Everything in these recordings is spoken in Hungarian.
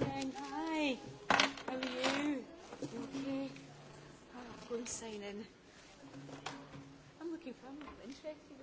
morning. Hi. How are you? You okay? Oh, I'll go and sign in. I'm looking for, I'm not interested.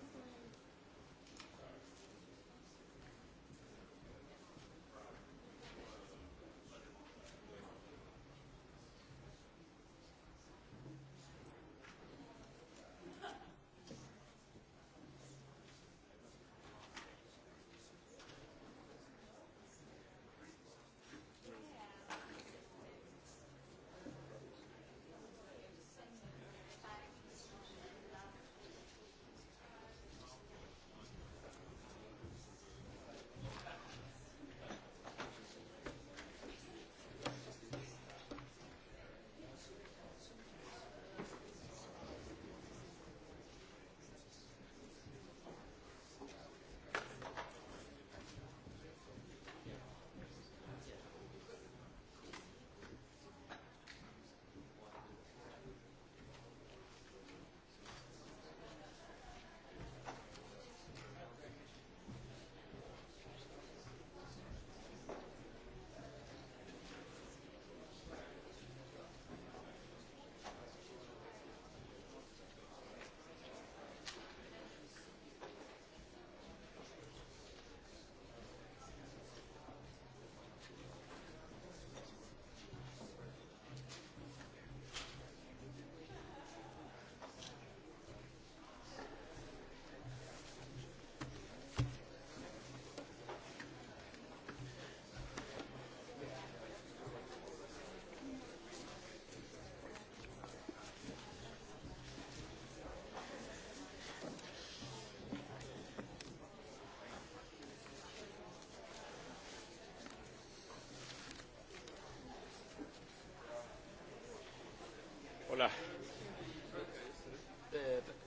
Da.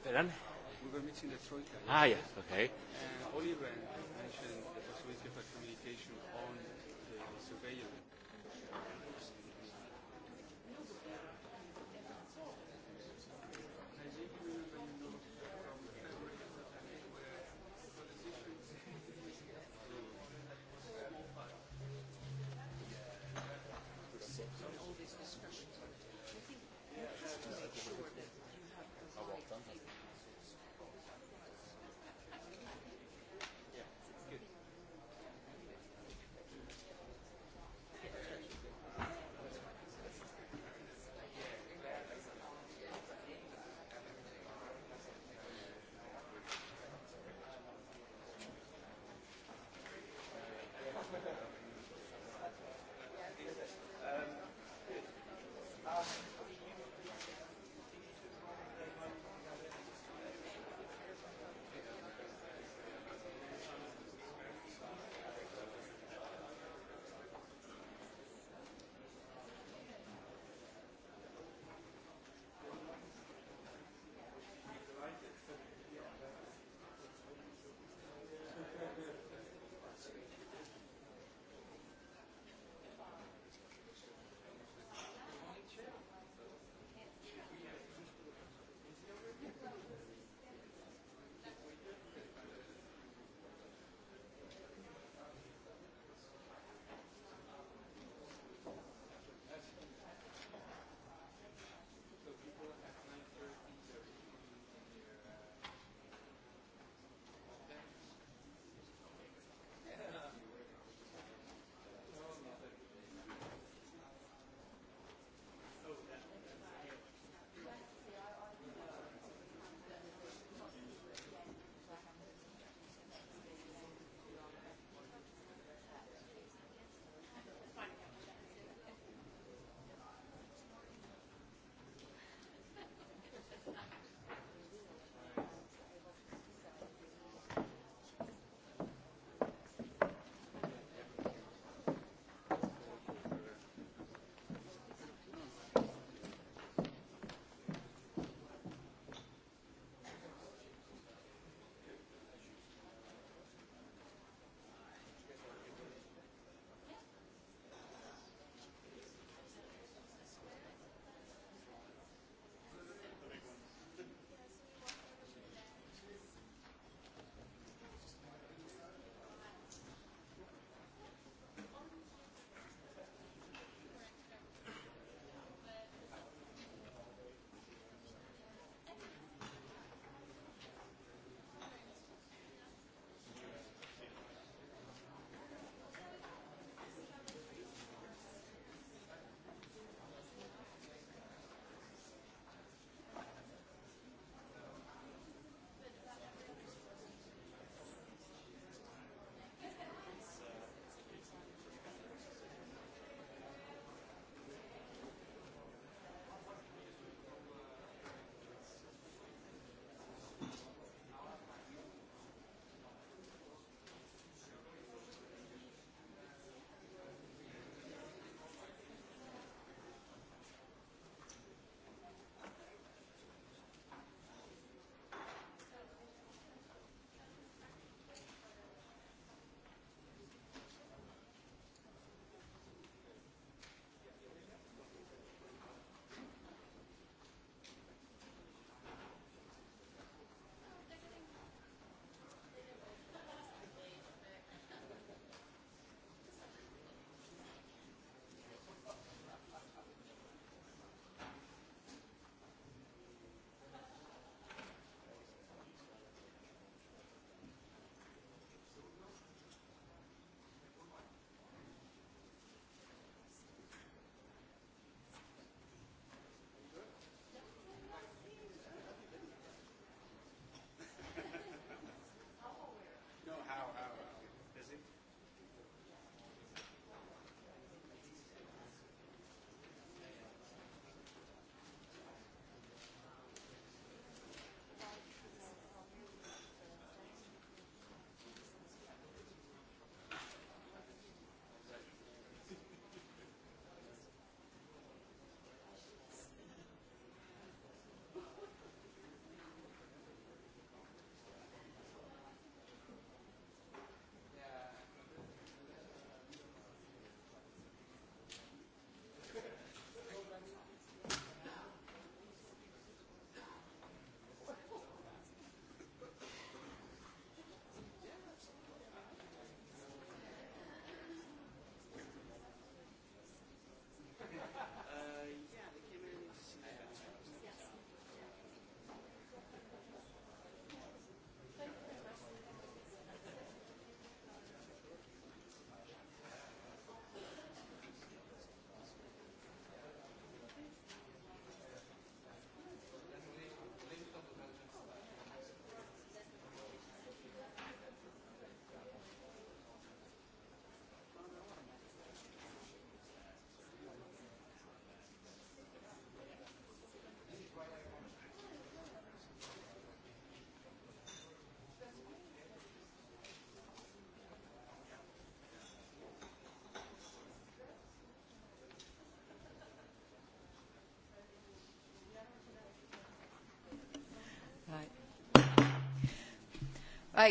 pardon? We were meeting the Troika. Ah, yes, okay. Uh, Oliver mentioned the possibility of a communication on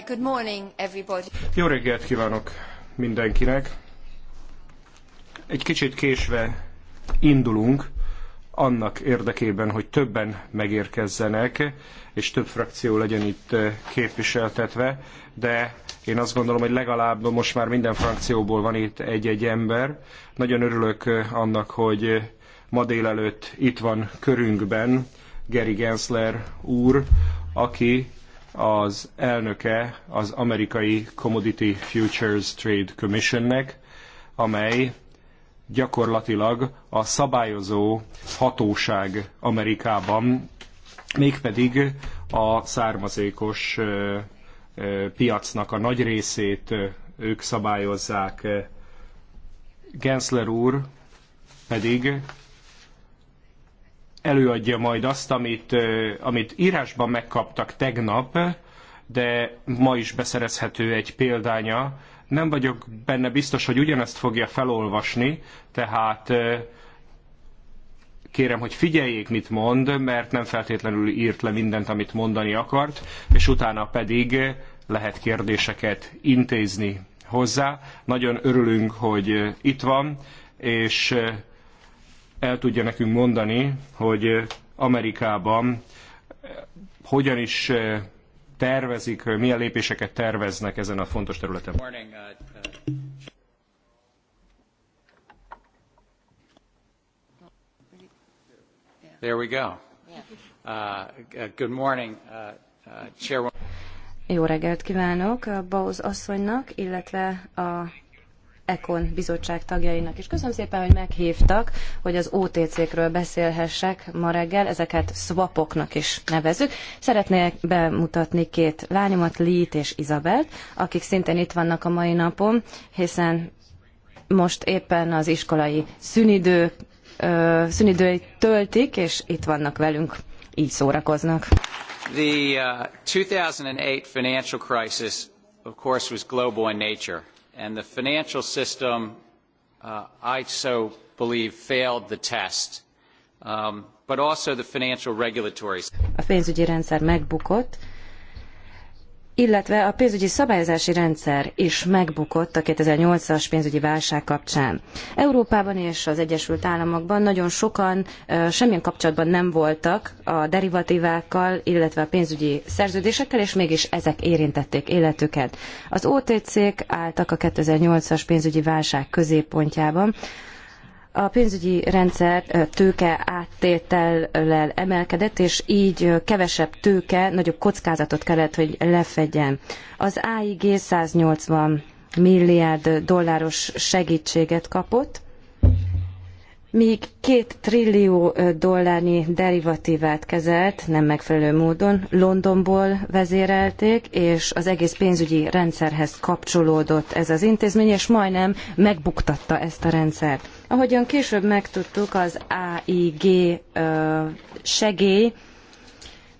Good morning, everybody. Jó reggelt kívánok mindenkinek. Egy kicsit késve indulunk annak érdekében, hogy többen megérkezzenek, és több frakció legyen itt eh, képviseltetve, de én azt gondolom, hogy legalább most már minden frakcióból van itt egy-egy ember. Nagyon örülök eh, annak, hogy eh, ma délelőtt itt van körünkben Geri Gensler úr, aki az elnöke az amerikai Commodity Futures Trade Commissionnek, amely gyakorlatilag a szabályozó hatóság Amerikában, mégpedig a származékos piacnak a nagy részét ők szabályozzák. Gensler úr pedig előadja majd azt, amit, amit írásban megkaptak tegnap, de ma is beszerezhető egy példánya. Nem vagyok benne biztos, hogy ugyanezt fogja felolvasni, tehát kérem, hogy figyeljék, mit mond, mert nem feltétlenül írt le mindent, amit mondani akart, és utána pedig lehet kérdéseket intézni hozzá. Nagyon örülünk, hogy itt van, és el tudja nekünk mondani, hogy Amerikában hogyan is tervezik, milyen lépéseket terveznek ezen a fontos területen. There we go. Uh, uh, good morning, uh, uh, Jó reggelt kívánok Bowes asszonynak, illetve a ECON bizottság tagjainak. is köszönöm szépen, hogy meghívtak, hogy az OTC-kről beszélhessek ma reggel, ezeket swapoknak is nevezük. Szeretnék bemutatni két lányomat, Lít és Izabelt, akik szintén itt vannak a mai napon, hiszen most éppen az iskolai szünidő, ö, töltik, és itt vannak velünk, így szórakoznak. The uh, 2008 financial crisis, of course, was global in nature and the financial system, uh, I so believe, failed the test. Um, but also the financial regulatory. A pénzügyi rendszer megbukott, illetve a pénzügyi szabályozási rendszer is megbukott a 2008-as pénzügyi válság kapcsán. Európában és az Egyesült Államokban nagyon sokan semmilyen kapcsolatban nem voltak a derivatívákkal, illetve a pénzügyi szerződésekkel, és mégis ezek érintették életüket. Az OTC-k álltak a 2008-as pénzügyi válság középpontjában, a pénzügyi rendszer tőke áttétellel emelkedett, és így kevesebb tőke, nagyobb kockázatot kellett, hogy lefedjen. Az AIG 180 milliárd dolláros segítséget kapott, míg két trillió dollárnyi derivatívát kezelt, nem megfelelő módon, Londonból vezérelték, és az egész pénzügyi rendszerhez kapcsolódott ez az intézmény, és majdnem megbuktatta ezt a rendszert. Ahogyan később megtudtuk, az AIG segély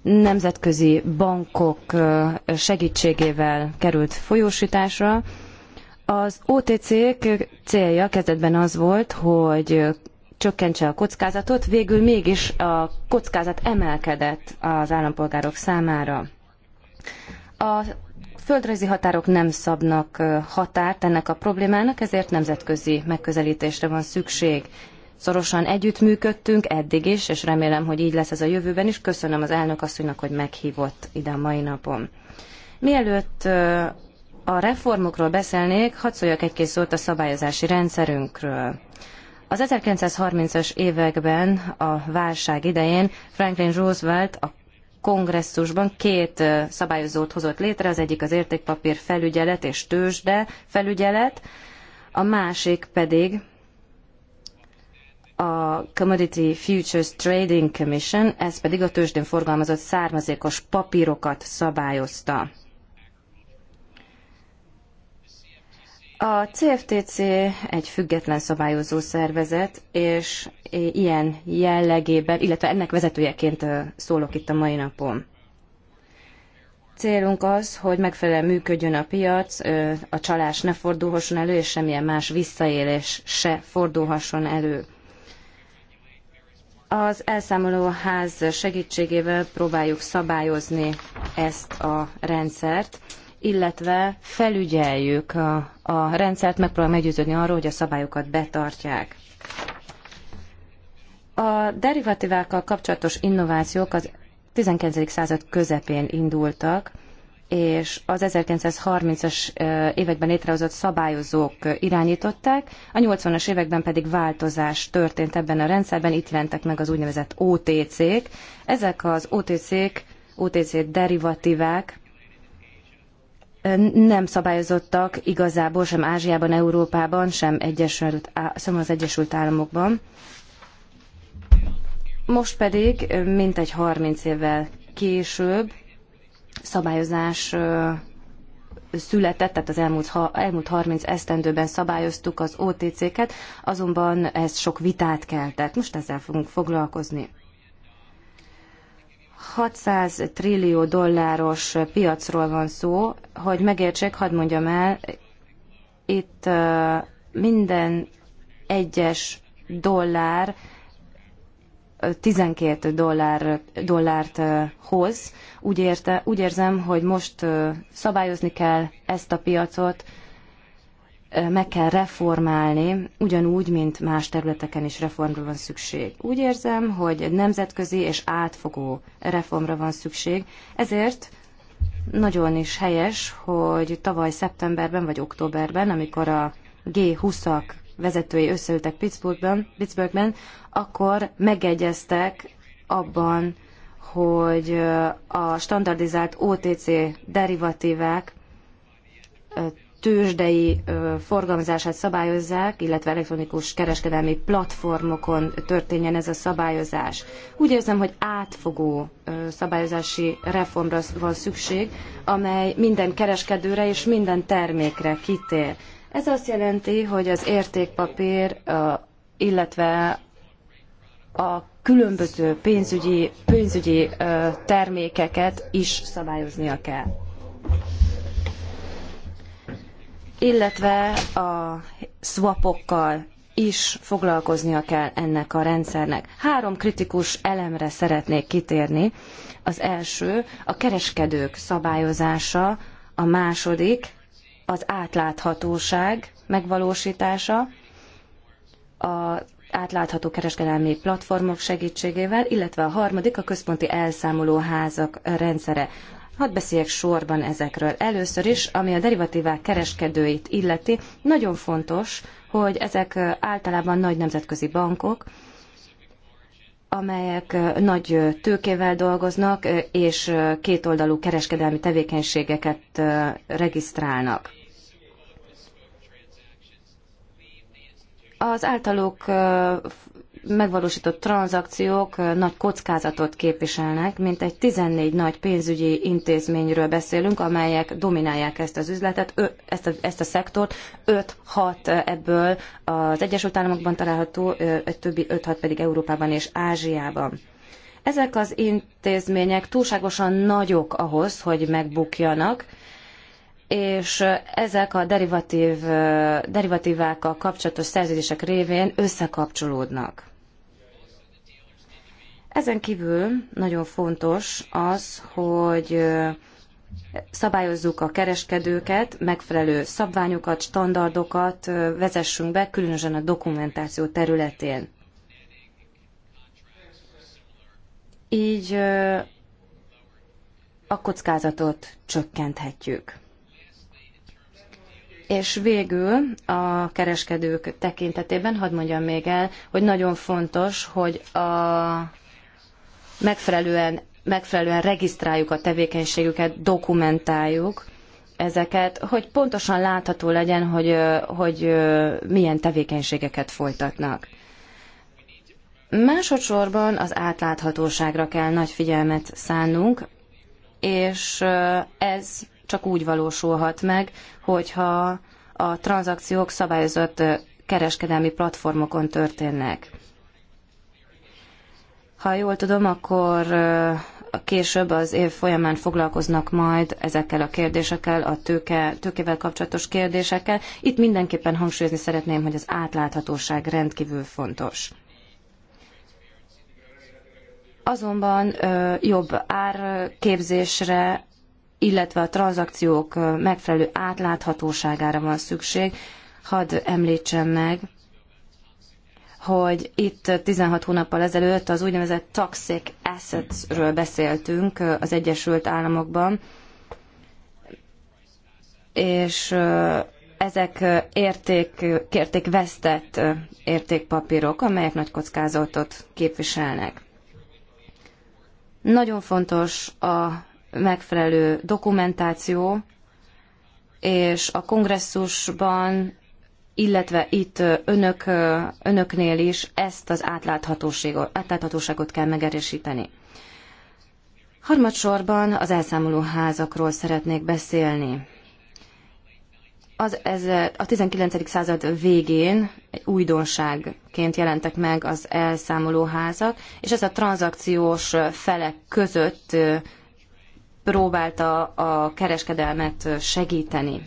nemzetközi bankok segítségével került folyósításra. Az OTC célja kezdetben az volt, hogy csökkentse a kockázatot, végül mégis a kockázat emelkedett az állampolgárok számára. A földrajzi határok nem szabnak határt ennek a problémának, ezért nemzetközi megközelítésre van szükség. Szorosan együttműködtünk eddig is, és remélem, hogy így lesz ez a jövőben is. Köszönöm az elnök asszonynak, hogy meghívott ide a mai napon. Mielőtt a reformokról beszélnék, hadd szóljak egy-két szót a szabályozási rendszerünkről. Az 1930-as években, a válság idején Franklin Roosevelt a kongresszusban két szabályozót hozott létre, az egyik az értékpapír felügyelet és tőzsde felügyelet, a másik pedig a Commodity Futures Trading Commission, ez pedig a tőzsdén forgalmazott származékos papírokat szabályozta. A CFTC egy független szabályozó szervezet, és ilyen jellegében, illetve ennek vezetőjeként szólok itt a mai napon. Célunk az, hogy megfelelően működjön a piac, a csalás ne fordulhasson elő, és semmilyen más visszaélés se fordulhasson elő. Az elszámolóház segítségével próbáljuk szabályozni ezt a rendszert illetve felügyeljük a, a rendszert, megpróbálom meggyőződni arról, hogy a szabályokat betartják. A derivatívákkal kapcsolatos innovációk az 19. század közepén indultak, és az 1930-as években létrehozott szabályozók irányították, a 80-as években pedig változás történt ebben a rendszerben, itt jelentek meg az úgynevezett OTC-k. Ezek az OTC-k, OTC derivatívák nem szabályozottak igazából sem Ázsiában, Európában, sem, Egyesült, sem az Egyesült Államokban. Most pedig, mintegy 30 évvel később szabályozás született, tehát az elmúlt, elmúlt 30 esztendőben szabályoztuk az OTC-ket, azonban ez sok vitát keltett. Most ezzel fogunk foglalkozni. 600 trillió dolláros piacról van szó, hogy megértsék, hadd mondjam el, itt minden egyes dollár 12 dollár, dollárt hoz. Úgy, érte, úgy érzem, hogy most szabályozni kell ezt a piacot, meg kell reformálni, ugyanúgy, mint más területeken is reformra van szükség. Úgy érzem, hogy nemzetközi és átfogó reformra van szükség, ezért nagyon is helyes, hogy tavaly szeptemberben vagy októberben, amikor a G20-ak vezetői összeültek Pittsburghben, Pittsburghben, akkor megegyeztek abban, hogy a standardizált OTC derivatívák tőzsdei forgalmazását szabályozzák, illetve elektronikus kereskedelmi platformokon történjen ez a szabályozás. Úgy érzem, hogy átfogó szabályozási reformra van szükség, amely minden kereskedőre és minden termékre kitér. Ez azt jelenti, hogy az értékpapír, illetve a különböző pénzügyi, pénzügyi termékeket is szabályoznia kell illetve a swapokkal is foglalkoznia kell ennek a rendszernek. Három kritikus elemre szeretnék kitérni. Az első a kereskedők szabályozása, a második az átláthatóság megvalósítása, a átlátható kereskedelmi platformok segítségével, illetve a harmadik a központi elszámolóházak rendszere. Hadd beszéljek sorban ezekről. Először is, ami a derivatívák kereskedőit illeti, nagyon fontos, hogy ezek általában nagy nemzetközi bankok, amelyek nagy tőkével dolgoznak, és kétoldalú kereskedelmi tevékenységeket regisztrálnak. Az általuk megvalósított tranzakciók nagy kockázatot képviselnek, mint egy 14 nagy pénzügyi intézményről beszélünk, amelyek dominálják ezt az üzletet, ö, ezt, a, ezt a szektort, 5-6 ebből az Egyesült Államokban található, egy többi 5-6 pedig Európában és Ázsiában. Ezek az intézmények túlságosan nagyok ahhoz, hogy megbukjanak, és ezek a derivatív, derivatívákkal kapcsolatos szerződések révén összekapcsolódnak. Ezen kívül nagyon fontos az, hogy szabályozzuk a kereskedőket, megfelelő szabványokat, standardokat vezessünk be, különösen a dokumentáció területén. Így a kockázatot csökkenthetjük. És végül a kereskedők tekintetében hadd mondjam még el, hogy nagyon fontos, hogy a megfelelően, megfelelően regisztráljuk a tevékenységüket, dokumentáljuk ezeket, hogy pontosan látható legyen, hogy, hogy milyen tevékenységeket folytatnak. Másodszorban az átláthatóságra kell nagy figyelmet szánnunk, és ez csak úgy valósulhat meg, hogyha a tranzakciók szabályozott kereskedelmi platformokon történnek. Ha jól tudom, akkor később az év folyamán foglalkoznak majd ezekkel a kérdésekkel, a tőke, tőkével kapcsolatos kérdésekkel. Itt mindenképpen hangsúlyozni szeretném, hogy az átláthatóság rendkívül fontos. Azonban jobb árképzésre, illetve a tranzakciók megfelelő átláthatóságára van szükség. Hadd említsem meg, hogy itt 16 hónappal ezelőtt az úgynevezett toxic assets-ről beszéltünk az Egyesült Államokban, és ezek érték, érték vesztett értékpapírok, amelyek nagy kockázatot képviselnek. Nagyon fontos a megfelelő dokumentáció, és a kongresszusban illetve itt önök, önöknél is ezt az átláthatóságot, átláthatóságot kell megerősíteni. Harmadsorban az elszámoló házakról szeretnék beszélni. Az, ez, a 19. század végén egy újdonságként jelentek meg az elszámoló házak, és ez a tranzakciós felek között próbálta a kereskedelmet segíteni.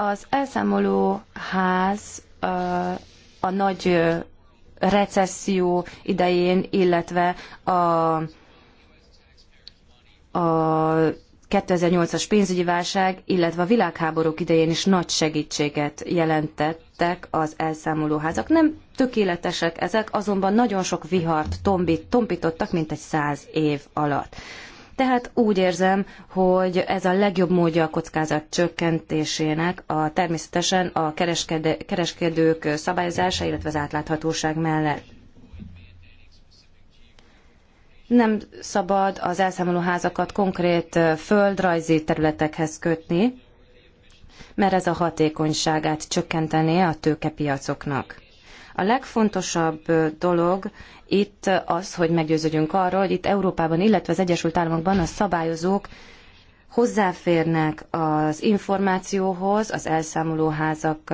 Az elszámoló ház a nagy recesszió idején, illetve a, a 2008-as pénzügyi válság, illetve a világháborúk idején is nagy segítséget jelentettek az elszámolóházak. Nem tökéletesek ezek, azonban nagyon sok vihart tombít, tompítottak, mint egy száz év alatt. Tehát úgy érzem, hogy ez a legjobb módja a kockázat csökkentésének, a, természetesen a kereskedők szabályozása, illetve az átláthatóság mellett. Nem szabad az elszámoló házakat konkrét földrajzi területekhez kötni, mert ez a hatékonyságát csökkentené a tőkepiacoknak. A legfontosabb dolog itt az, hogy meggyőződjünk arról, hogy itt Európában, illetve az Egyesült Államokban a szabályozók hozzáférnek az információhoz, az elszámolóházak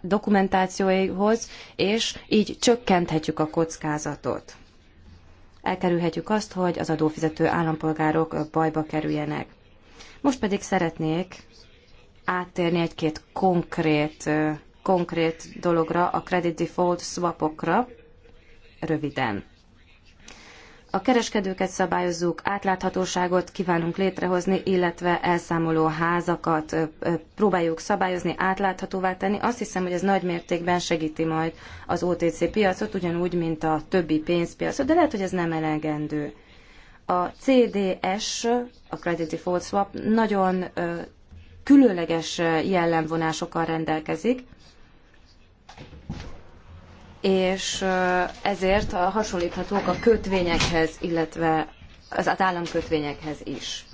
dokumentációihoz, és így csökkenthetjük a kockázatot. Elkerülhetjük azt, hogy az adófizető állampolgárok bajba kerüljenek. Most pedig szeretnék áttérni egy-két konkrét konkrét dologra, a credit default swapokra röviden. A kereskedőket szabályozzuk, átláthatóságot kívánunk létrehozni, illetve elszámoló házakat próbáljuk szabályozni, átláthatóvá tenni. Azt hiszem, hogy ez nagy mértékben segíti majd az OTC piacot, ugyanúgy, mint a többi pénzpiacot, de lehet, hogy ez nem elegendő. A CDS, a Credit Default Swap, nagyon különleges jellemvonásokkal rendelkezik és ezért hasonlíthatók a kötvényekhez, illetve az államkötvényekhez is.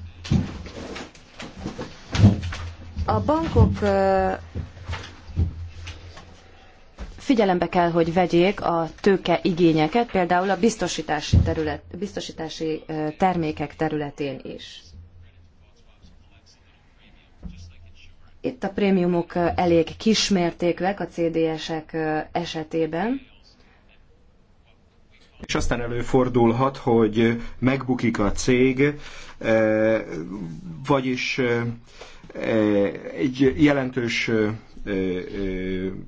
A bankok figyelembe kell, hogy vegyék a tőke igényeket, például a biztosítási, terület, biztosítási termékek területén is. Itt a prémiumok elég kismértékűek a CDS-ek esetében. És aztán előfordulhat, hogy megbukik a cég, vagyis egy jelentős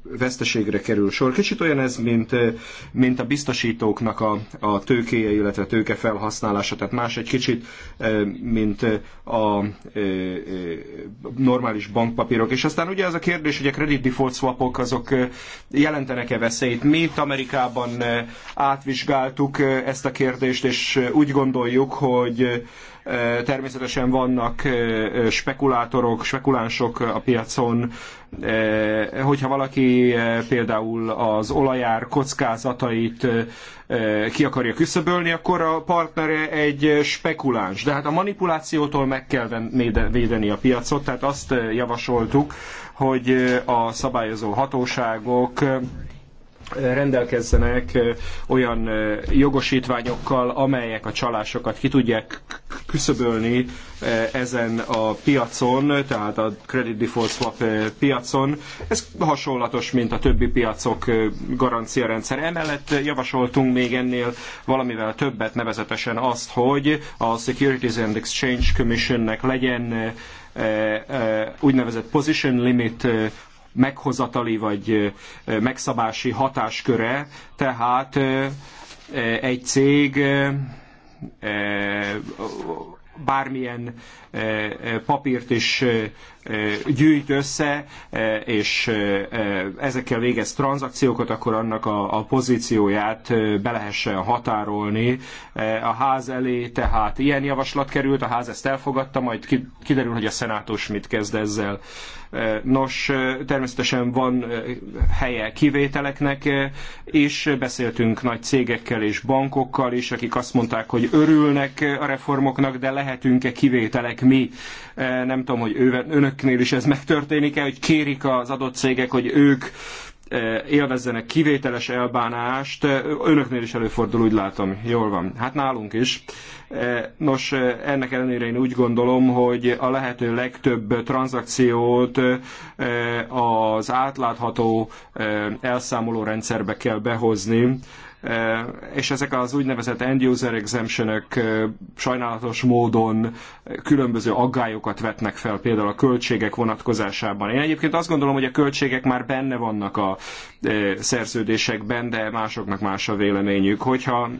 veszteségre kerül sor. Kicsit olyan ez, mint, mint a biztosítóknak a, a tőkéje, illetve tőke felhasználása, tehát más egy kicsit, mint a normális bankpapírok. És aztán ugye az a kérdés, hogy a credit default swapok azok jelentenek-e veszélyt. Mi itt Amerikában átvizsgáltuk ezt a kérdést, és úgy gondoljuk, hogy Természetesen vannak spekulátorok, spekulánsok a piacon, hogyha valaki például az olajár kockázatait ki akarja küszöbölni, akkor a partnere egy spekuláns. De hát a manipulációtól meg kell védeni a piacot, tehát azt javasoltuk, hogy a szabályozó hatóságok rendelkezzenek olyan jogosítványokkal, amelyek a csalásokat ki tudják küszöbölni ezen a piacon, tehát a credit default swap piacon. Ez hasonlatos, mint a többi piacok garanciarendszer. Emellett javasoltunk még ennél valamivel többet, nevezetesen azt, hogy a Securities and Exchange Commissionnek legyen úgynevezett position limit meghozatali vagy megszabási hatásköre, tehát egy cég bármilyen papírt is gyűjt össze, és ezekkel végez tranzakciókat, akkor annak a, pozícióját be lehessen határolni. A ház elé tehát ilyen javaslat került, a ház ezt elfogadta, majd kiderül, hogy a szenátus mit kezd ezzel. Nos, természetesen van helye kivételeknek, és beszéltünk nagy cégekkel és bankokkal is, akik azt mondták, hogy örülnek a reformoknak, de lehetünk-e kivételek mi? Nem tudom, hogy önöknél is ez megtörténik-e, hogy kérik az adott cégek, hogy ők élvezzenek kivételes elbánást. Önöknél is előfordul, úgy látom. Jól van. Hát nálunk is. Nos, ennek ellenére én úgy gondolom, hogy a lehető legtöbb tranzakciót az átlátható elszámoló rendszerbe kell behozni, Eh, és ezek az úgynevezett end-user exemption eh, sajnálatos módon különböző aggályokat vetnek fel, például a költségek vonatkozásában. Én egyébként azt gondolom, hogy a költségek már benne vannak a eh, szerződésekben, de másoknak más a véleményük. Hogyha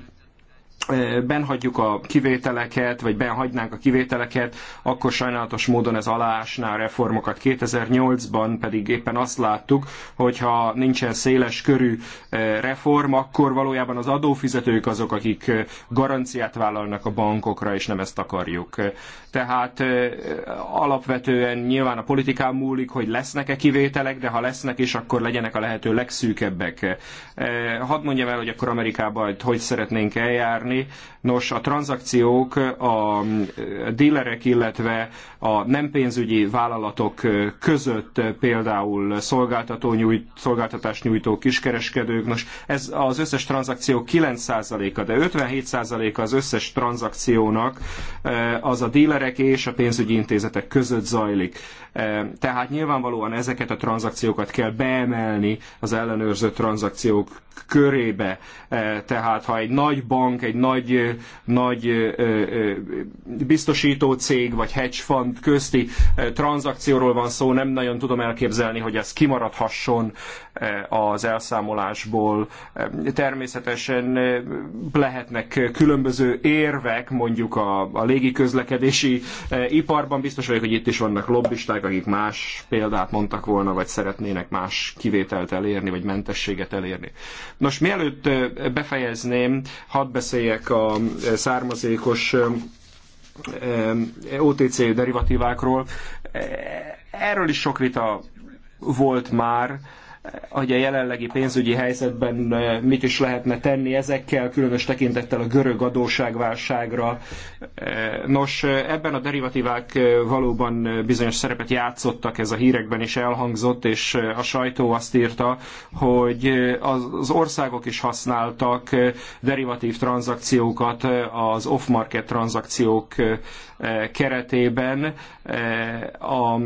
benhagyjuk a kivételeket, vagy benhagynánk a kivételeket, akkor sajnálatos módon ez aláásná a reformokat. 2008-ban pedig éppen azt láttuk, hogy ha nincsen széles körű reform, akkor valójában az adófizetők azok, akik garanciát vállalnak a bankokra, és nem ezt akarjuk. Tehát alapvetően nyilván a politikán múlik, hogy lesznek-e kivételek, de ha lesznek is, akkor legyenek a lehető legszűkebbek. Hadd mondjam el, hogy akkor Amerikában hogy szeretnénk eljárni, zárni Nos, a tranzakciók a dílerek, illetve a nem pénzügyi vállalatok között például szolgáltató nyújt, szolgáltatás nyújtó kiskereskedők, nos, ez az összes tranzakció 9%-a, de 57%-a az összes tranzakciónak eh, az a dílerek és a pénzügyi intézetek között zajlik. Eh, tehát nyilvánvalóan ezeket a tranzakciókat kell beemelni az ellenőrzött tranzakciók körébe. Eh, tehát ha egy nagy bank, egy nagy nagy biztosító cég vagy hedge fund közti tranzakcióról van szó, nem nagyon tudom elképzelni, hogy ez kimaradhasson Eh, az elszámolásból. Eh, természetesen eh, lehetnek különböző érvek, mondjuk a, a légiközlekedési iparban. Biztos vagyok, hogy itt is vannak lobbisták, akik más példát mondtak volna, vagy szeretnének más kivételt elérni, vagy mentességet elérni. Nos, mielőtt befejezném, hadd beszéljek a származékos OTC derivatívákról. Erről is sok vita volt már, hogy a jelenlegi pénzügyi helyzetben mit is lehetne tenni ezekkel, különös tekintettel a görög adósságválságra. Nos, ebben a derivatívák valóban bizonyos szerepet játszottak, ez a hírekben is elhangzott, és a sajtó azt írta, hogy az országok is használtak derivatív tranzakciókat az off-market tranzakciók keretében. A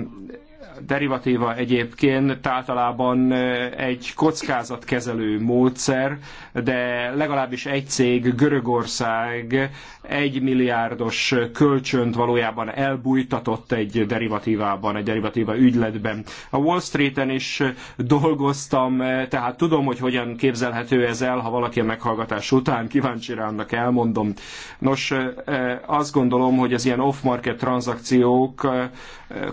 derivatíva egyébként általában egy kockázatkezelő módszer, de legalábbis egy cég Görögország egy milliárdos kölcsönt valójában elbújtatott egy derivatívában, egy derivatíva ügyletben. A Wall Street-en is dolgoztam, tehát tudom, hogy hogyan képzelhető ez el, ha valaki a meghallgatás után kíváncsi rá, annak elmondom. Nos, eh, azt gondolom, hogy az ilyen off-market tranzakciókat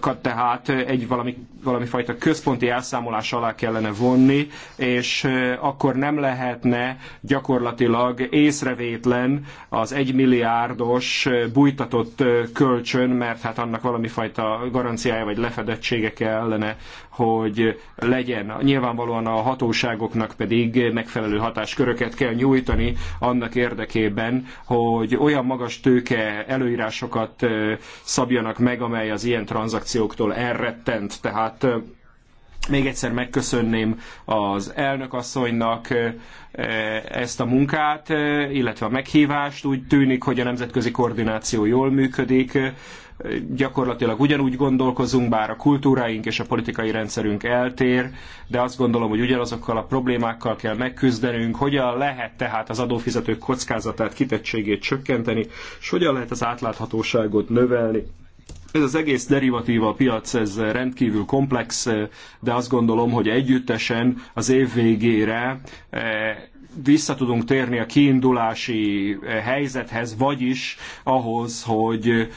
eh, tehát egy valami valami fajta központi elszámolás alá kellene vonni, és akkor nem lehetne gyakorlatilag észrevétlen az egymilliárdos bújtatott kölcsön, mert hát annak valami fajta garanciája vagy lefedettsége kellene, hogy legyen. Nyilvánvalóan a hatóságoknak pedig megfelelő hatásköröket kell nyújtani annak érdekében, hogy olyan magas tőke előírásokat szabjanak meg, amely az ilyen tranzakcióktól elrettent. Tehát tehát még egyszer megköszönném az elnök asszonynak ezt a munkát, illetve a meghívást. Úgy tűnik, hogy a nemzetközi koordináció jól működik. Gyakorlatilag ugyanúgy gondolkozunk, bár a kultúráink és a politikai rendszerünk eltér, de azt gondolom, hogy ugyanazokkal a problémákkal kell megküzdenünk, hogyan lehet tehát az adófizetők kockázatát, kitettségét csökkenteni, és hogyan lehet az átláthatóságot növelni ez az egész derivatíva piac, ez rendkívül komplex, de azt gondolom, hogy együttesen az év végére eh, vissza tudunk térni a kiindulási eh, helyzethez, vagyis ahhoz, hogy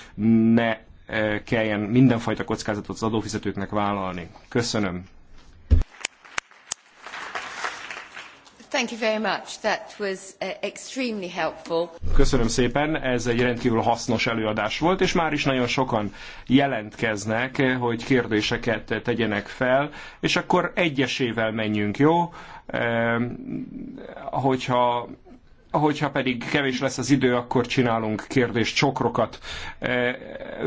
ne eh, kelljen mindenfajta kockázatot az adófizetőknek vállalni. Köszönöm. Thank you very much. That was uh, extremely helpful. Köszönöm szépen, ez egy rendkívül hasznos előadás volt, és már is nagyon sokan jelentkeznek, hogy kérdéseket tegyenek fel, és akkor egyesével menjünk, jó? Ehm, hogyha hogyha pedig kevés lesz az idő, akkor csinálunk kérdést csokrokat. Ehm,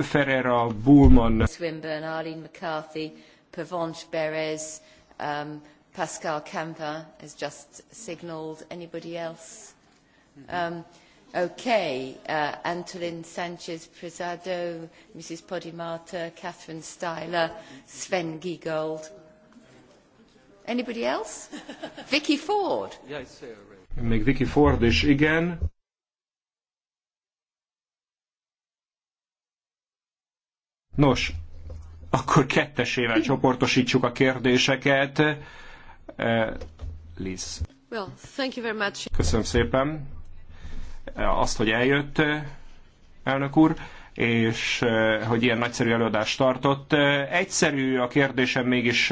Ferreira, Bullman, Swinburne, Arlene McCarthy, Pavonch Beres, um, ehm, Pascal Campin has just signalled. Anybody else? Mm -hmm. um, okay. Uh, Antolin Sanchez Prezado, Mrs. Podimata, Catherine Styler, Sven Giegold. Anybody else? Vicky Ford. Uh, Még Vicky Ford is, igen. Nos, akkor kettesével csoportosítsuk a kérdéseket. Uh, Liz. Well, thank you very much. Köszönöm szépen uh, azt, hogy eljött, uh, elnök úr és hogy ilyen nagyszerű előadást tartott. Egyszerű a kérdésem mégis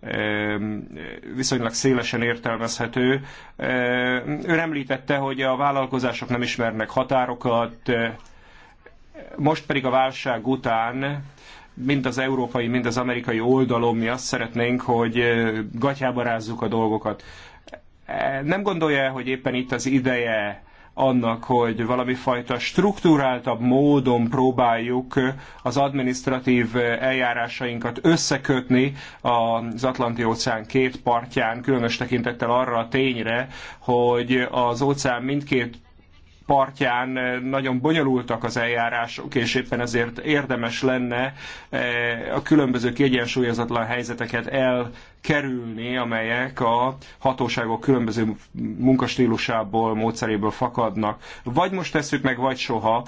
um, viszonylag szélesen értelmezhető. Ön említette, hogy a vállalkozások nem ismernek határokat, most pedig a válság után mind az európai, mind az amerikai oldalon mi azt szeretnénk, hogy gatyába rázzuk a dolgokat. E, nem gondolja, hogy éppen itt az ideje annak, hogy valami fajta struktúráltabb módon próbáljuk az administratív eljárásainkat összekötni az Atlanti-óceán két partján, különös tekintettel arra a tényre, hogy az óceán mindkét partján eh, nagyon bonyolultak az eljárások, és éppen ezért érdemes lenne eh, a különböző kiegyensúlyozatlan helyzeteket el kerülni, amelyek a hatóságok különböző munkastílusából, módszeréből fakadnak. Vagy most tesszük meg, vagy soha.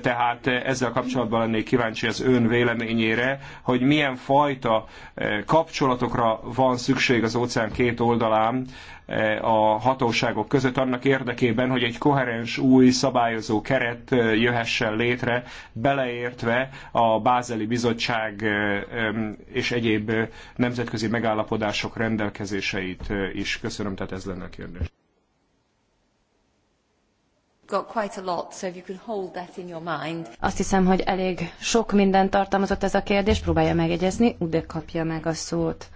Tehát ezzel kapcsolatban lennék kíváncsi az ön véleményére, hogy milyen fajta eh, kapcsolatokra van szükség az óceán két oldalán eh, a hatóságok között annak érdekében, hogy egy koherens új szabályozó keret eh, jöhessen létre, beleértve a Bázeli Bizottság és egyéb nemzetközi megállapodások megállapodások rendelkezéseit is. Köszönöm, tehát ez lenne a kérdés. Azt hiszem, hogy elég sok minden tartalmazott ez a kérdés, próbálja úgy de kapja meg a szót.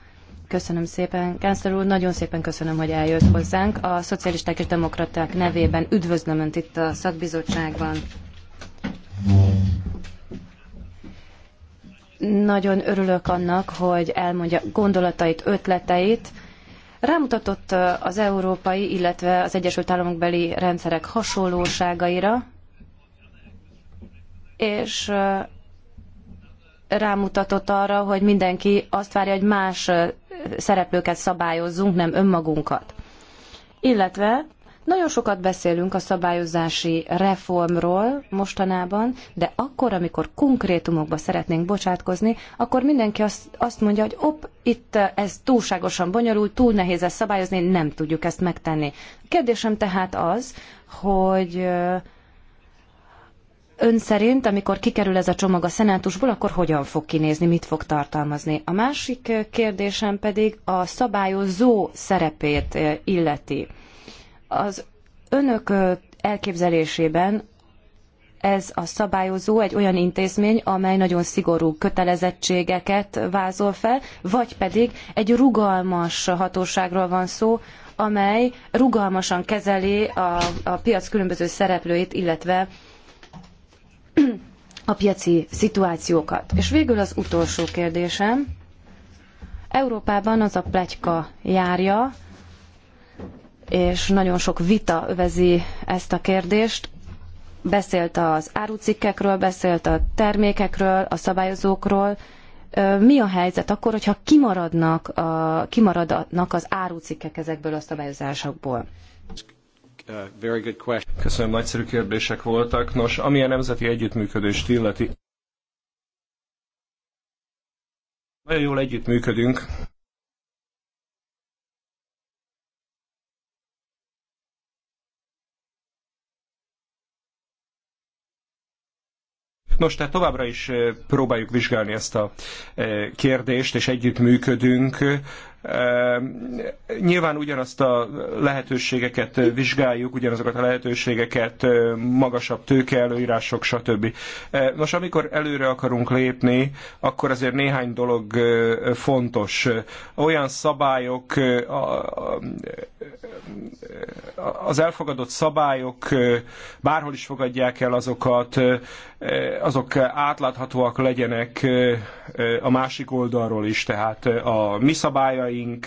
Köszönöm szépen, Kánszler úr, nagyon szépen köszönöm, hogy eljött hozzánk. A szocialisták és demokraták nevében üdvözlöm Önt itt a szakbizottságban. Nagyon örülök annak, hogy elmondja gondolatait, ötleteit. Rámutatott az európai, illetve az Egyesült Államok beli rendszerek hasonlóságaira, és rámutatott arra, hogy mindenki azt várja, hogy más szereplőket szabályozzunk, nem önmagunkat. Illetve nagyon sokat beszélünk a szabályozási reformról mostanában, de akkor, amikor konkrétumokba szeretnénk bocsátkozni, akkor mindenki azt, azt mondja, hogy op, itt ez túlságosan bonyolult, túl nehéz ezt szabályozni, nem tudjuk ezt megtenni. A kérdésem tehát az, hogy ön szerint, amikor kikerül ez a csomag a szenátusból, akkor hogyan fog kinézni, mit fog tartalmazni? A másik kérdésem pedig a szabályozó szerepét illeti. Az önök elképzelésében ez a szabályozó egy olyan intézmény, amely nagyon szigorú kötelezettségeket vázol fel, vagy pedig egy rugalmas hatóságról van szó, amely rugalmasan kezeli a, a piac különböző szereplőit, illetve a piaci szituációkat. És végül az utolsó kérdésem. Európában az a pletyka járja, és nagyon sok vita övezi ezt a kérdést. Beszélt az árucikkekről, beszélt a termékekről, a szabályozókról. Mi a helyzet akkor, hogyha kimaradnak, a, kimaradnak az árucikkek ezekből a szabályozásokból? Köszönöm, nagyszerű kérdések voltak. Nos, ami a nemzeti együttműködést illeti, nagyon jól együttműködünk Nos, tehát továbbra is próbáljuk vizsgálni ezt a kérdést, és együttműködünk Ehm, nyilván ugyanazt a lehetőségeket vizsgáljuk, ugyanazokat a lehetőségeket, ehm, magasabb tőkeelőírások, stb. Ehm, nos, amikor előre akarunk lépni, akkor azért néhány dolog fontos. Olyan szabályok, az elfogadott szabályok, bárhol is fogadják el azokat, azok átláthatóak legyenek a másik oldalról is, tehát a mi szabályai, határaink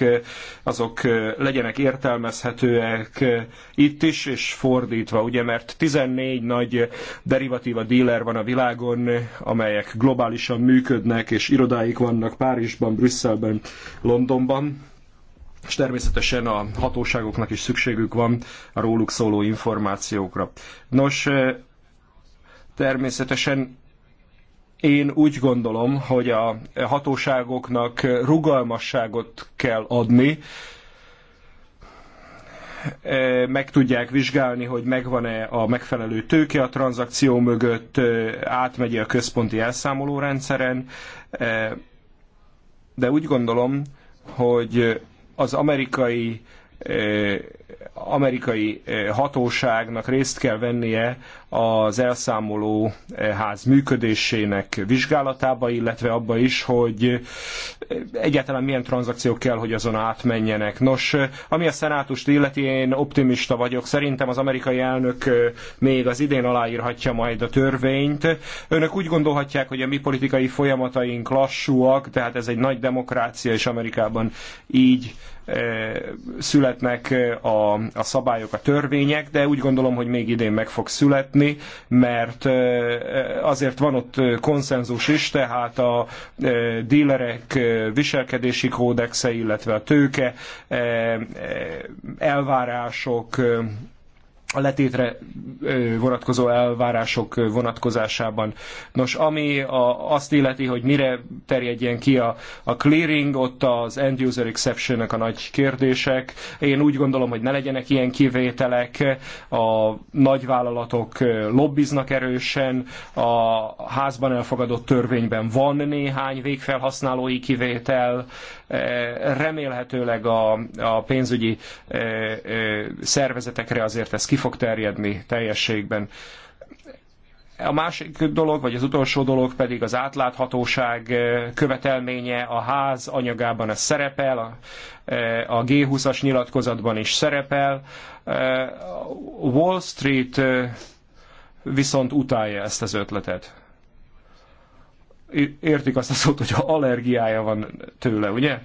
azok legyenek értelmezhetőek itt is, és fordítva, ugye, mert 14 nagy derivatíva díler van a világon, amelyek globálisan működnek, és irodáik vannak Párizsban, Brüsszelben, Londonban és természetesen a hatóságoknak is szükségük van a róluk szóló információkra. Nos, természetesen én úgy gondolom, hogy a hatóságoknak rugalmasságot kell adni, e, meg tudják vizsgálni, hogy megvan-e a megfelelő tőke a tranzakció mögött, e, átmegy a központi elszámoló rendszeren, e, de úgy gondolom, hogy az amerikai amerikai eh, hatóságnak részt kell vennie az elszámoló eh, ház működésének vizsgálatába, illetve abba is, hogy eh, egyáltalán milyen tranzakciók kell, hogy azon átmenjenek. Nos, ami a szenátust illeti, én optimista vagyok. Szerintem az amerikai elnök még az idén aláírhatja majd a törvényt. Önök úgy gondolhatják, hogy a mi politikai folyamataink lassúak, tehát ez egy nagy demokrácia, és Amerikában így születnek a, a szabályok, a törvények, de úgy gondolom, hogy még idén meg fog születni, mert azért van ott konszenzus is, tehát a dílerek viselkedési kódexe, illetve a tőke elvárások, a letétre vonatkozó elvárások vonatkozásában. Nos, ami a, azt illeti, hogy mire terjedjen ki a, a clearing, ott az end user exception a nagy kérdések. Én úgy gondolom, hogy ne legyenek ilyen kivételek, a nagyvállalatok lobbiznak erősen, a házban elfogadott törvényben van néhány végfelhasználói kivétel, Eh, remélhetőleg a, a pénzügyi eh, eh, szervezetekre azért ez ki fog terjedni teljességben. A másik dolog, vagy az utolsó dolog pedig az átláthatóság követelménye a ház anyagában ez szerepel, a, a G20-as nyilatkozatban is szerepel. Wall Street viszont utálja ezt az ötletet értik azt a szót, hogy allergiája van tőle, ugye?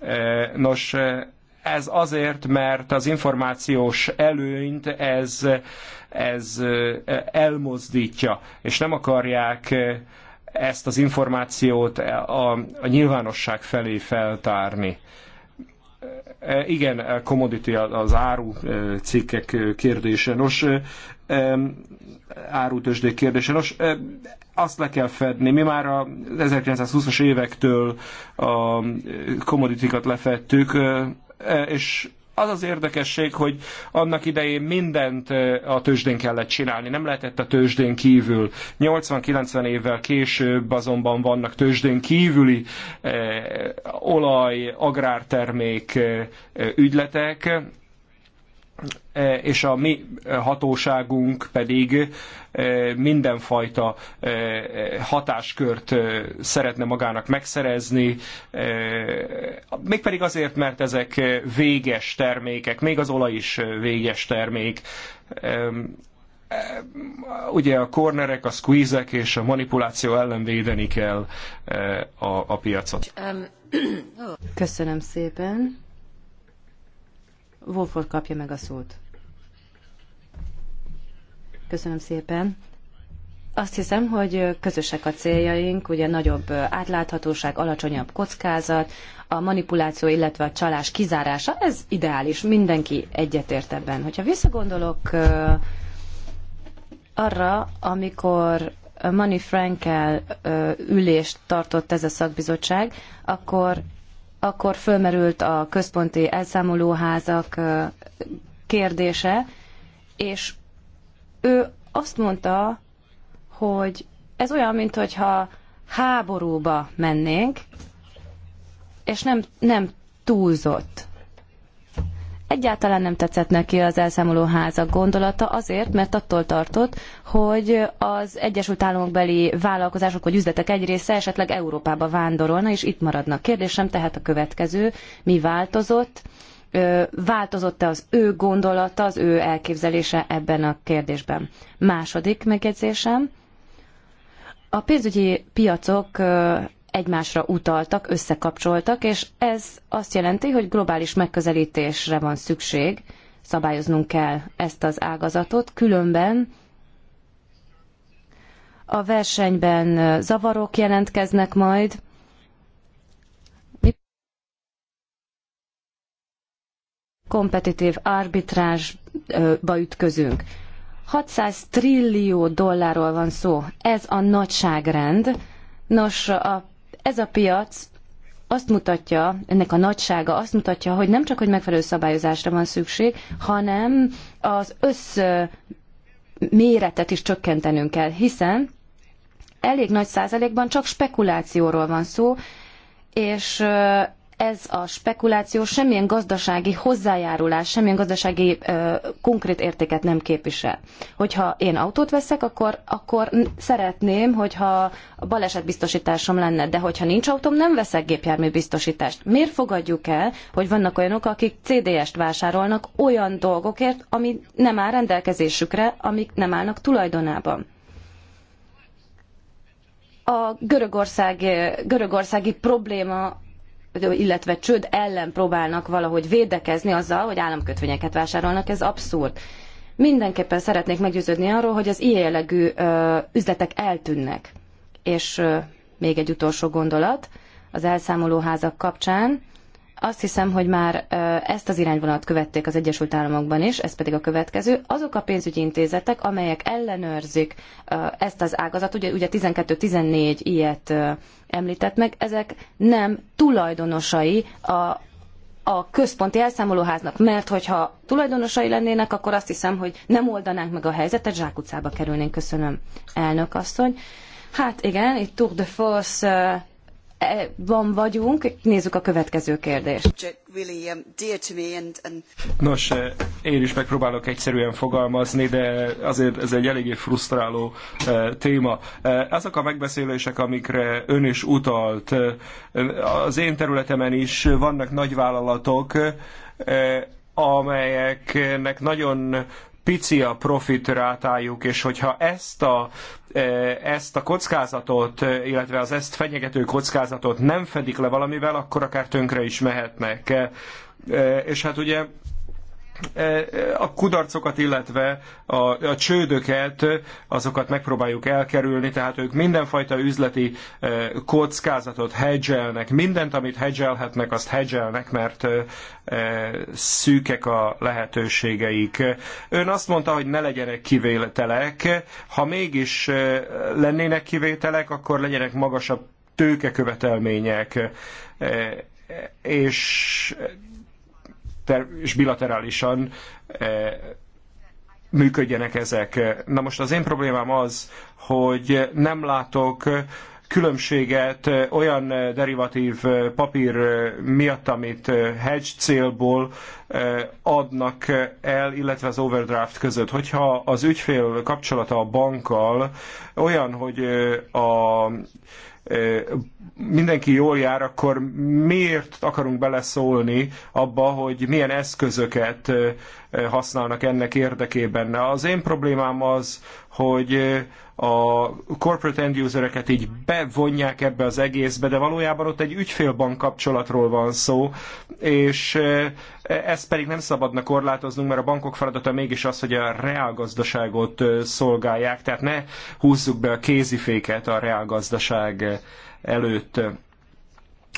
E, nos, e, ez azért, mert az információs előnyt ez, ez e, elmozdítja, és nem akarják ezt az információt a, a nyilvánosság felé feltárni. E, igen, e, commodity az áru e, cikkek kérdése. Nos, árutősdék kérdése. Nos, azt le kell fedni. Mi már a 1920-as évektől a commodity lefettük, és az az érdekesség, hogy annak idején mindent a tőzsdén kellett csinálni, nem lehetett a tőzsdén kívül. 80-90 évvel később azonban vannak tőzsdén kívüli eh, olaj, agrártermék eh, ügyletek, E, és a mi e, hatóságunk pedig e, mindenfajta hatáskört szeretne magának megszerezni, mégpedig azért, mert ezek véges termékek, még az olaj is véges termék. Ugye a kornerek, a squeezek és a manipuláció ellen védeni kell a, a piacot. Um, oh. Köszönöm szépen. Wolford kapja meg a szót. Köszönöm szépen. Azt hiszem, hogy közösek a céljaink, ugye nagyobb átláthatóság, alacsonyabb kockázat, a manipuláció, illetve a csalás kizárása, ez ideális, mindenki egyetért ebben. Hogyha visszagondolok arra, amikor Mani Frankel ülést tartott ez a szakbizottság, akkor akkor fölmerült a központi elszámolóházak kérdése, és ő azt mondta, hogy ez olyan, mintha háborúba mennénk, és nem, nem túlzott. Egyáltalán nem tetszett neki az elszámoló házak gondolata azért, mert attól tartott, hogy az Egyesült Államokbeli vállalkozások vagy üzletek egy része esetleg Európába vándorolna, és itt maradnak. Kérdésem tehát a következő, mi változott? változott-e az ő gondolata, az ő elképzelése ebben a kérdésben. Második megjegyzésem, a pénzügyi piacok egymásra utaltak, összekapcsoltak, és ez azt jelenti, hogy globális megközelítésre van szükség, szabályoznunk kell ezt az ágazatot, különben a versenyben zavarok jelentkeznek majd, kompetitív arbitrázsba ütközünk. 600 trillió dollárról van szó, ez a nagyságrend. Nos, a ez a piac azt mutatja, ennek a nagysága azt mutatja, hogy nem csak, hogy megfelelő szabályozásra van szükség, hanem az össz méretet is csökkentenünk kell, hiszen elég nagy százalékban csak spekulációról van szó, és ez a spekuláció semmilyen gazdasági hozzájárulás, semmilyen gazdasági ö, konkrét értéket nem képvisel. Hogyha én autót veszek, akkor, akkor szeretném, hogyha a balesetbiztosításom lenne, de hogyha nincs autóm, nem veszek gépjárműbiztosítást. Miért fogadjuk el, hogy vannak olyanok, akik CDS-t vásárolnak olyan dolgokért, ami nem áll rendelkezésükre, amik nem állnak tulajdonában? a görögország, görögországi probléma illetve csőd ellen próbálnak valahogy védekezni azzal, hogy államkötvényeket vásárolnak, ez abszurd. Mindenképpen szeretnék meggyőződni arról, hogy az ilyen jellegű üzletek eltűnnek. És még egy utolsó gondolat az elszámolóházak kapcsán. Azt hiszem, hogy már ezt az irányvonalat követték az Egyesült Államokban is, ez pedig a következő. Azok a pénzügyi intézetek, amelyek ellenőrzik ezt az ágazat, ugye, ugye 12-14 ilyet említett meg, ezek nem tulajdonosai a a központi elszámolóháznak, mert hogyha tulajdonosai lennének, akkor azt hiszem, hogy nem oldanánk meg a helyzetet, zsákutcába kerülnénk. Köszönöm, elnök asszony. Hát igen, itt Tour de Force van vagyunk. Nézzük a következő kérdést. Um, Nos, eh, én is megpróbálok egyszerűen fogalmazni, de azért ez egy eléggé frusztráló eh, téma. Eh, azok a megbeszélések, amikre ön is utalt, az én területemen is vannak nagy vállalatok, amelyeknek nagyon pici a profit rátájuk, és hogyha ezt a, e, ezt a kockázatot, e, illetve az ezt fenyegető kockázatot nem fedik le valamivel, akkor akár tönkre is mehetnek. E, és hát ugye a kudarcokat, illetve a, a csődöket, azokat megpróbáljuk elkerülni, tehát ők mindenfajta üzleti kockázatot hedzselnek, mindent, amit hedzselhetnek, azt hedzselnek, mert szűkek a lehetőségeik. Ön azt mondta, hogy ne legyenek kivételek, ha mégis lennének kivételek, akkor legyenek magasabb tőkekövetelmények, és és bilaterálisan eh, működjenek ezek. Na most az én problémám az, hogy nem látok különbséget olyan derivatív papír miatt, amit hedge célból eh, adnak el, illetve az overdraft között. Hogyha az ügyfél kapcsolata a bankkal olyan, hogy eh, a mindenki jól jár, akkor miért akarunk beleszólni abba, hogy milyen eszközöket használnak ennek érdekében? Az én problémám az, hogy a corporate end usereket így bevonják ebbe az egészbe, de valójában ott egy ügyfélbank kapcsolatról van szó, és ezt pedig nem szabadna korlátoznunk, mert a bankok feladata mégis az, hogy a reálgazdaságot szolgálják, tehát ne húzzuk be a kéziféket a reálgazdaság előtt.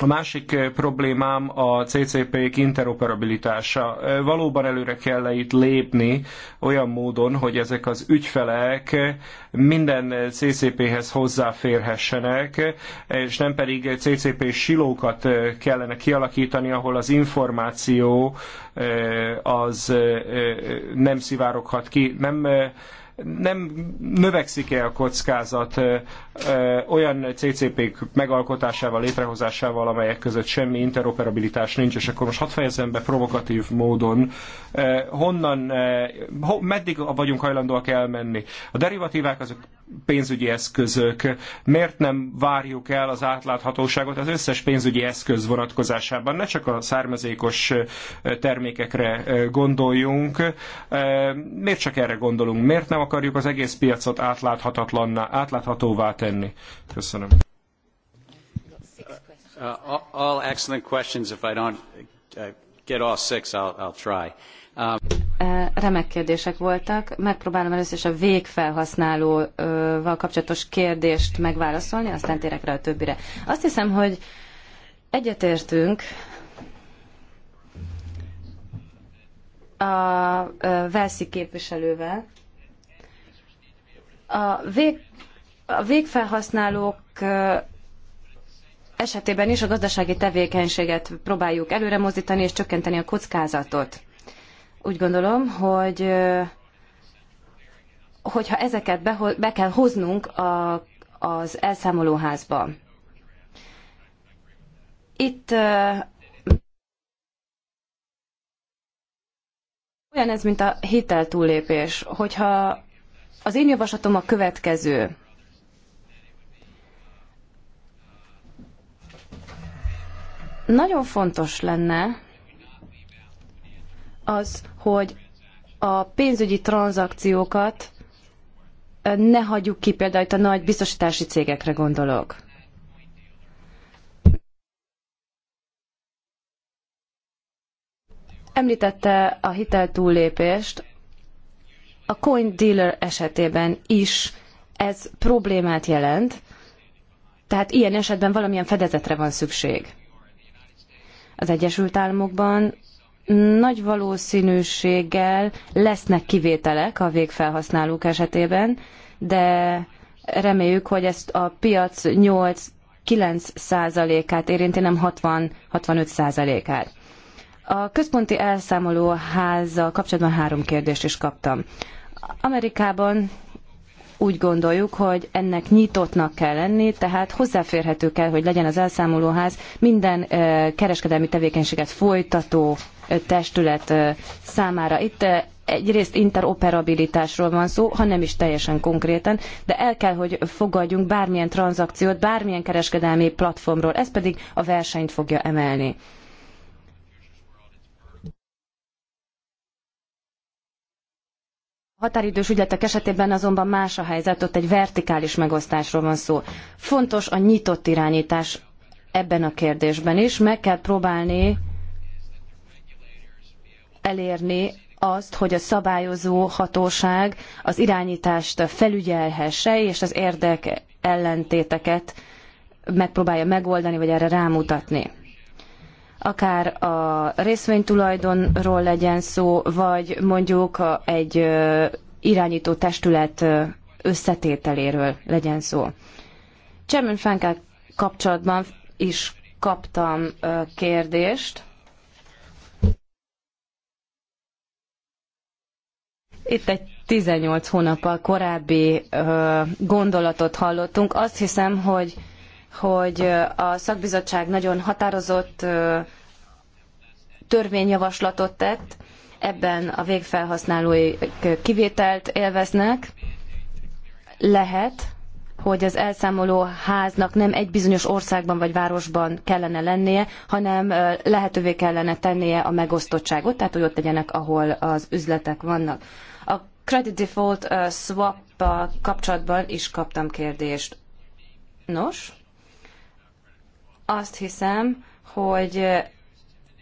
A másik eh, problémám a CCP-k interoperabilitása. Eh, valóban előre kell -e itt lépni olyan módon, hogy ezek az ügyfelek eh, minden CCP-hez hozzáférhessenek, és nem pedig CCP silókat kellene kialakítani, ahol az információ az nem szivároghat ki. Nem nem növekszik-e a kockázat olyan CCP-k megalkotásával, létrehozásával, amelyek között semmi interoperabilitás nincs, és akkor most hadd fejezem be provokatív módon, honnan, meddig vagyunk hajlandóak elmenni. A derivatívák azok pénzügyi eszközök, miért nem várjuk el az átláthatóságot az összes pénzügyi eszköz vonatkozásában, ne csak a származékos termékekre gondoljunk, miért csak erre gondolunk, miért nem akarjuk az egész piacot átláthatatlanná, átláthatóvá tenni? Köszönöm. Uh, all excellent questions. If I don't uh, get all six, I'll, I'll try. Remek kérdések voltak. Megpróbálom először is a végfelhasználóval kapcsolatos kérdést megválaszolni, aztán térek rá a többire. Azt hiszem, hogy egyetértünk a Velszi képviselővel. A, vég, a végfelhasználók esetében is a gazdasági tevékenységet próbáljuk előremozdítani és csökkenteni a kockázatot. Úgy gondolom, hogy hogyha ezeket be, be kell hoznunk a, az elszámolóházba. Itt olyan ez, mint a hitel túlépés, Hogyha az én javaslatom a következő, nagyon fontos lenne, az, hogy a pénzügyi tranzakciókat ne hagyjuk ki, például itt a nagy biztosítási cégekre gondolok. Említette a hitel túllépést, A coin dealer esetében is ez problémát jelent, tehát ilyen esetben valamilyen fedezetre van szükség. Az Egyesült Államokban nagy valószínűséggel lesznek kivételek a végfelhasználók esetében, de reméljük, hogy ezt a piac 8-9 százalékát érinti, nem 60-65 százalékát. A központi elszámolóházzal kapcsolatban három kérdést is kaptam. Amerikában úgy gondoljuk, hogy ennek nyitottnak kell lenni, tehát hozzáférhető kell, hogy legyen az elszámolóház minden eh, kereskedelmi tevékenységet folytató testület számára. Itt egyrészt interoperabilitásról van szó, ha nem is teljesen konkrétan, de el kell, hogy fogadjunk bármilyen tranzakciót, bármilyen kereskedelmi platformról, ez pedig a versenyt fogja emelni. Határidős ügyletek esetében azonban más a helyzet, ott egy vertikális megosztásról van szó. Fontos a nyitott irányítás ebben a kérdésben is. Meg kell próbálni elérni azt, hogy a szabályozó hatóság az irányítást felügyelhesse, és az érdek ellentéteket megpróbálja megoldani, vagy erre rámutatni. Akár a részvénytulajdonról legyen szó, vagy mondjuk egy irányító testület összetételéről legyen szó. Chairman kapcsolatban is kaptam kérdést. Itt egy 18 hónap a korábbi gondolatot hallottunk. Azt hiszem, hogy, hogy a szakbizottság nagyon határozott törvényjavaslatot tett, ebben a végfelhasználói kivételt élveznek. Lehet, hogy az elszámoló háznak nem egy bizonyos országban vagy városban kellene lennie, hanem lehetővé kellene tennie a megosztottságot, tehát hogy ott legyenek, ahol az üzletek vannak credit default swap kapcsolatban is kaptam kérdést. Nos, azt hiszem, hogy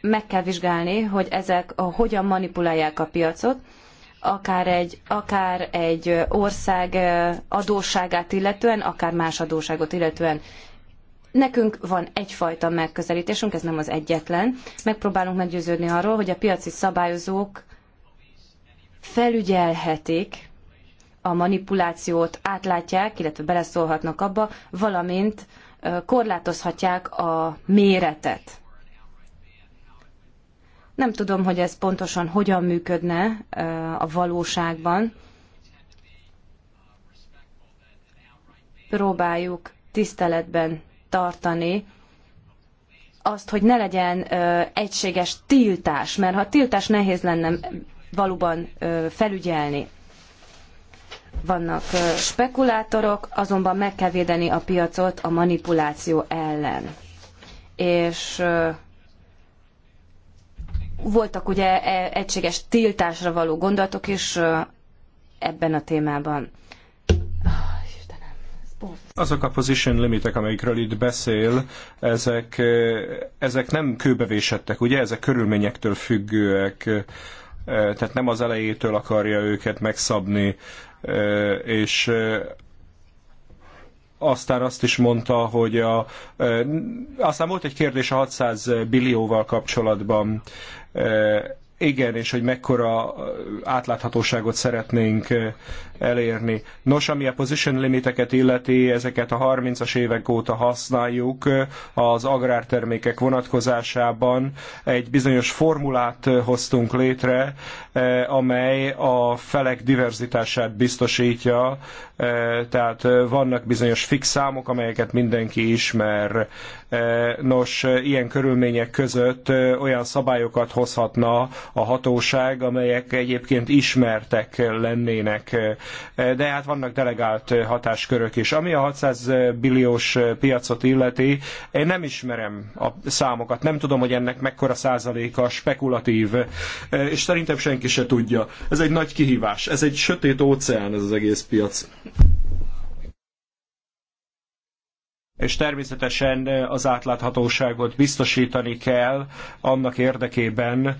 meg kell vizsgálni, hogy ezek hogyan manipulálják a piacot, akár egy, akár egy ország adósságát illetően, akár más adósságot illetően. Nekünk van egyfajta megközelítésünk, ez nem az egyetlen. Megpróbálunk meggyőződni arról, hogy a piaci szabályozók felügyelhetik a manipulációt, átlátják, illetve beleszólhatnak abba, valamint korlátozhatják a méretet. Nem tudom, hogy ez pontosan hogyan működne a valóságban. Próbáljuk tiszteletben tartani azt, hogy ne legyen egységes tiltás, mert ha tiltás nehéz lenne valóban felügyelni. Vannak spekulátorok, azonban meg kell védeni a piacot a manipuláció ellen. És voltak ugye e, egységes tiltásra való gondolatok is ebben a témában. Azok a position limitek, amelyikről itt beszél, ezek, ezek nem kőbevésettek, ugye? Ezek körülményektől függőek tehát nem az elejétől akarja őket megszabni, és aztán azt is mondta, hogy a, aztán volt egy kérdés a 600 billióval kapcsolatban, igen, és hogy mekkora átláthatóságot szeretnénk elérni. Nos, ami a position limiteket illeti, ezeket a 30-as évek óta használjuk az agrártermékek vonatkozásában. Egy bizonyos formulát hoztunk létre, amely a felek diverzitását biztosítja, tehát vannak bizonyos fix számok, amelyeket mindenki ismer. Nos, ilyen körülmények között olyan szabályokat hozhatna a hatóság, amelyek egyébként ismertek lennének de hát vannak delegált hatáskörök is. Ami a 600 billiós piacot illeti, én nem ismerem a számokat, nem tudom, hogy ennek mekkora százaléka spekulatív, és szerintem senki se tudja. Ez egy nagy kihívás, ez egy sötét óceán ez az egész piac. és természetesen az átláthatóságot biztosítani kell annak érdekében,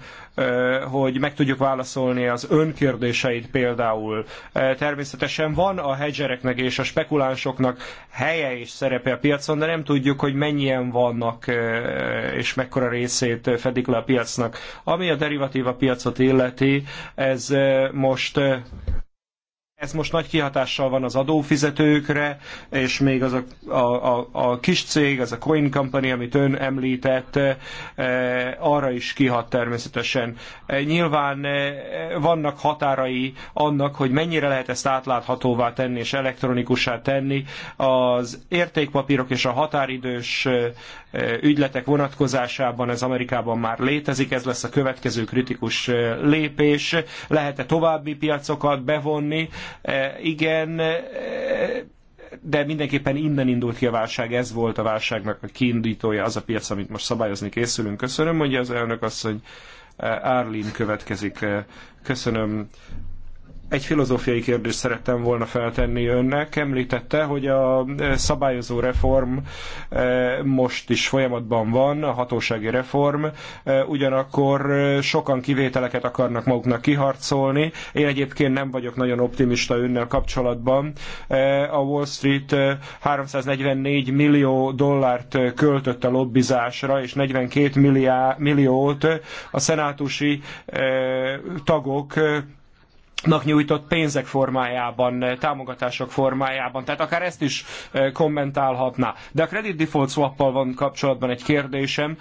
hogy meg tudjuk válaszolni az önkérdéseit például. Természetesen van a hedgereknek és a spekulánsoknak helye és szerepe a piacon, de nem tudjuk, hogy mennyien vannak és mekkora részét fedik le a piacnak. Ami a derivatíva piacot illeti, ez most ez most nagy kihatással van az adófizetőkre, és még az a, a, a kis cég, az a Coin Company, amit ön említett, e, arra is kihat természetesen. E, nyilván e, vannak határai annak, hogy mennyire lehet ezt átláthatóvá tenni és elektronikussá tenni. Az értékpapírok és a határidős ügyletek vonatkozásában ez Amerikában már létezik, ez lesz a következő kritikus lépés. Lehet-e további piacokat bevonni? E, igen, e, de mindenképpen innen indult ki a válság, ez volt a válságnak a kiindítója, az a piac, amit most szabályozni készülünk. Köszönöm, mondja az elnök azt, hogy e, Árlin következik. Köszönöm, egy filozófiai kérdést szerettem volna feltenni önnek. Említette, hogy a e, szabályozó reform e, most is folyamatban van, a hatósági reform, e, ugyanakkor sokan kivételeket akarnak maguknak kiharcolni. Én egyébként nem vagyok nagyon optimista önnel kapcsolatban. A Wall Street 344 millió dollárt költött a lobbizásra, és 42 milliót a szenátusi tagok nak nyújtott pénzek formájában, támogatások formájában, tehát akár ezt is kommentálhatná. De a credit default swappal van kapcsolatban egy kérdésem.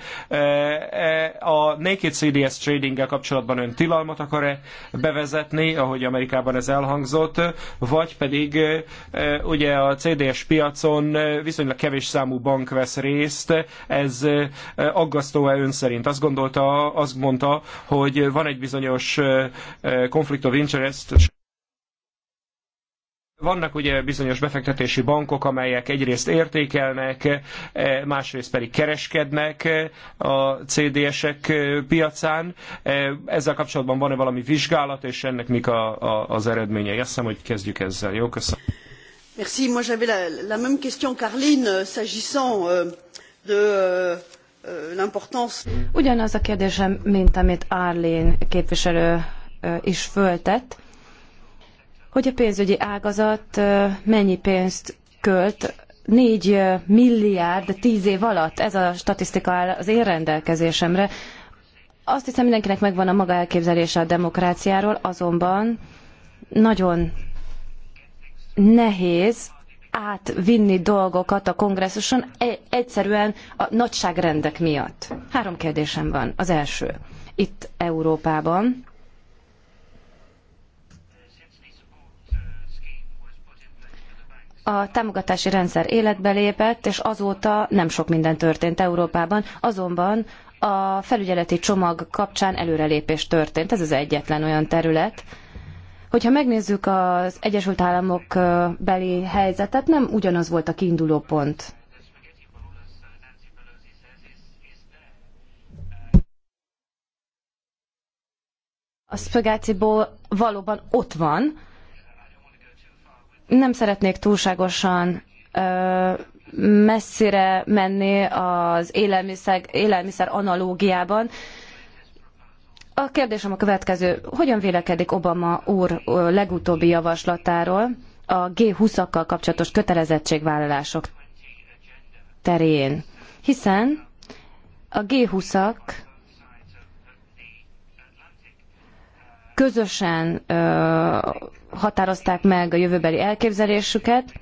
A naked CDS tradinggel kapcsolatban ön tilalmat akar-e bevezetni, ahogy Amerikában ez elhangzott, vagy pedig ugye a CDS piacon viszonylag kevés számú bank vesz részt, ez aggasztó-e ön szerint? Azt gondolta, azt mondta, hogy van egy bizonyos konflikt of interest, ezt. Vannak ugye bizonyos befektetési bankok, amelyek egyrészt értékelnek, e, másrészt pedig kereskednek a CDS-ek e, piacán. E, ezzel kapcsolatban van-e valami vizsgálat, és ennek mik a, a, az eredményei? Azt hiszem, hogy kezdjük ezzel. Jó, köszönöm. Merci. Moi j'avais la, la même question qu'Arline, euh, s'agissant euh, de euh, euh, l'importance. Ugyanaz a kérdésem, mint amit Arlene képviselő euh, is föltett hogy a pénzügyi ágazat mennyi pénzt költ 4 milliárd 10 év alatt, ez a statisztika áll az én rendelkezésemre. Azt hiszem mindenkinek megvan a maga elképzelése a demokráciáról, azonban nagyon nehéz átvinni dolgokat a kongresszuson e, egyszerűen a nagyságrendek miatt. Három kérdésem van. Az első. Itt Európában a támogatási rendszer életbe lépett, és azóta nem sok minden történt Európában, azonban a felügyeleti csomag kapcsán előrelépés történt. Ez az egyetlen olyan terület. Hogyha megnézzük az Egyesült Államok beli helyzetet, nem ugyanaz volt a kiinduló pont. A Spaghetti valóban ott van, nem szeretnék túlságosan ö, messzire menni az élelmiszer, élelmiszer analógiában. A kérdésem a következő. Hogyan vélekedik Obama úr legutóbbi javaslatáról a G20-akkal kapcsolatos kötelezettségvállalások terén? Hiszen a G20-ak közösen ö, határozták meg a jövőbeli elképzelésüket,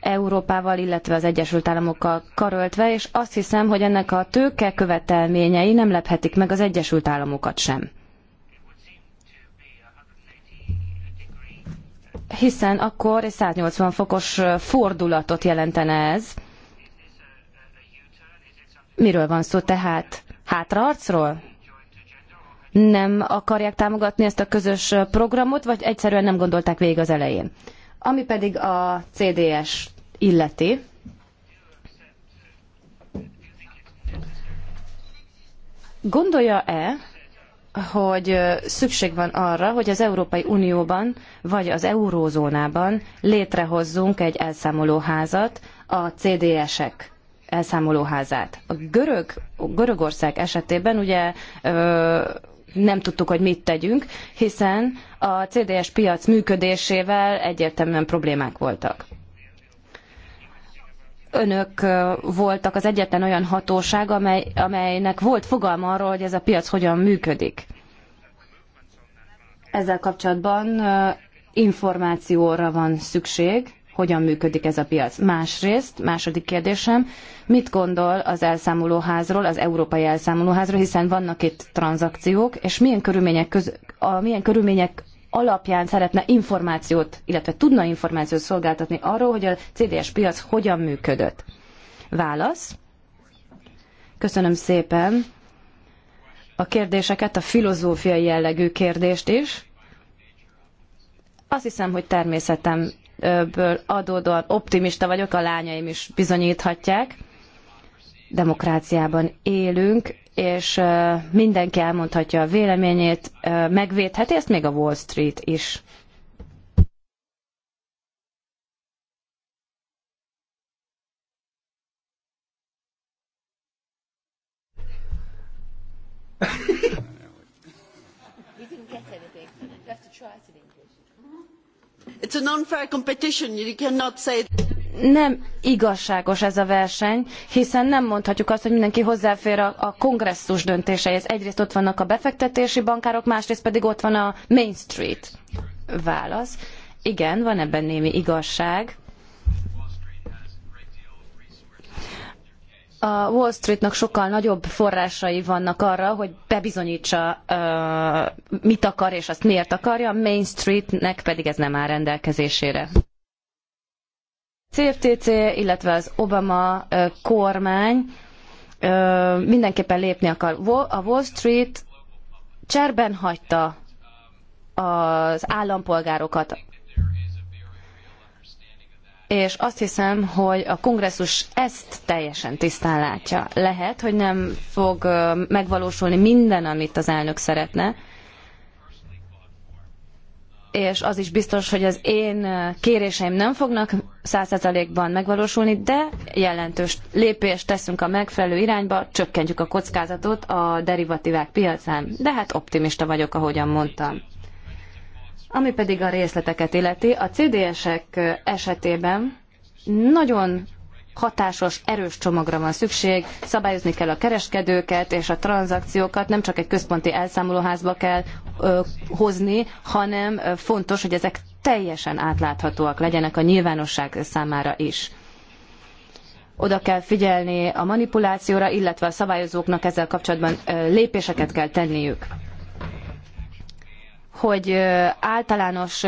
Európával, illetve az Egyesült Államokkal karöltve, és azt hiszem, hogy ennek a tőke követelményei nem lephetik meg az Egyesült Államokat sem. Hiszen akkor egy 180 fokos fordulatot jelentene ez. Miről van szó tehát? Hátraarcról? nem akarják támogatni ezt a közös programot, vagy egyszerűen nem gondolták végig az elején. Ami pedig a CDS illeti, Gondolja-e, hogy szükség van arra, hogy az Európai Unióban vagy az eurózónában létrehozzunk egy elszámolóházat, a CDS-ek elszámolóházát. A görög, Görögország esetében ugye ö, nem tudtuk, hogy mit tegyünk, hiszen a CDS piac működésével egyértelműen problémák voltak. Önök voltak az egyetlen olyan hatóság, amely, amelynek volt fogalma arról, hogy ez a piac hogyan működik. Ezzel kapcsolatban információra van szükség, hogyan működik ez a piac. Másrészt, második kérdésem, mit gondol az elszámolóházról, az európai elszámolóházról, hiszen vannak itt tranzakciók, és milyen körülmények, köz, a, milyen körülmények alapján szeretne információt, illetve tudna információt szolgáltatni arról, hogy a CDS piac hogyan működött. Válasz. Köszönöm szépen a kérdéseket, a filozófiai jellegű kérdést is. Azt hiszem, hogy természetem ből adódóan optimista vagyok, a lányaim is bizonyíthatják. Demokráciában élünk, és mindenki elmondhatja a véleményét, megvédheti ezt még a Wall Street is. nem igazságos ez a verseny, hiszen nem mondhatjuk azt, hogy mindenki hozzáfér a, a kongresszus döntéseihez. Egyrészt ott vannak a befektetési bankárok, másrészt pedig ott van a Main Street. Válasz. Igen, van ebben némi igazság. a Wall Streetnak sokkal nagyobb forrásai vannak arra, hogy bebizonyítsa, mit akar és azt miért akarja, Main Streetnek pedig ez nem áll rendelkezésére. CFTC, illetve az Obama kormány mindenképpen lépni akar. A Wall Street cserben hagyta az állampolgárokat, és azt hiszem, hogy a kongresszus ezt teljesen tisztán látja. Lehet, hogy nem fog megvalósulni minden, amit az elnök szeretne, és az is biztos, hogy az én kéréseim nem fognak százszerzalékban megvalósulni, de jelentős lépést teszünk a megfelelő irányba, csökkentjük a kockázatot a derivatívák piacán. De hát optimista vagyok, ahogyan mondtam. Ami pedig a részleteket illeti, a CDS-ek esetében nagyon hatásos, erős csomagra van szükség, szabályozni kell a kereskedőket és a tranzakciókat, nem csak egy központi elszámolóházba kell ö, hozni, hanem fontos, hogy ezek teljesen átláthatóak legyenek a nyilvánosság számára is. Oda kell figyelni a manipulációra, illetve a szabályozóknak ezzel kapcsolatban lépéseket kell tenniük hogy általános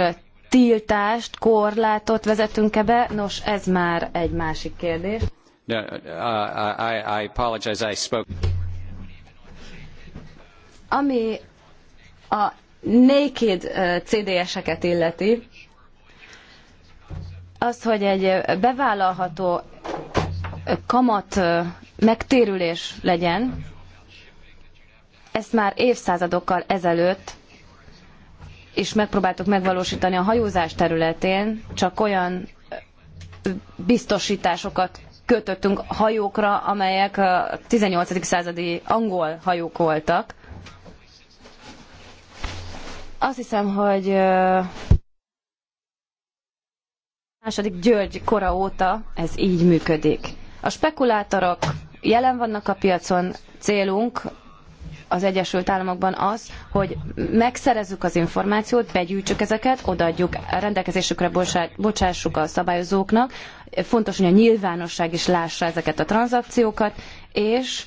tiltást, korlátot vezetünk-e be? Nos, ez már egy másik kérdés. No, I, I apologize, I spoke. Ami a naked CDS-eket illeti, az, hogy egy bevállalható kamat megtérülés legyen, ezt már évszázadokkal ezelőtt is megpróbáltuk megvalósítani a hajózás területén, csak olyan biztosításokat kötöttünk hajókra, amelyek a 18. századi angol hajók voltak. Azt hiszem, hogy második György kora óta ez így működik. A spekulátorok jelen vannak a piacon, célunk az Egyesült Államokban az, hogy megszerezzük az információt, begyűjtsük ezeket, odaadjuk, rendelkezésükre bocsássuk a szabályozóknak. Fontos, hogy a nyilvánosság is lássa ezeket a tranzakciókat, és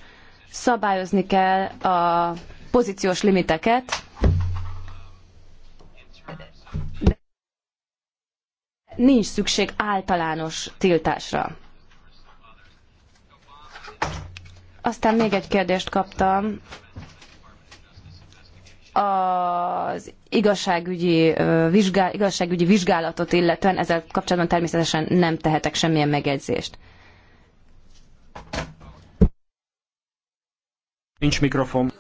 szabályozni kell a pozíciós limiteket, de nincs szükség általános tiltásra. Aztán még egy kérdést kaptam az igazságügyi, vizsgál, igazságügyi vizsgálatot illetően ezzel kapcsolatban természetesen nem tehetek semmilyen megjegyzést. Nincs mikrofon.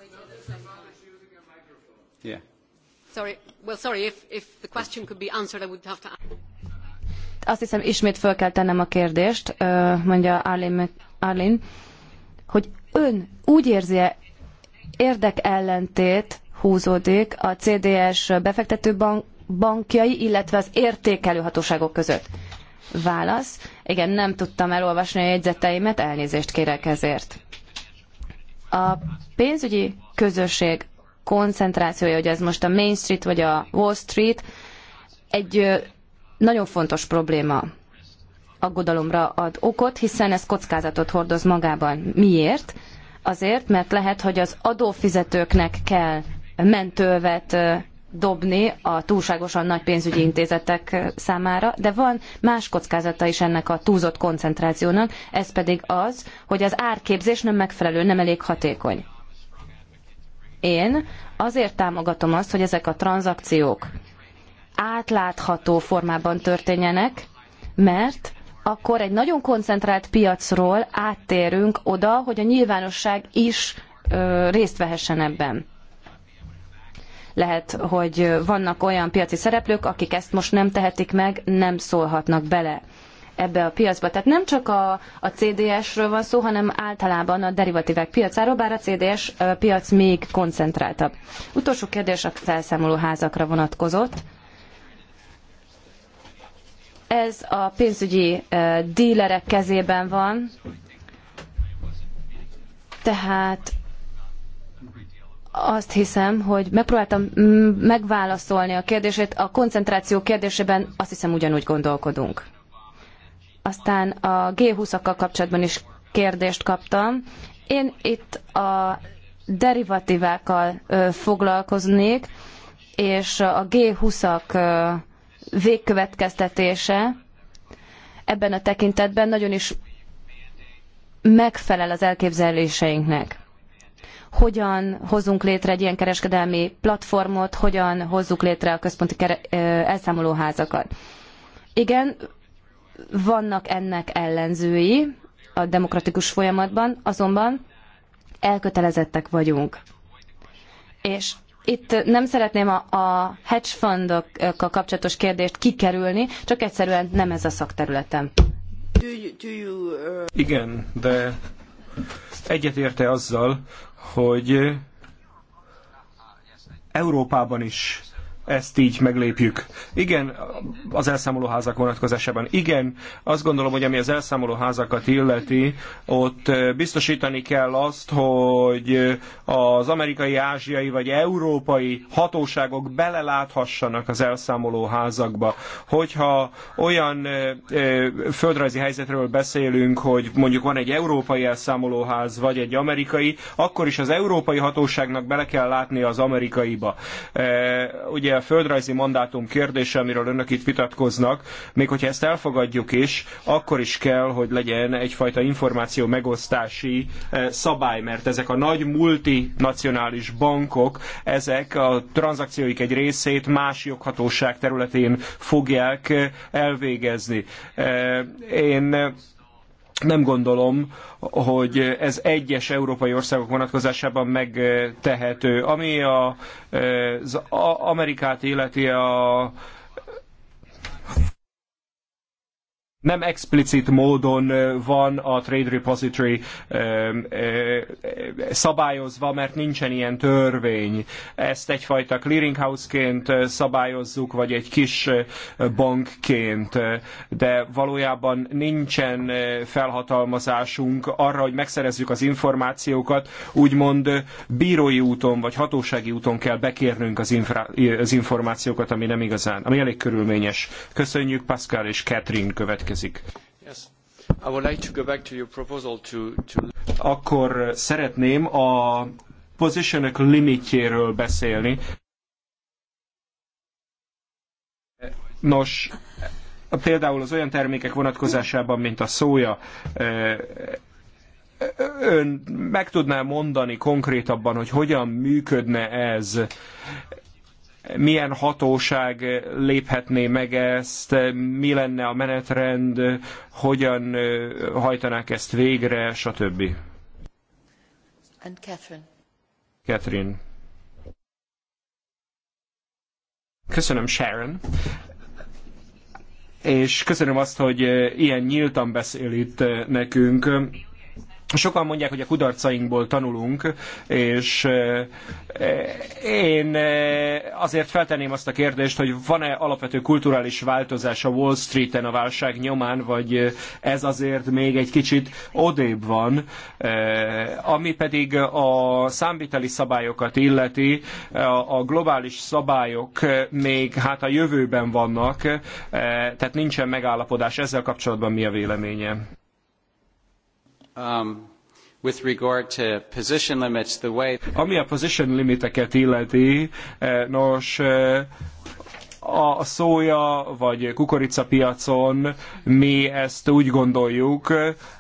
Sorry. Well, sorry, if, if the question could be answered, I would have to... Azt hiszem, ismét fel kell tennem a kérdést, mondja Arlin, Arlene hogy ön úgy érzi -e érdekellentét húzódik a CDS befektető bank, bankjai, illetve az értékelő hatóságok között? Válasz. Igen, nem tudtam elolvasni a jegyzeteimet, elnézést kérek ezért. A pénzügyi közösség koncentrációja, hogy ez most a Main Street vagy a Wall Street, egy nagyon fontos probléma aggodalomra ad okot, hiszen ez kockázatot hordoz magában. Miért? Azért, mert lehet, hogy az adófizetőknek kell mentővet dobni a túlságosan nagy pénzügyi intézetek számára, de van más kockázata is ennek a túlzott koncentrációnak, ez pedig az, hogy az árképzés nem megfelelő, nem elég hatékony. Én azért támogatom azt, hogy ezek a tranzakciók átlátható formában történjenek, mert akkor egy nagyon koncentrált piacról áttérünk oda, hogy a nyilvánosság is ö, részt vehessen ebben. Lehet, hogy vannak olyan piaci szereplők, akik ezt most nem tehetik meg, nem szólhatnak bele ebbe a piacba. Tehát nem csak a, a CDS-ről van szó, hanem általában a derivatívek piacáról, bár a CDS piac még koncentráltabb. Utolsó kérdés a felszámoló házakra vonatkozott. Ez a pénzügyi dílerek kezében van, tehát azt hiszem, hogy megpróbáltam mm, megválaszolni a kérdését. A koncentráció kérdésében azt hiszem ugyanúgy gondolkodunk. Aztán a G20-akkal kapcsolatban is kérdést kaptam. Én itt a derivatívákkal foglalkoznék, és a G20-ak végkövetkeztetése ebben a tekintetben nagyon is megfelel az elképzeléseinknek hogyan hozunk létre egy ilyen kereskedelmi platformot, hogyan hozzuk létre a központi elszámolóházakat. Igen, vannak ennek ellenzői a demokratikus folyamatban, azonban elkötelezettek vagyunk. És itt nem szeretném a, a hedge fundokkal kapcsolatos kérdést kikerülni, csak egyszerűen nem ez a szakterületem. Igen, de egyetérte azzal, hogy Európában is ezt így meglépjük. Igen, az elszámolóházak vonatkozásában. Igen, azt gondolom, hogy ami az elszámolóházakat illeti, ott biztosítani kell azt, hogy az amerikai, ázsiai vagy európai hatóságok beleláthassanak az elszámolóházakba. Hogyha olyan földrajzi helyzetről beszélünk, hogy mondjuk van egy európai elszámolóház, vagy egy amerikai, akkor is az európai hatóságnak bele kell látni az amerikaiba. Ugye földrajzi mandátum kérdése, amiről önök itt vitatkoznak, még hogyha ezt elfogadjuk is, akkor is kell, hogy legyen egyfajta információ megosztási eh, szabály, mert ezek a nagy multinacionális bankok, ezek a tranzakcióik egy részét más joghatóság területén fogják eh, elvégezni. Eh, én nem gondolom, hogy ez egyes európai országok vonatkozásában megtehető. Ami az Amerikát illeti a nem explicit módon van a Trade Repository szabályozva, mert nincsen ilyen törvény. Ezt egyfajta clearinghouse-ként szabályozzuk, vagy egy kis bankként, de valójában nincsen felhatalmazásunk arra, hogy megszerezzük az információkat, úgymond bírói úton vagy hatósági úton kell bekérnünk az, az információkat, ami nem igazán, ami elég körülményes. Köszönjük Pascal és Catherine következő következik. Akkor szeretném a positionok limitjéről beszélni. Nos, például az olyan termékek vonatkozásában, mint a szója, e, ön meg tudná mondani konkrétabban, hogy hogyan működne ez? milyen hatóság léphetné meg ezt, mi lenne a menetrend, hogyan hajtanák ezt végre, stb. And Catherine. Catherine. Köszönöm, Sharon és köszönöm azt, hogy ilyen nyíltan beszél itt nekünk. Sokan mondják, hogy a kudarcainkból tanulunk, és eh, én eh, azért feltenném azt a kérdést, hogy van-e alapvető kulturális változás a Wall Street-en a válság nyomán, vagy eh, ez azért még egy kicsit odébb van, ami pedig a számviteli szabályokat illeti, a globális szabályok még hát a jövőben vannak, tehát nincsen megállapodás ezzel kapcsolatban mi a véleménye? um, with regard to position limits, the way... Ami a position limiteket illeti, eh, nos, eh, a szója vagy kukoricapiacon mi ezt úgy gondoljuk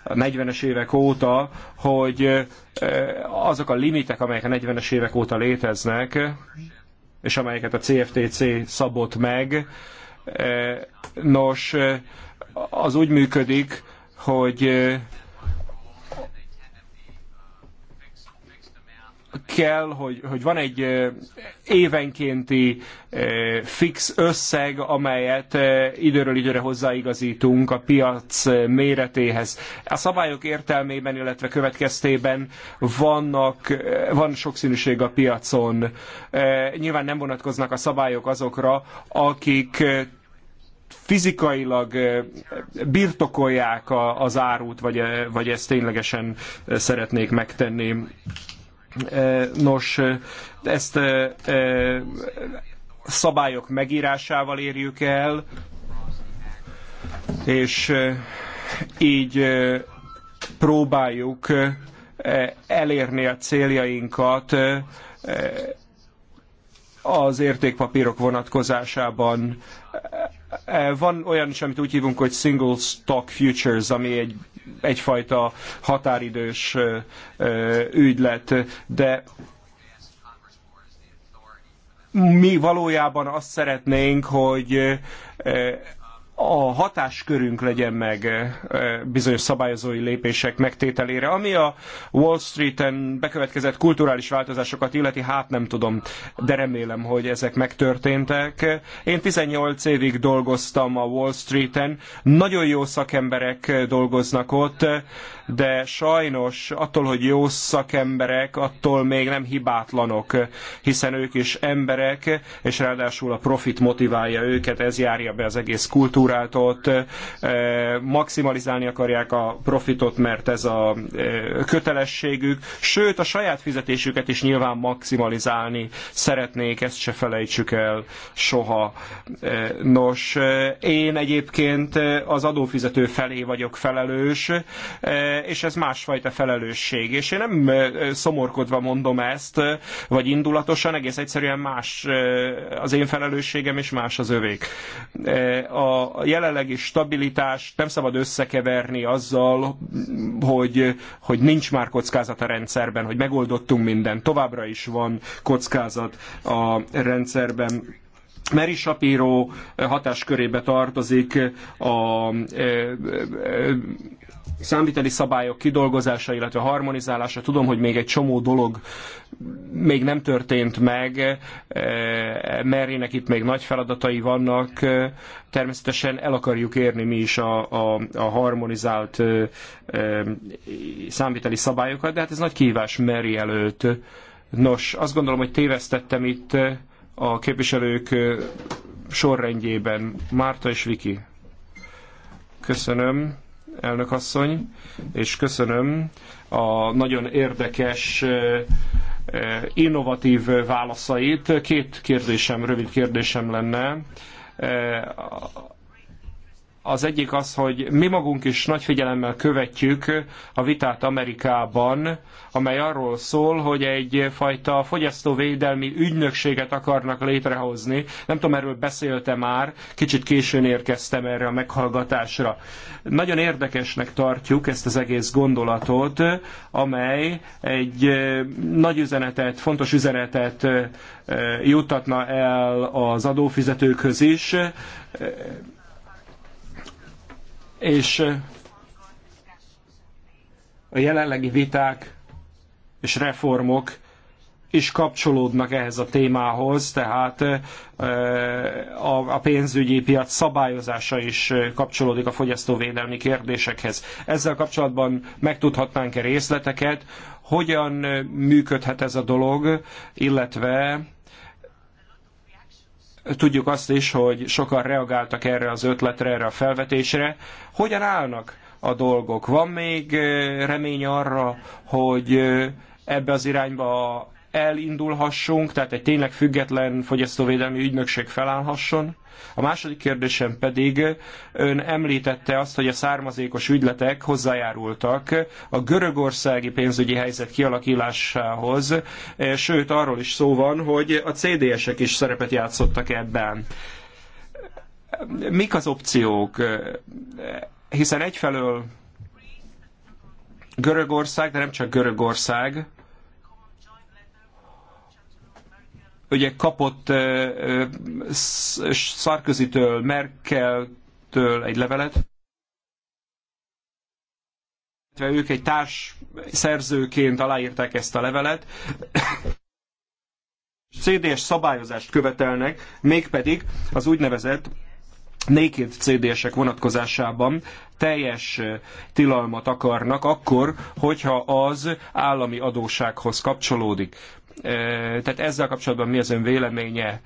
a 40-es évek óta, hogy eh, azok a limitek, amelyek a 40-es évek óta léteznek, és amelyeket a CFTC szabott meg, nos, az úgy működik, hogy kell, hogy, hogy van egy évenkénti fix összeg, amelyet időről időre hozzáigazítunk a piac méretéhez. A szabályok értelmében, illetve következtében vannak, van sokszínűség a piacon. Nyilván nem vonatkoznak a szabályok azokra, akik fizikailag birtokolják az árut, vagy, vagy ezt ténylegesen szeretnék megtenni. Nos, ezt szabályok megírásával érjük el, és így próbáljuk elérni a céljainkat az értékpapírok vonatkozásában. Eh, van olyan is, amit úgy hívunk, hogy single stock futures, ami egy, egyfajta határidős eh, eh, ügylet, de mi valójában azt szeretnénk, hogy a hatáskörünk legyen meg eh, bizonyos szabályozói lépések megtételére. Ami a Wall Street-en bekövetkezett kulturális változásokat illeti, hát nem tudom, de remélem, hogy ezek megtörténtek. Én 18 évig dolgoztam a Wall Street-en, nagyon jó szakemberek dolgoznak ott, de sajnos attól, hogy jó szakemberek, attól még nem hibátlanok, hiszen ők is emberek, és ráadásul a profit motiválja őket, ez járja be az egész ott. E, maximalizálni akarják a profitot, mert ez a e, kötelességük, sőt a saját fizetésüket is nyilván maximalizálni szeretnék, ezt se felejtsük el soha. E, nos, én egyébként az adófizető felé vagyok felelős, és ez másfajta felelősség. És én nem szomorkodva mondom ezt, vagy indulatosan, egész egyszerűen más az én felelősségem, és más az övék. A jelenlegi stabilitást nem szabad összekeverni azzal, hogy, hogy nincs már kockázat a rendszerben, hogy megoldottunk minden Továbbra is van kockázat a rendszerben. Meri Sapiro hatáskörébe tartozik a számviteli szabályok kidolgozása, illetve harmonizálása. Tudom, hogy még egy csomó dolog még nem történt meg, e, Merrének itt még nagy feladatai vannak. E, természetesen el akarjuk érni mi is a, a, a harmonizált e, számviteli szabályokat, de hát ez nagy kihívás Meri előtt. Nos, azt gondolom, hogy tévesztettem itt a képviselők sorrendjében. Márta és Viki. Köszönöm elnök asszony, és köszönöm a nagyon érdekes, innovatív válaszait. Két kérdésem, rövid kérdésem lenne az egyik az, hogy mi magunk is nagy figyelemmel követjük a vitát Amerikában, amely arról szól, hogy egyfajta fogyasztóvédelmi ügynökséget akarnak létrehozni. Nem tudom, erről beszélte már, kicsit későn érkeztem erre a meghallgatásra. Nagyon érdekesnek tartjuk ezt az egész gondolatot, amely egy nagy üzenetet, fontos üzenetet juttatna el az adófizetőkhöz is és eh, a jelenlegi viták és reformok is kapcsolódnak ehhez a témához, tehát eh, a pénzügyi piac szabályozása is eh, kapcsolódik a fogyasztóvédelmi kérdésekhez. Ezzel kapcsolatban megtudhatnánk-e részleteket, hogyan működhet ez a dolog, illetve Tudjuk azt is, hogy sokan reagáltak erre az ötletre, erre a felvetésre. Hogyan állnak a dolgok? Van még remény arra, hogy ebbe az irányba elindulhassunk, tehát egy tényleg független fogyasztóvédelmi ügynökség felállhasson. A második kérdésem pedig ön említette azt, hogy a származékos ügyletek hozzájárultak a görögországi pénzügyi helyzet kialakulásához, sőt arról is szó van, hogy a CDS-ek is szerepet játszottak ebben. Mik az opciók? Hiszen egyfelől Görögország, de nem csak Görögország, ugye kapott sarkozy Merkeltől egy levelet, ők egy társ szerzőként aláírták ezt a levelet, CD-s szabályozást követelnek, mégpedig az úgynevezett naked CD-sek vonatkozásában teljes tilalmat akarnak akkor, hogyha az állami adóssághoz kapcsolódik tehát ezzel kapcsolatban mi az ön véleménye?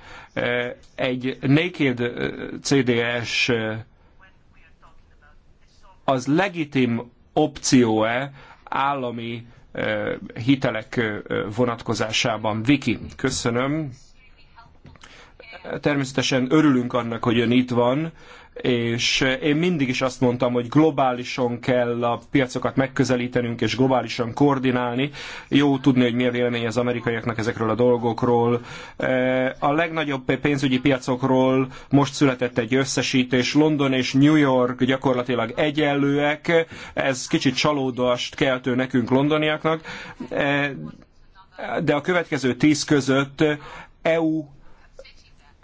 Egy naked CDS az legitim opció-e állami hitelek vonatkozásában? Viki, köszönöm. Természetesen örülünk annak, hogy ön itt van és eh, én mindig is azt mondtam, hogy globálisan kell a piacokat megközelítenünk, és globálisan koordinálni. Jó tudni, hogy mi a vélemény az amerikaiaknak ezekről a dolgokról. Eh, a legnagyobb pénzügyi piacokról most született egy összesítés. London és New York gyakorlatilag egyenlőek. Ez kicsit csalódást keltő nekünk londoniaknak. Eh, de a következő tíz között EU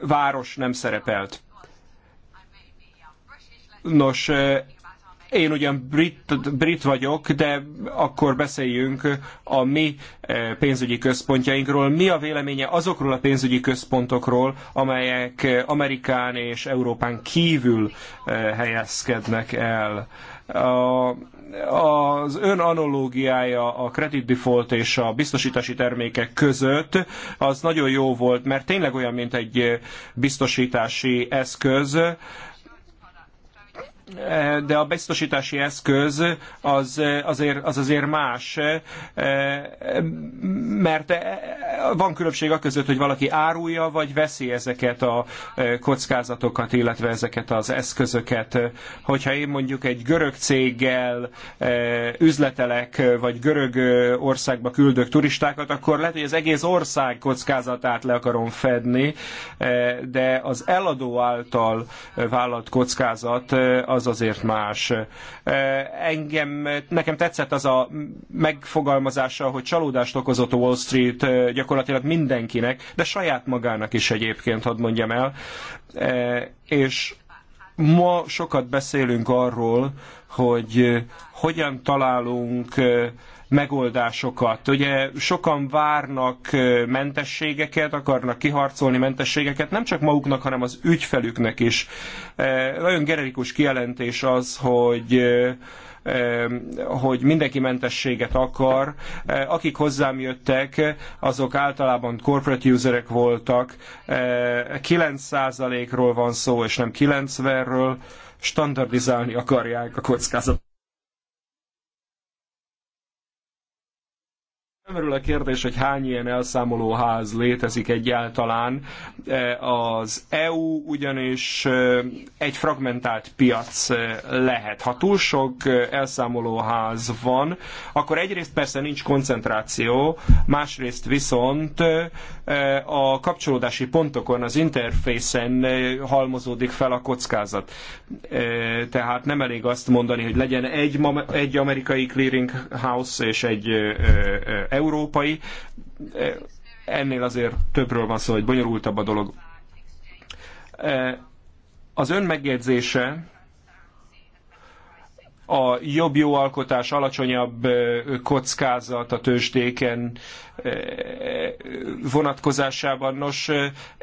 város nem szerepelt Nos, eh, én ugyan brit, brit vagyok, de akkor beszéljünk a mi eh, pénzügyi központjainkról. Mi a véleménye azokról a pénzügyi központokról, amelyek eh, Amerikán és Európán kívül helyezkednek el? A, az ön analógiája a credit default és a biztosítási termékek között az nagyon jó volt, mert tényleg olyan, mint egy biztosítási eszköz, de a biztosítási eszköz az, azért, az azért más, mert van különbség a között, hogy valaki árulja, vagy veszi ezeket a kockázatokat, illetve ezeket az eszközöket. Hogyha én mondjuk egy görög céggel eh, üzletelek, vagy görög országba küldök turistákat, akkor lehet, hogy az egész ország kockázatát le akarom fedni, eh, de az eladó által vállalt kockázat eh, az az azért más. Engem, nekem tetszett az a megfogalmazása, hogy csalódást okozott a Wall Street gyakorlatilag mindenkinek, de saját magának is egyébként, hadd mondjam el. És ma sokat beszélünk arról, hogy hogyan találunk megoldásokat. Ugye sokan várnak mentességeket, akarnak kiharcolni mentességeket, nem csak maguknak, hanem az ügyfelüknek is. Nagyon generikus kijelentés az, hogy hogy mindenki mentességet akar. Akik hozzám jöttek, azok általában corporate userek voltak. 9%-ról van szó, és nem 90-ről. Standardizálni akarják a kockázatot. Felmerül a kérdés, hogy hány ilyen elszámoló ház létezik egyáltalán. E, az EU ugyanis e, egy fragmentált piac e, lehet. Ha túl sok ház van, akkor egyrészt persze nincs koncentráció, másrészt viszont a kapcsolódási pontokon, az interfészen halmozódik fel a kockázat. Tehát nem elég azt mondani, hogy legyen egy, egy amerikai clearing house és egy európai. E, ennél azért többről van szó, hogy bonyolultabb a dolog. E, az ön megjegyzése a jobb jó alkotás, alacsonyabb kockázat a tőzsdéken vonatkozásában. Nos,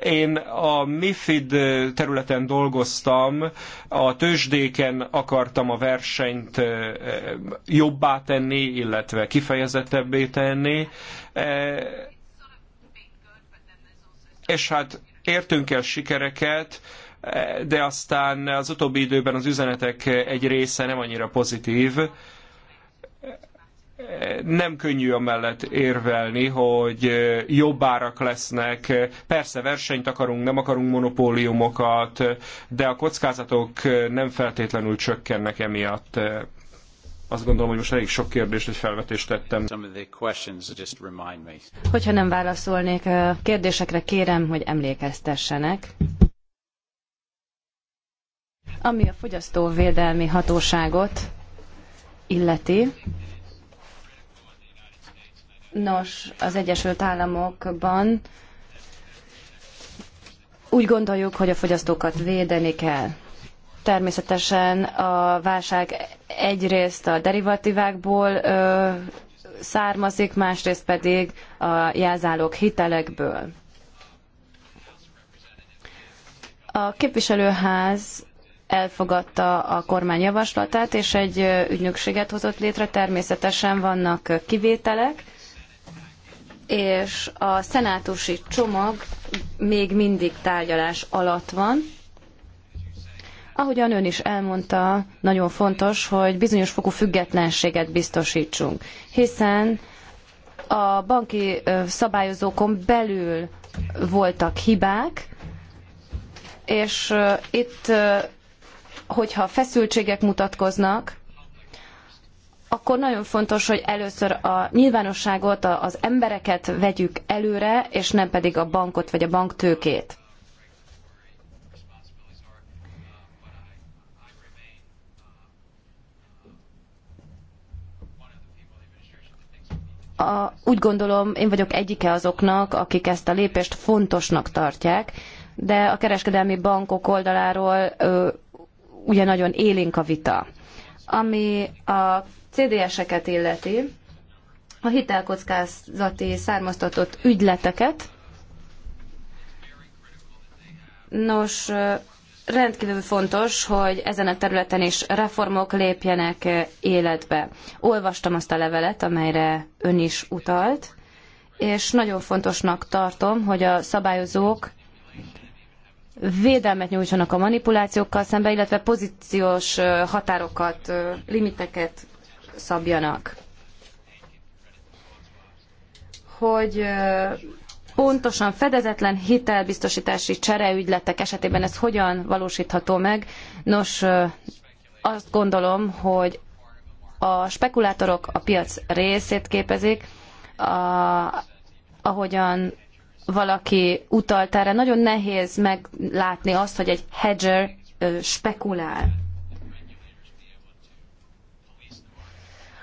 én a MIFID területen dolgoztam, a tőzsdéken akartam a versenyt jobbá tenni, illetve kifejezettebbé tenni, és hát értünk el sikereket, de aztán az utóbbi időben az üzenetek egy része nem annyira pozitív. Nem könnyű amellett érvelni, hogy jobb árak lesznek. Persze versenyt akarunk, nem akarunk monopóliumokat, de a kockázatok nem feltétlenül csökkennek emiatt azt gondolom, hogy most elég sok kérdést és felvetést tettem. Hogyha nem válaszolnék kérdésekre, kérem, hogy emlékeztessenek. Ami a fogyasztóvédelmi hatóságot illeti, nos, az Egyesült Államokban úgy gondoljuk, hogy a fogyasztókat védeni kell. Természetesen a válság egyrészt a derivatívákból ö, származik, másrészt pedig a jelzálók hitelekből. A képviselőház elfogadta a kormány javaslatát, és egy ügynökséget hozott létre. Természetesen vannak kivételek, és a szenátusi csomag még mindig tárgyalás alatt van. Ahogyan ön is elmondta, nagyon fontos, hogy bizonyos fokú függetlenséget biztosítsunk, hiszen a banki szabályozókon belül voltak hibák, és itt hogyha feszültségek mutatkoznak, akkor nagyon fontos, hogy először a nyilvánosságot, az embereket vegyük előre, és nem pedig a bankot vagy a banktőkét. A, úgy gondolom, én vagyok egyike azoknak, akik ezt a lépést fontosnak tartják, de a kereskedelmi bankok oldaláról ö, ugye nagyon élénk a vita. Ami a CDS-eket illeti, a hitelkockázati származtatott ügyleteket, nos, rendkívül fontos, hogy ezen a területen is reformok lépjenek életbe. Olvastam azt a levelet, amelyre ön is utalt, és nagyon fontosnak tartom, hogy a szabályozók védelmet nyújtsanak a manipulációkkal szemben, illetve pozíciós határokat, limiteket szabjanak. Hogy pontosan fedezetlen hitelbiztosítási csereügyletek esetében ez hogyan valósítható meg? Nos, azt gondolom, hogy a spekulátorok a piac részét képezik, a, ahogyan valaki utalt erre, nagyon nehéz meglátni azt, hogy egy hedger spekulál.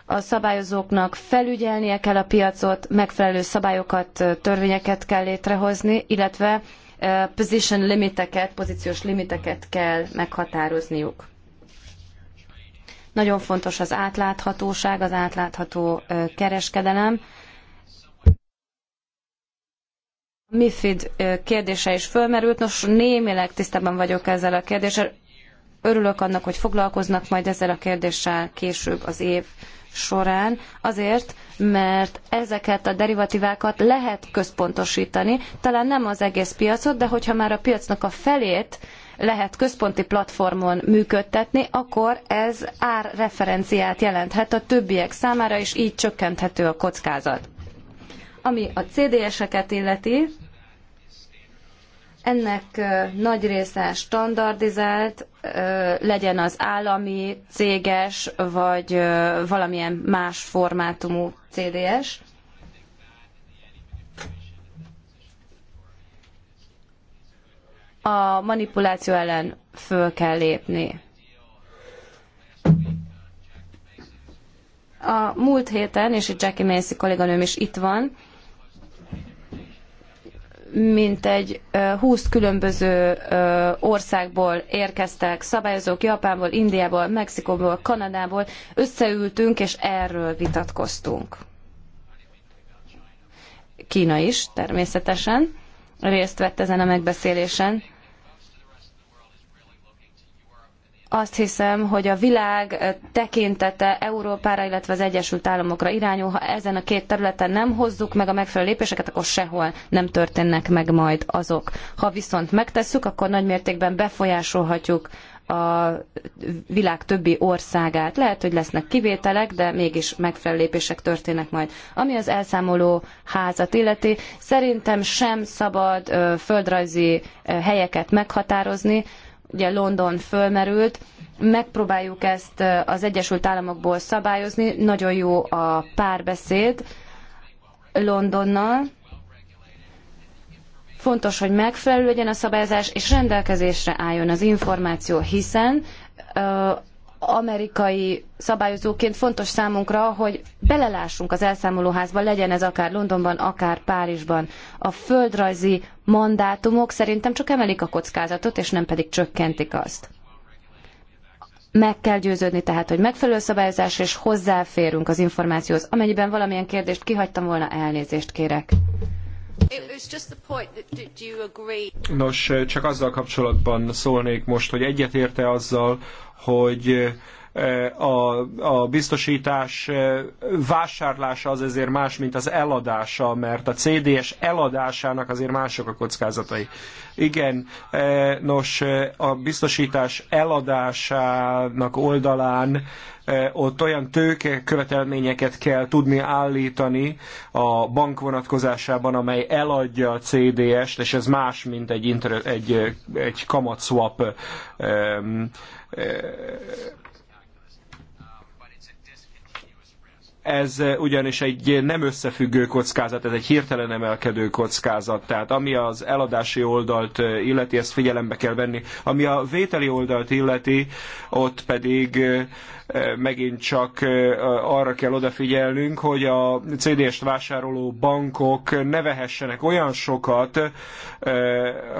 A szabályozóknak felügyelnie kell a piacot, megfelelő szabályokat, törvényeket kell létrehozni, illetve position limiteket, pozíciós limiteket kell meghatározniuk. Nagyon fontos az átláthatóság, az átlátható kereskedelem MIFID kérdése is fölmerült. Nos, némileg tisztában vagyok ezzel a kérdéssel. Örülök annak, hogy foglalkoznak majd ezzel a kérdéssel később az év során, azért, mert ezeket a derivatívákat lehet központosítani, talán nem az egész piacot, de hogyha már a piacnak a felét lehet központi platformon működtetni, akkor ez árreferenciát jelenthet a többiek számára, és így csökkenthető a kockázat. Ami a CDS-eket illeti, ennek nagy része standardizált, legyen az állami, céges, vagy valamilyen más formátumú CDS. A manipuláció ellen föl kell lépni. A múlt héten, és Jackie Macy kolléganőm is itt van, mintegy 20 különböző országból érkeztek szabályozók, Japánból, Indiából, Mexikóból, Kanadából, összeültünk és erről vitatkoztunk. Kína is természetesen részt vett ezen a megbeszélésen. azt hiszem, hogy a világ tekintete Európára, illetve az Egyesült Államokra irányul. Ha ezen a két területen nem hozzuk meg a megfelelő lépéseket, akkor sehol nem történnek meg majd azok. Ha viszont megtesszük, akkor nagy mértékben befolyásolhatjuk a világ többi országát. Lehet, hogy lesznek kivételek, de mégis megfelelő lépések történnek majd. Ami az elszámoló házat illeti, szerintem sem szabad földrajzi helyeket meghatározni, ugye London fölmerült, megpróbáljuk ezt az Egyesült Államokból szabályozni, nagyon jó a párbeszéd Londonnal, fontos, hogy megfelelő legyen a szabályozás, és rendelkezésre álljon az információ, hiszen amerikai szabályozóként fontos számunkra, hogy belelássunk az elszámolóházba, legyen ez akár Londonban, akár Párizsban. A földrajzi mandátumok szerintem csak emelik a kockázatot, és nem pedig csökkentik azt. Meg kell győződni tehát, hogy megfelelő szabályozás és hozzáférünk az információhoz. Amennyiben valamilyen kérdést kihagytam volna, elnézést kérek. Nos, eh, csak azzal kapcsolatban szólnék most, hogy egyetérte azzal, hogy eh, a, a biztosítás eh, vásárlása az ezért más, mint az eladása, mert a CDS eladásának azért mások a kockázatai. Igen, nos, a biztosítás eladásának oldalán Eh, ott olyan tőke követelményeket kell tudni állítani a bank vonatkozásában, amely eladja a CDS-t, és ez más, mint egy, inter- egy, eh, egy swap um, ez ugyanis egy nem összefüggő kockázat, ez egy hirtelen emelkedő kockázat. Tehát ami az eladási oldalt illeti, ezt figyelembe kell venni. Ami a vételi oldalt illeti, ott pedig megint csak arra kell odafigyelnünk, hogy a CDS-t vásároló bankok ne vehessenek olyan sokat,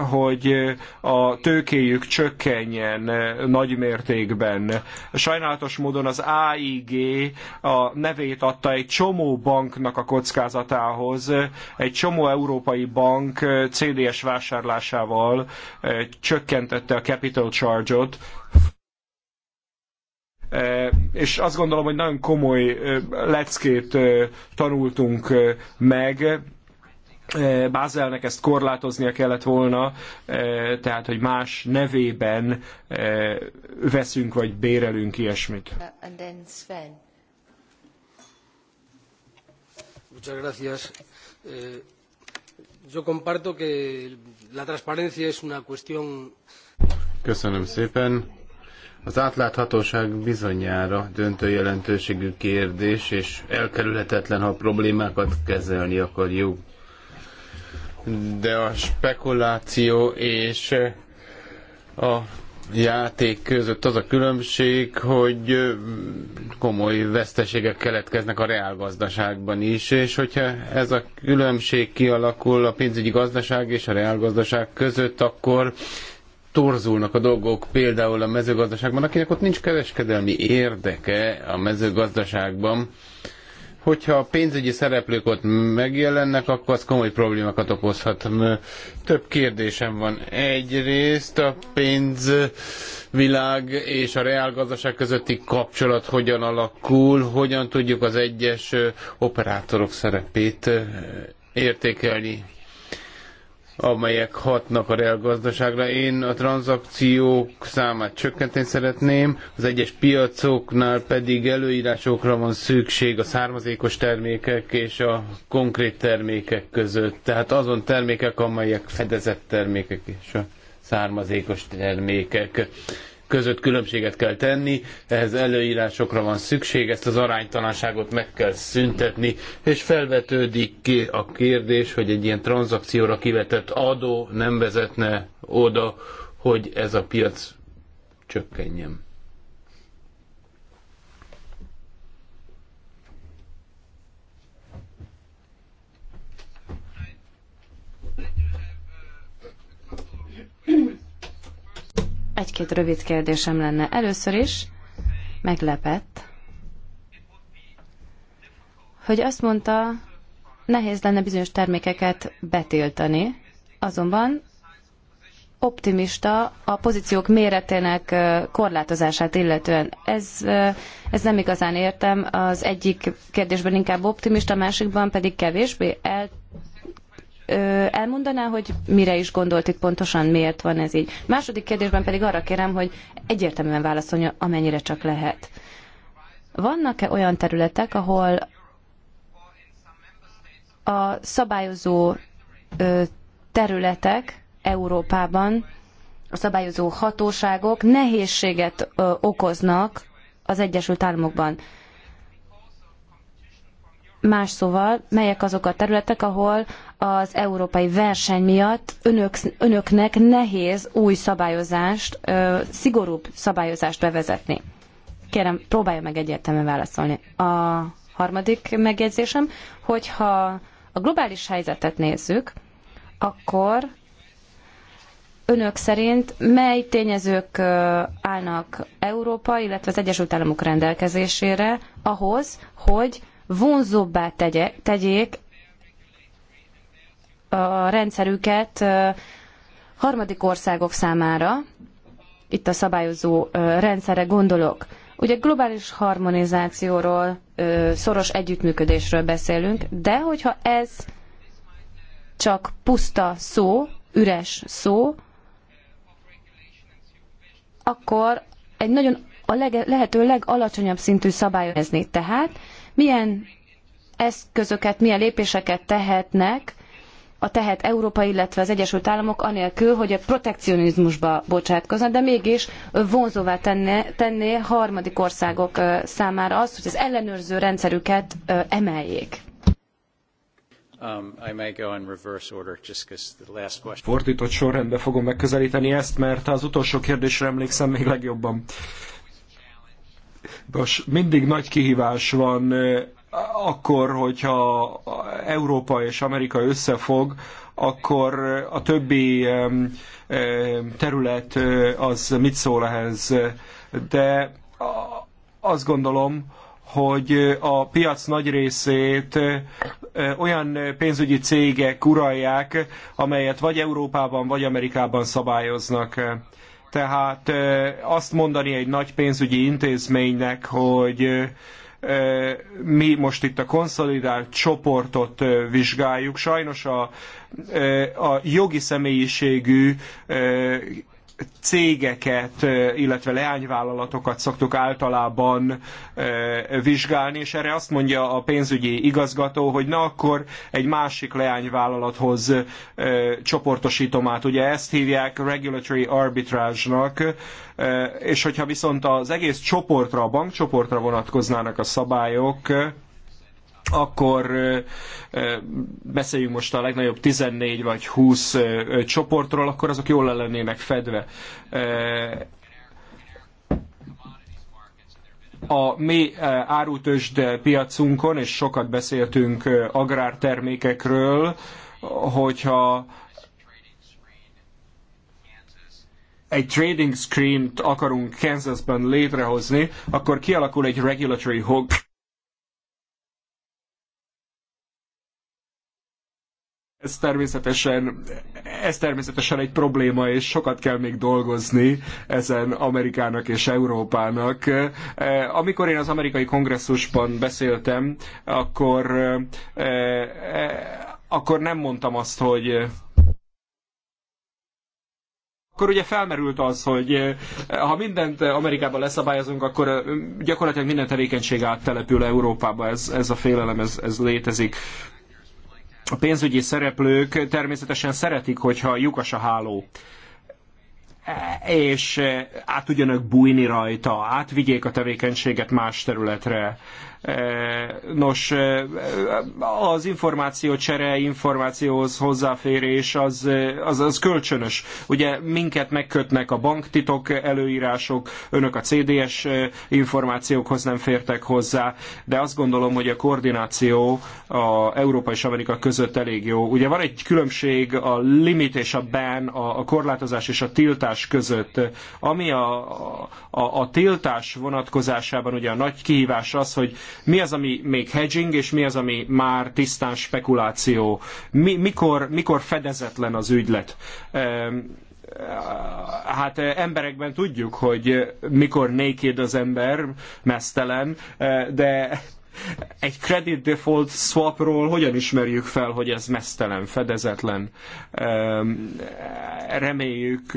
hogy a tőkéjük csökkenjen nagy mértékben. Sajnálatos módon az AIG a nevét adta egy csomó banknak a kockázatához, egy csomó európai bank CDS vásárlásával csökkentette a capital charge-ot, és azt gondolom, hogy nagyon komoly leckét tanultunk meg, Bázelnek ezt korlátoznia kellett volna, tehát, hogy más nevében veszünk vagy bérelünk ilyesmit. Uh, and then Sven. Muchas gracias. Eh, yo comparto que la transparencia es una cuestión. Köszönöm szépen az átláthatóság bizonyára döntő jelentőségű kérdés, és elkerülhetetlen, ha problémákat kezelni akarjuk. De a spekuláció és a játék között az a különbség, hogy komoly veszteségek keletkeznek a reálgazdaságban is, és hogyha ez a különbség kialakul a pénzügyi gazdaság és a reálgazdaság között, akkor torzulnak a dolgok, például a mezőgazdaságban, akinek ott nincs kereskedelmi érdeke a mezőgazdaságban, hogyha a pénzügyi szereplők ott megjelennek, akkor az komoly problémákat okozhat. Több kérdésem van. Egyrészt a pénzvilág és a reálgazdaság közötti kapcsolat hogyan alakul, hogyan tudjuk az egyes operátorok szerepét értékelni amelyek hatnak a reálgazdaságra. Én a tranzakciók számát csökkenteni szeretném, az egyes piacoknál pedig előírásokra van szükség a származékos termékek és a konkrét termékek között. Tehát azon termékek, amelyek fedezett termékek és a származékos termékek között különbséget kell tenni, ehhez előírásokra van szükség, ezt az aránytalanságot meg kell szüntetni, és felvetődik ki a kérdés, hogy egy ilyen tranzakcióra kivetett adó nem vezetne oda, hogy ez a piac csökkenjen. Egy-két rövid kérdésem lenne. Először is meglepett, hogy azt mondta, nehéz lenne bizonyos termékeket betiltani, azonban optimista a pozíciók méretének korlátozását illetően. Ez, ez nem igazán értem. Az egyik kérdésben inkább optimista, a másikban pedig kevésbé. El elmondaná, hogy mire is gondolt itt pontosan, miért van ez így. Második kérdésben pedig arra kérem, hogy egyértelműen válaszolja, amennyire csak lehet. Vannak-e olyan területek, ahol a szabályozó területek Európában, a szabályozó hatóságok nehézséget okoznak az Egyesült Államokban? Más szóval, melyek azok a területek, ahol az európai verseny miatt önök, önöknek nehéz új szabályozást, ö, szigorúbb szabályozást bevezetni? Kérem, próbálja meg egyértelműen válaszolni. A harmadik megjegyzésem, hogyha a globális helyzetet nézzük, akkor önök szerint mely tényezők állnak Európa, illetve az Egyesült Államok rendelkezésére ahhoz, hogy vonzóbbá tegye, tegyék a rendszerüket harmadik országok számára, itt a szabályozó rendszerre gondolok. Ugye globális harmonizációról, szoros együttműködésről beszélünk, de hogyha ez csak puszta szó, üres szó, akkor egy nagyon a lehető legalacsonyabb szintű szabályozni. Tehát milyen eszközöket, milyen lépéseket tehetnek a tehet Európa, illetve az Egyesült Államok anélkül, hogy a protekcionizmusba bocsátkozna, de mégis vonzóvá tenné, tenné harmadik országok számára azt, hogy az ellenőrző rendszerüket emeljék. Um, Fordított sorrendben fogom megközelíteni ezt, mert az utolsó kérdésre emlékszem még legjobban. Uh, most mindig nagy kihívás van akkor, hogyha Európa és Amerika összefog, akkor a többi terület az mit szól ehhez. De azt gondolom, hogy a piac nagy részét olyan pénzügyi cégek uralják, amelyet vagy Európában, vagy Amerikában szabályoznak. Tehát azt mondani egy nagy pénzügyi intézménynek, hogy mi most itt a konszolidált csoportot vizsgáljuk. Sajnos a, a jogi személyiségű cégeket, illetve leányvállalatokat szoktuk általában vizsgálni, és erre azt mondja a pénzügyi igazgató, hogy na akkor egy másik leányvállalathoz csoportosítom át. Ugye ezt hívják regulatory arbitrage-nak, és hogyha viszont az egész csoportra, a bankcsoportra vonatkoznának a szabályok, akkor beszéljünk most a legnagyobb 14 vagy 20 csoportról, akkor azok jól le lennének fedve. A mi árutősd piacunkon, és sokat beszéltünk agrártermékekről, hogyha egy trading screen-t akarunk Kansasban létrehozni, akkor kialakul egy regulatory hook. Ez természetesen, ez természetesen egy probléma, és sokat kell még dolgozni ezen Amerikának és Európának. E, amikor én az amerikai kongresszusban beszéltem, akkor, e, e, akkor nem mondtam azt, hogy akkor ugye felmerült az, hogy ha mindent Amerikában leszabályozunk, akkor gyakorlatilag minden tevékenység áttelepül Európába, ez, ez a félelem, ez, ez létezik a pénzügyi szereplők természetesen szeretik, hogyha lyukas a háló e, és e, át tudjanak bújni rajta, átvigyék a tevékenységet más területre. Nos, az csere, információhoz hozzáférés az, az, az kölcsönös. Ugye minket megkötnek a banktitok előírások, önök a CDS információkhoz nem fértek hozzá, de azt gondolom, hogy a koordináció a Európa és Amerika között elég jó. Ugye van egy különbség a limit és a ban, a, korlátozás és a tiltás között. Ami a, a, a tiltás vonatkozásában ugye a nagy kihívás az, hogy mi az, ami még hedging, és mi az, ami már tisztán spekuláció? Mi, mikor, mikor fedezetlen az ügylet? Ehm, hát eh, emberekben tudjuk, hogy eh, mikor naked az ember, mesztelen, eh, de egy credit default swapról hogyan ismerjük fel, hogy ez mesztelen, fedezetlen? Ehm, reméljük,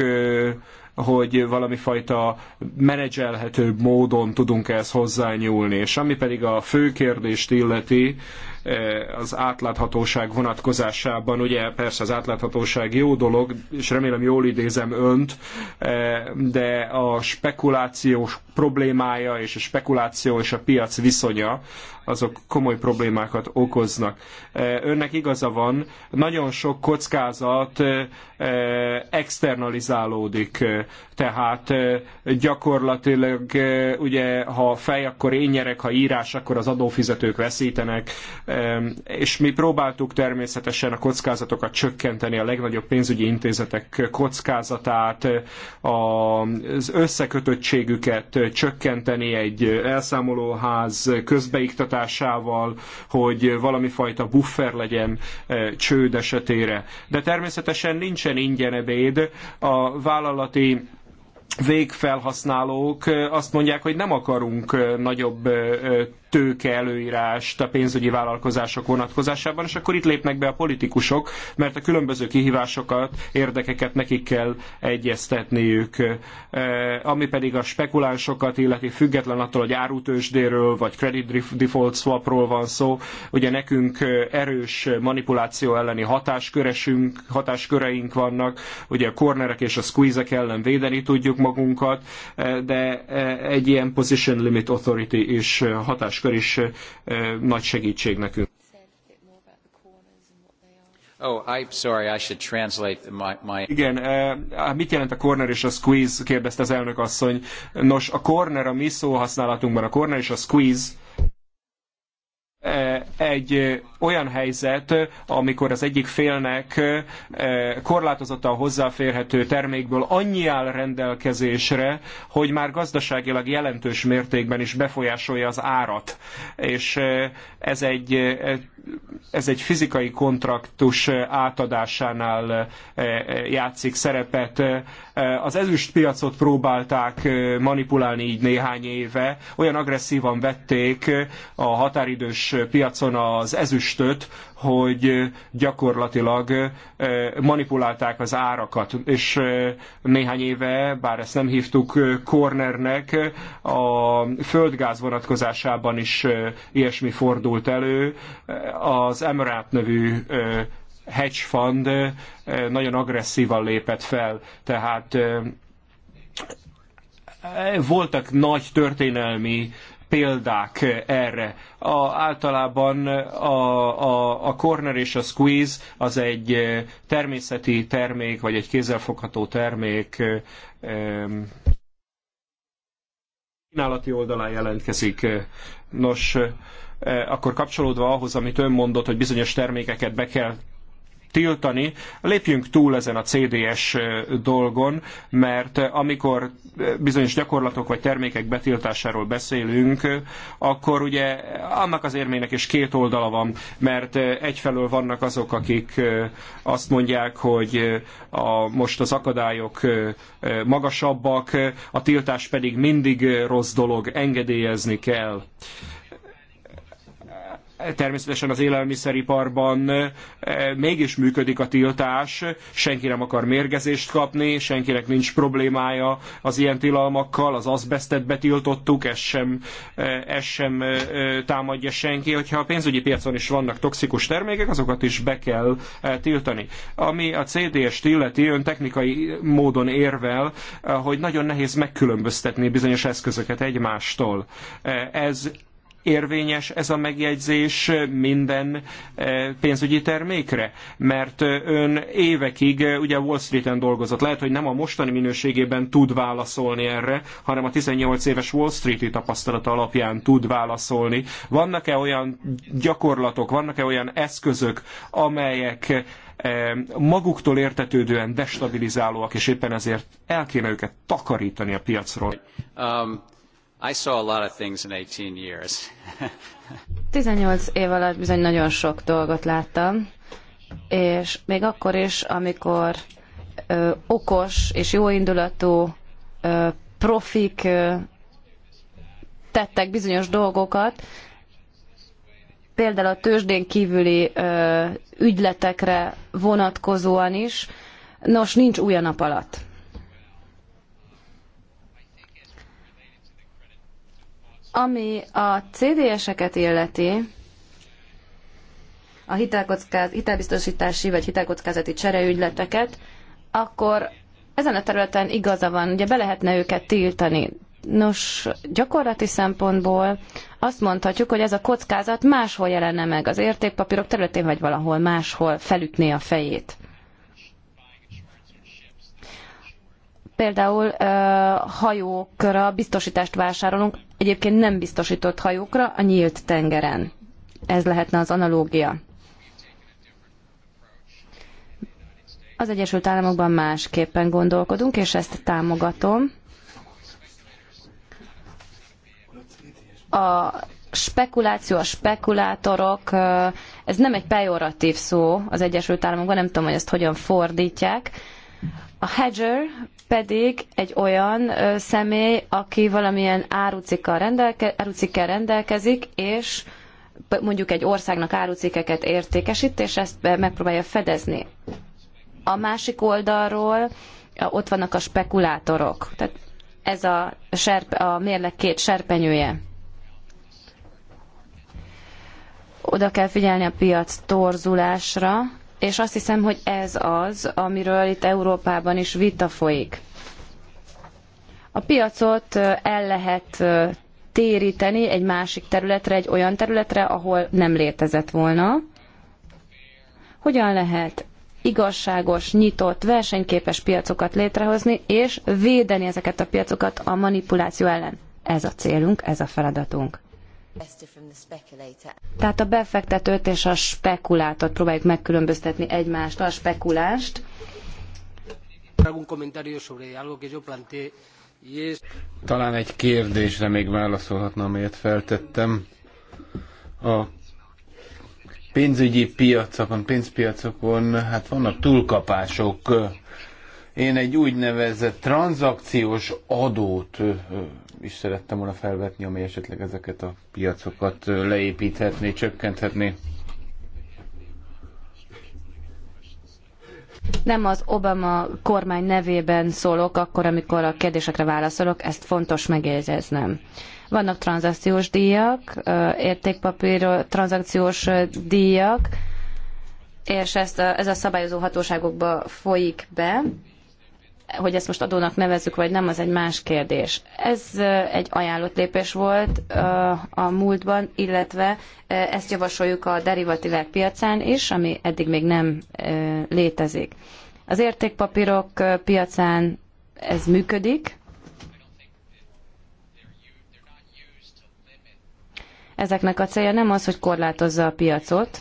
hogy valami fajta menedzselhető módon tudunk ehhez hozzányúlni. És ami pedig a fő kérdést illeti, Eh, az átláthatóság vonatkozásában. Ugye persze az átláthatóság jó dolog, és remélem jól idézem önt, eh, de a spekuláció problémája és a spekuláció és a piac viszonya azok komoly problémákat okoznak. Eh, önnek igaza van, nagyon sok kockázat externalizálódik, tehát gyakorlatilag ugye ha fej, akkor én nyerek, ha írás, akkor az adófizetők veszítenek, és mi próbáltuk természetesen a kockázatokat csökkenteni, a legnagyobb pénzügyi intézetek kockázatát, az összekötöttségüket csökkenteni egy elszámolóház közbeiktatásával, hogy valami fajta buffer legyen eh, csőd esetére. De természetesen nincsen ingyen ebéd, a vállalati végfelhasználók eh, azt mondják, hogy nem akarunk eh, nagyobb tőke előírást a pénzügyi vállalkozások vonatkozásában, és akkor itt lépnek be a politikusok, mert a különböző kihívásokat, érdekeket nekik kell egyeztetniük. E, ami pedig a spekulánsokat illeti független attól, hogy árutősdéről vagy credit default swapról van szó, ugye nekünk erős manipuláció elleni hatásköresünk, hatásköreink vannak, ugye a cornerek és a squeeze ellen védeni tudjuk magunkat, e, de e, egy ilyen position limit authority is hatás hatáskör is nagy segítség nekünk. Oh, I'm sorry, I should translate my, my... Igen, eh, mit jelent a corner és a squeeze, kérdezte az elnök asszony. Nos, a corner a mi szó használatunkban a corner és a squeeze eh, egy olyan helyzet, amikor az egyik félnek korlátozottan hozzáférhető termékből annyi áll rendelkezésre, hogy már gazdaságilag jelentős mértékben is befolyásolja az árat. És ez egy, ez egy fizikai kontraktus átadásánál játszik szerepet. Az ezüstpiacot próbálták manipulálni így néhány éve, olyan agresszívan vették a határidős piacon az ezüst füstöt, hogy gyakorlatilag manipulálták az árakat. És néhány éve, bár ezt nem hívtuk cornernek, a földgáz vonatkozásában is ilyesmi fordult elő. Az Emirat nevű hedge fund nagyon agresszívan lépett fel. Tehát voltak nagy történelmi példák erre. A, általában a, a, a corner és a squeeze az egy eh, természeti termék, vagy egy kézzelfogható termék eh, kínálati oldalán jelentkezik. Nos, eh, akkor kapcsolódva ahhoz, amit ön mondott, hogy bizonyos termékeket be kell tiltani. Lépjünk túl ezen a CDS dolgon, mert amikor bizonyos gyakorlatok vagy termékek betiltásáról beszélünk, akkor ugye annak az érmének is két oldala van, mert egyfelől vannak azok, akik azt mondják, hogy a, most az akadályok magasabbak, a tiltás pedig mindig rossz dolog, engedélyezni kell természetesen az élelmiszeriparban eh, mégis működik a tiltás, senki nem akar mérgezést kapni, senkinek nincs problémája az ilyen tilalmakkal, az azbesztet betiltottuk, ez sem, eh, ez sem eh, támadja senki, hogyha a pénzügyi piacon is vannak toxikus termékek, azokat is be kell tiltani. Ami a CDS-t illeti, ön technikai módon érvel, hogy nagyon nehéz megkülönböztetni bizonyos eszközöket egymástól. Ez érvényes ez a megjegyzés minden eh, pénzügyi termékre? Mert eh, ön évekig eh, ugye Wall Street-en dolgozott. Lehet, hogy nem a mostani minőségében tud válaszolni erre, hanem a 18 éves Wall Street-i tapasztalata alapján tud válaszolni. Vannak-e olyan gyakorlatok, vannak-e olyan eszközök, amelyek maguktól értetődően destabilizálóak, és éppen ezért el kéne őket takarítani a piacról. Um... I saw a lot of things in 18 years. 18 év alatt bizony nagyon sok dolgot láttam, és még akkor is, amikor ö, okos és jóindulatú ö, profik ö, tettek bizonyos dolgokat, például a tőzsdén kívüli ö, ügyletekre vonatkozóan is, nos, nincs új a nap alatt. Ami a CDS-eket illeti, a hitelkockáz, hitelbiztosítási vagy hitelkockázati csereügyleteket, akkor ezen a területen igaza van, ugye be lehetne őket tiltani. Nos, gyakorlati szempontból azt mondhatjuk, hogy ez a kockázat máshol jelenne meg, az értékpapírok területén vagy valahol máshol felütné a fejét. például hajókra biztosítást vásárolunk, egyébként nem biztosított hajókra a nyílt tengeren. Ez lehetne az analógia. Az Egyesült Államokban másképpen gondolkodunk, és ezt támogatom. A spekuláció, a spekulátorok, ez nem egy pejoratív szó az Egyesült Államokban, nem tudom, hogy ezt hogyan fordítják, a hedger pedig egy olyan ö, személy, aki valamilyen árucikkal rendelke, árucikkel rendelkezik, és mondjuk egy országnak árucikkeket értékesít, és ezt megpróbálja fedezni. A másik oldalról ott vannak a spekulátorok. Tehát ez a, serp, a mérleg két serpenyője. Oda kell figyelni a piac torzulásra, és azt hiszem, hogy ez az, amiről itt Európában is vita folyik. A piacot el lehet téríteni egy másik területre, egy olyan területre, ahol nem létezett volna. Hogyan lehet igazságos, nyitott, versenyképes piacokat létrehozni, és védeni ezeket a piacokat a manipuláció ellen? Ez a célunk, ez a feladatunk. Tehát a befektetőt és a spekulátort próbáljuk megkülönböztetni egymást, a spekulást. Talán egy kérdésre még válaszolhatna, amelyet feltettem. A pénzügyi piacokon, pénzpiacokon, hát vannak túlkapások, én egy úgynevezett tranzakciós adót is szerettem volna felvetni, amely esetleg ezeket a piacokat leépíthetné, csökkenthetné. nem az Obama kormány nevében szólok, akkor, amikor a kérdésekre válaszolok, ezt fontos megjegyeznem. Vannak tranzakciós díjak, értékpapír tranzakciós díjak, és ezt a, ez a szabályozó hatóságokba folyik be hogy ezt most adónak nevezzük, vagy nem, az egy más kérdés. Ez egy ajánlott lépés volt a múltban, illetve ezt javasoljuk a derivatívák piacán is, ami eddig még nem létezik. Az értékpapírok piacán ez működik. Ezeknek a célja nem az, hogy korlátozza a piacot,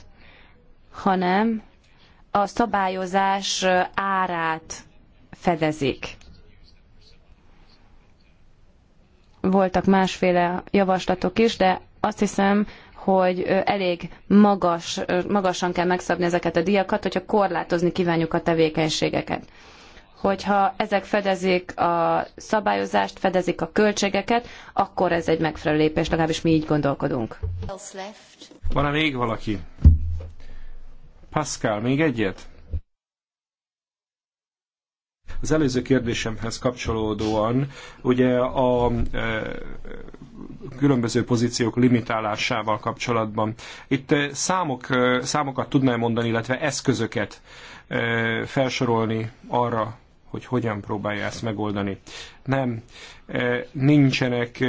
hanem a szabályozás árát fedezik. Voltak másféle javaslatok is, de azt hiszem, hogy elég magas, magasan kell megszabni ezeket a díjakat, hogyha korlátozni kívánjuk a tevékenységeket. Hogyha ezek fedezik a szabályozást, fedezik a költségeket, akkor ez egy megfelelő lépés, legalábbis mi így gondolkodunk. Van-e még valaki? Pascal, még egyet? Az előző kérdésemhez kapcsolódóan ugye a e, különböző pozíciók limitálásával kapcsolatban. Itt e, számok, e, számokat tudnál mondani, illetve eszközöket felsorolni arra, hogy hogyan próbálja ezt megoldani. Nem, nincsenek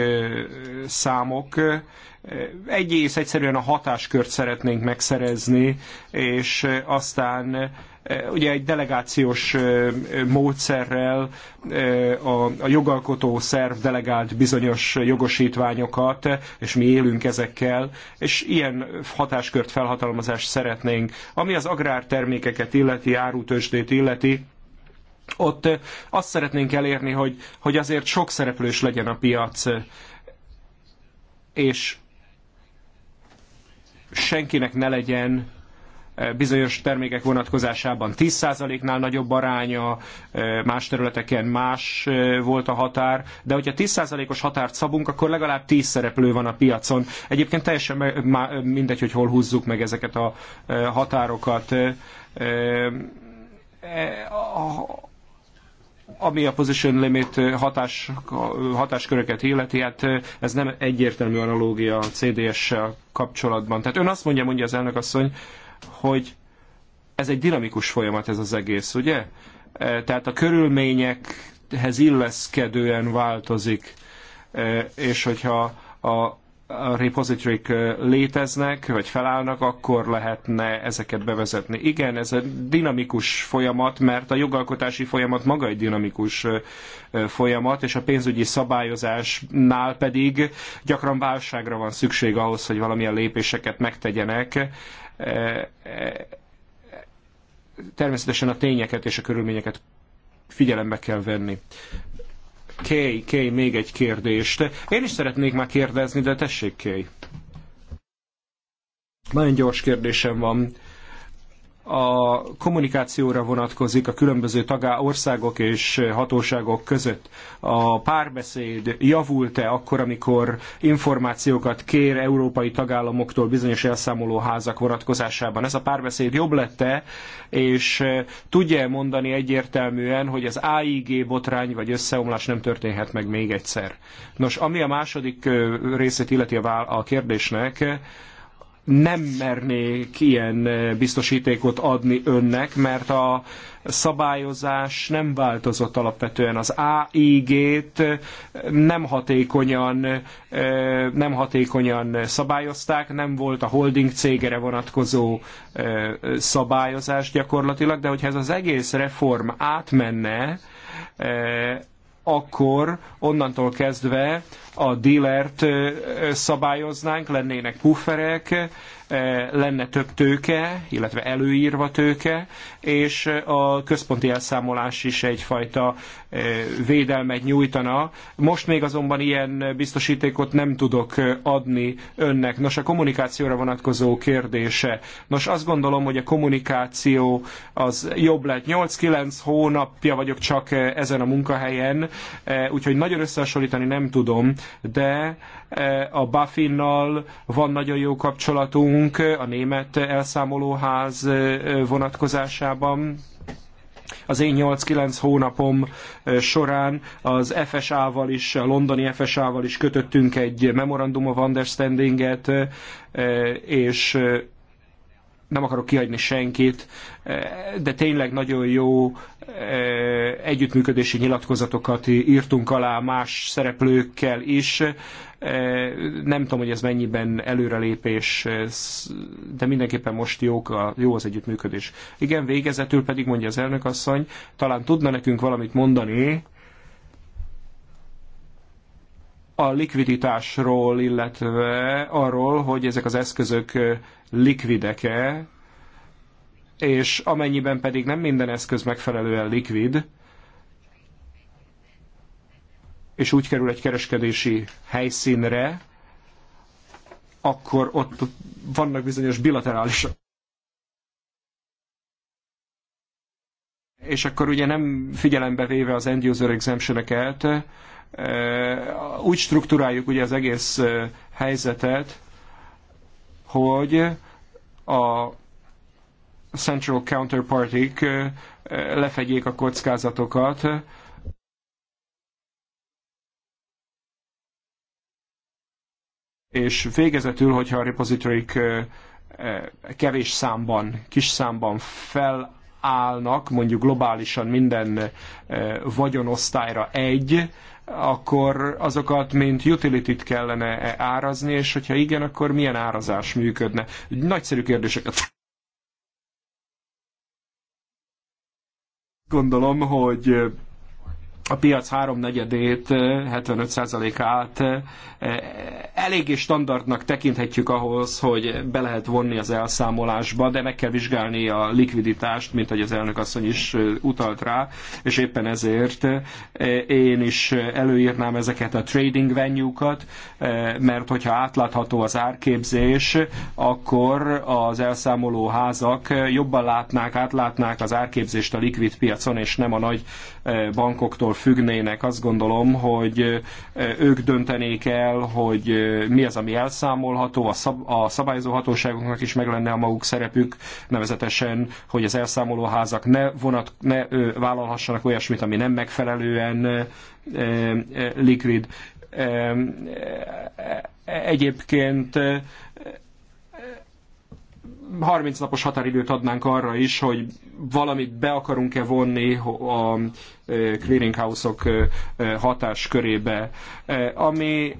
számok. Egyrészt egyszerűen a hatáskört szeretnénk megszerezni, és aztán Eh, ugye egy delegációs eh, módszerrel eh, a jogalkotó szerv delegált bizonyos jogosítványokat, és mi élünk ezekkel, és ilyen hatáskört felhatalmazást szeretnénk. Ami az agrártermékeket illeti, árutősdét illeti, ott azt szeretnénk elérni, hogy, hogy azért sok szereplős legyen a piac, és senkinek ne legyen bizonyos termékek vonatkozásában 10%-nál nagyobb aránya, más területeken más volt a határ, de hogyha 10%-os határt szabunk, akkor legalább 10 szereplő van a piacon. Egyébként teljesen mindegy, hogy hol húzzuk meg ezeket a határokat. E, ami a position limit hatás, hatásköröket illeti, hát ez nem egyértelmű analógia a CDS-sel kapcsolatban. Tehát ön azt mondja, mondja az elnök asszony, hogy ez egy dinamikus folyamat ez az egész, ugye? E, tehát a körülményekhez illeszkedően változik, e, és hogyha a, a repository e, léteznek, vagy felállnak, akkor lehetne ezeket bevezetni. Igen, ez egy dinamikus folyamat, mert a jogalkotási folyamat maga egy dinamikus folyamat, és a pénzügyi szabályozásnál pedig gyakran válságra van szükség ahhoz, hogy valamilyen lépéseket megtegyenek, E, e, természetesen a tényeket és a körülményeket figyelembe kell venni. Kay, Kay, még egy kérdést. Én is szeretnék már kérdezni, de tessék, Kay. Nagyon gyors kérdésem van a kommunikációra vonatkozik a különböző tagá országok és hatóságok között. A párbeszéd javult-e akkor, amikor információkat kér európai tagállamoktól bizonyos elszámolóházak vonatkozásában? Ez a párbeszéd jobb lett-e, és eh, tudja mondani egyértelműen, hogy az AIG botrány vagy összeomlás nem történhet meg még egyszer? Nos, ami a második eh, részét illeti a kérdésnek, nem mernék ilyen eh, biztosítékot adni önnek, mert a szabályozás nem változott alapvetően. Az AIG-t eh, nem hatékonyan, eh, nem hatékonyan szabályozták, nem volt a holding cégere vonatkozó szabályozás gyakorlatilag, de hogyha ez az egész reform átmenne, akkor onnantól kezdve a dílert szabályoznánk, lennének pufferek, lenne több tőke, illetve előírva tőke, és a központi elszámolás is egyfajta védelmet nyújtana. Most még azonban ilyen biztosítékot nem tudok adni önnek. Nos, a kommunikációra vonatkozó kérdése. Nos, azt gondolom, hogy a kommunikáció az jobb lett. 8-9 hónapja vagyok csak ezen a munkahelyen, úgyhogy nagyon összehasonlítani nem tudom, de eh, a Buffinnal van nagyon jó kapcsolatunk eh, a német elszámolóház eh, vonatkozásában. Az én 8-9 hónapom során az FSA-val is, a londoni FSA-val is kötöttünk egy Memorandum of Understanding-et, és nem akarok kihagyni senkit, de tényleg nagyon jó Eh, együttműködési nyilatkozatokat írtunk alá más szereplőkkel is. Eh, nem tudom, hogy ez mennyiben előrelépés, de mindenképpen most jók a, jó az együttműködés. Igen, végezetül pedig mondja az asszony, talán tudna nekünk valamit mondani a likviditásról, illetve arról, hogy ezek az eszközök likvidek-e, és amennyiben pedig nem minden eszköz megfelelően likvid, és úgy kerül egy kereskedési helyszínre, akkor ott vannak bizonyos bilaterális és akkor ugye nem figyelembe véve az end user exemption eh, úgy struktúráljuk ugye az egész eh, helyzetet, hogy a central counterpartik lefedjék a kockázatokat, és végezetül, hogyha a repozitorik kevés számban, kis számban felállnak, mondjuk globálisan minden vagyonosztályra egy, akkor azokat, mint utility-t kellene árazni, és hogyha igen, akkor milyen árazás működne? Nagyszerű kérdéseket Gondolom, hogy a piac háromnegyedét, 75%-át eh, eh, eléggé standardnak tekinthetjük ahhoz, hogy be lehet vonni az elszámolásba, de meg kell vizsgálni a likviditást, mint ahogy az elnök asszony is eh, utalt rá, és éppen ezért én is előírnám ezeket a trading venue-kat, mert hogyha átlátható az árképzés, akkor az elszámoló házak jobban látnák, átlátnák az árképzést a likvid piacon, és nem a nagy bankoktól függnének, azt gondolom, hogy ők döntenék el, hogy mi az, ami elszámolható, a, szab- a szabályozó hatóságoknak is meg lenne a maguk szerepük, nevezetesen, hogy az elszámoló házak ne, vonat, ne vállalhassanak olyasmit, ami nem megfelelően likvid. Egyébként 30 napos határidőt adnánk arra is, hogy valamit be akarunk-e vonni a clearinghouse-ok hatáskörébe. Ami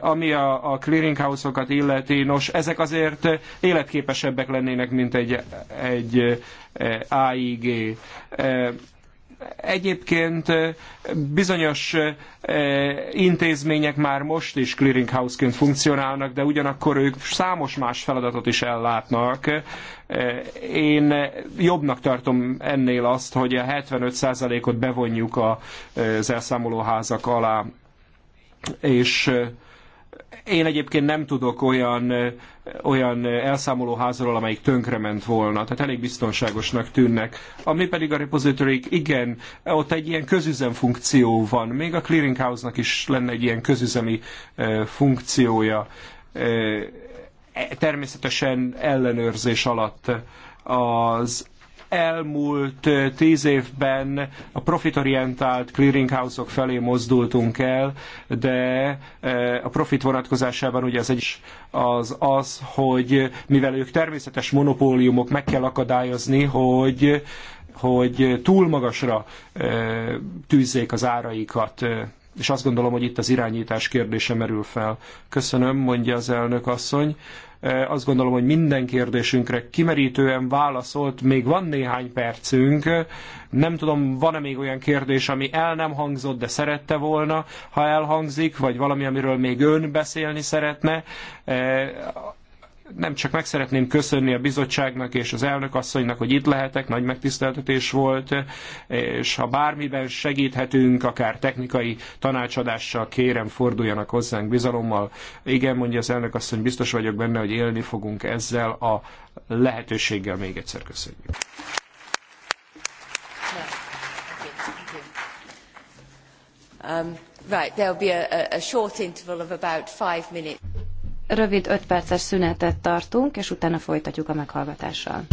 ami a, a clearinghouse-okat illeti, nos, ezek azért életképesebbek lennének, mint egy, egy AIG. Egyébként bizonyos intézmények már most is clearinghouse-ként funkcionálnak, de ugyanakkor ők számos más feladatot is ellátnak. Én jobbnak tartom ennél azt, hogy a 75%-ot bevonjuk az elszámolóházak alá, és én egyébként nem tudok olyan, olyan elszámoló házról, amelyik tönkrement volna, tehát elég biztonságosnak tűnnek. Ami pedig a repository igen, ott egy ilyen közüzem funkció van, még a clearinghouse-nak is lenne egy ilyen közüzemi funkciója, e, természetesen ellenőrzés alatt az elmúlt eh, tíz évben a profitorientált clearinghouse-ok felé mozdultunk el, de eh, a profit vonatkozásában ugye az egy az az, hogy mivel ők természetes monopóliumok, meg kell akadályozni, hogy hogy túl magasra eh, tűzzék az áraikat és azt gondolom, hogy itt az irányítás kérdése merül fel. Köszönöm, mondja az elnök asszony. E, azt gondolom, hogy minden kérdésünkre kimerítően válaszolt, még van néhány percünk. Nem tudom, van-e még olyan kérdés, ami el nem hangzott, de szerette volna, ha elhangzik, vagy valami, amiről még ön beszélni szeretne e, nem csak meg szeretném köszönni a bizottságnak és az elnök asszonynak, hogy itt lehetek, nagy megtiszteltetés volt, és ha bármiben segíthetünk, akár technikai tanácsadással kérem, forduljanak hozzánk bizalommal. Igen, mondja az elnök asszony, biztos vagyok benne, hogy élni fogunk ezzel a lehetőséggel. Még egyszer köszönjük. Um, right, be a, a short interval of about five minutes. Rövid 5 perces szünetet tartunk, és utána folytatjuk a meghallgatással.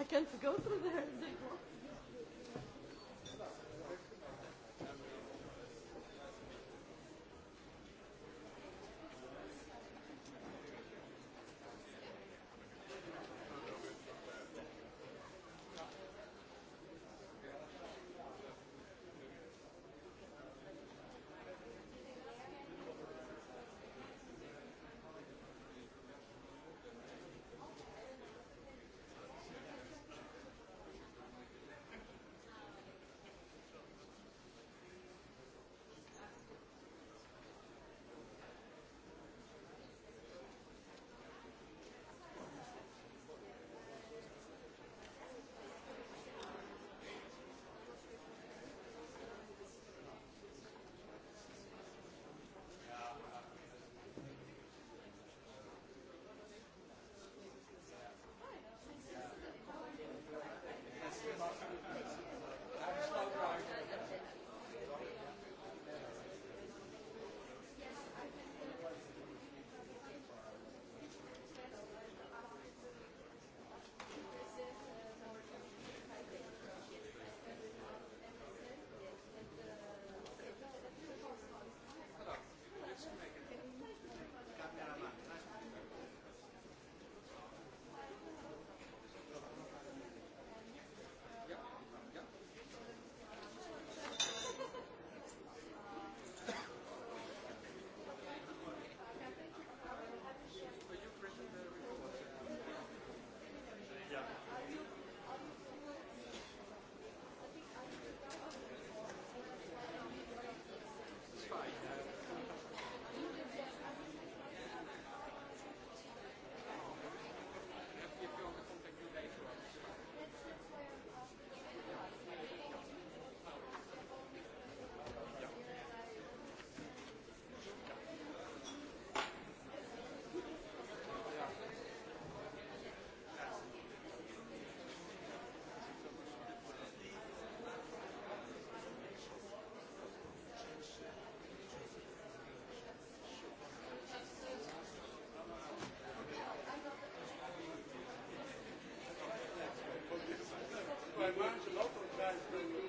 I can't go through there. very much. A lot of times when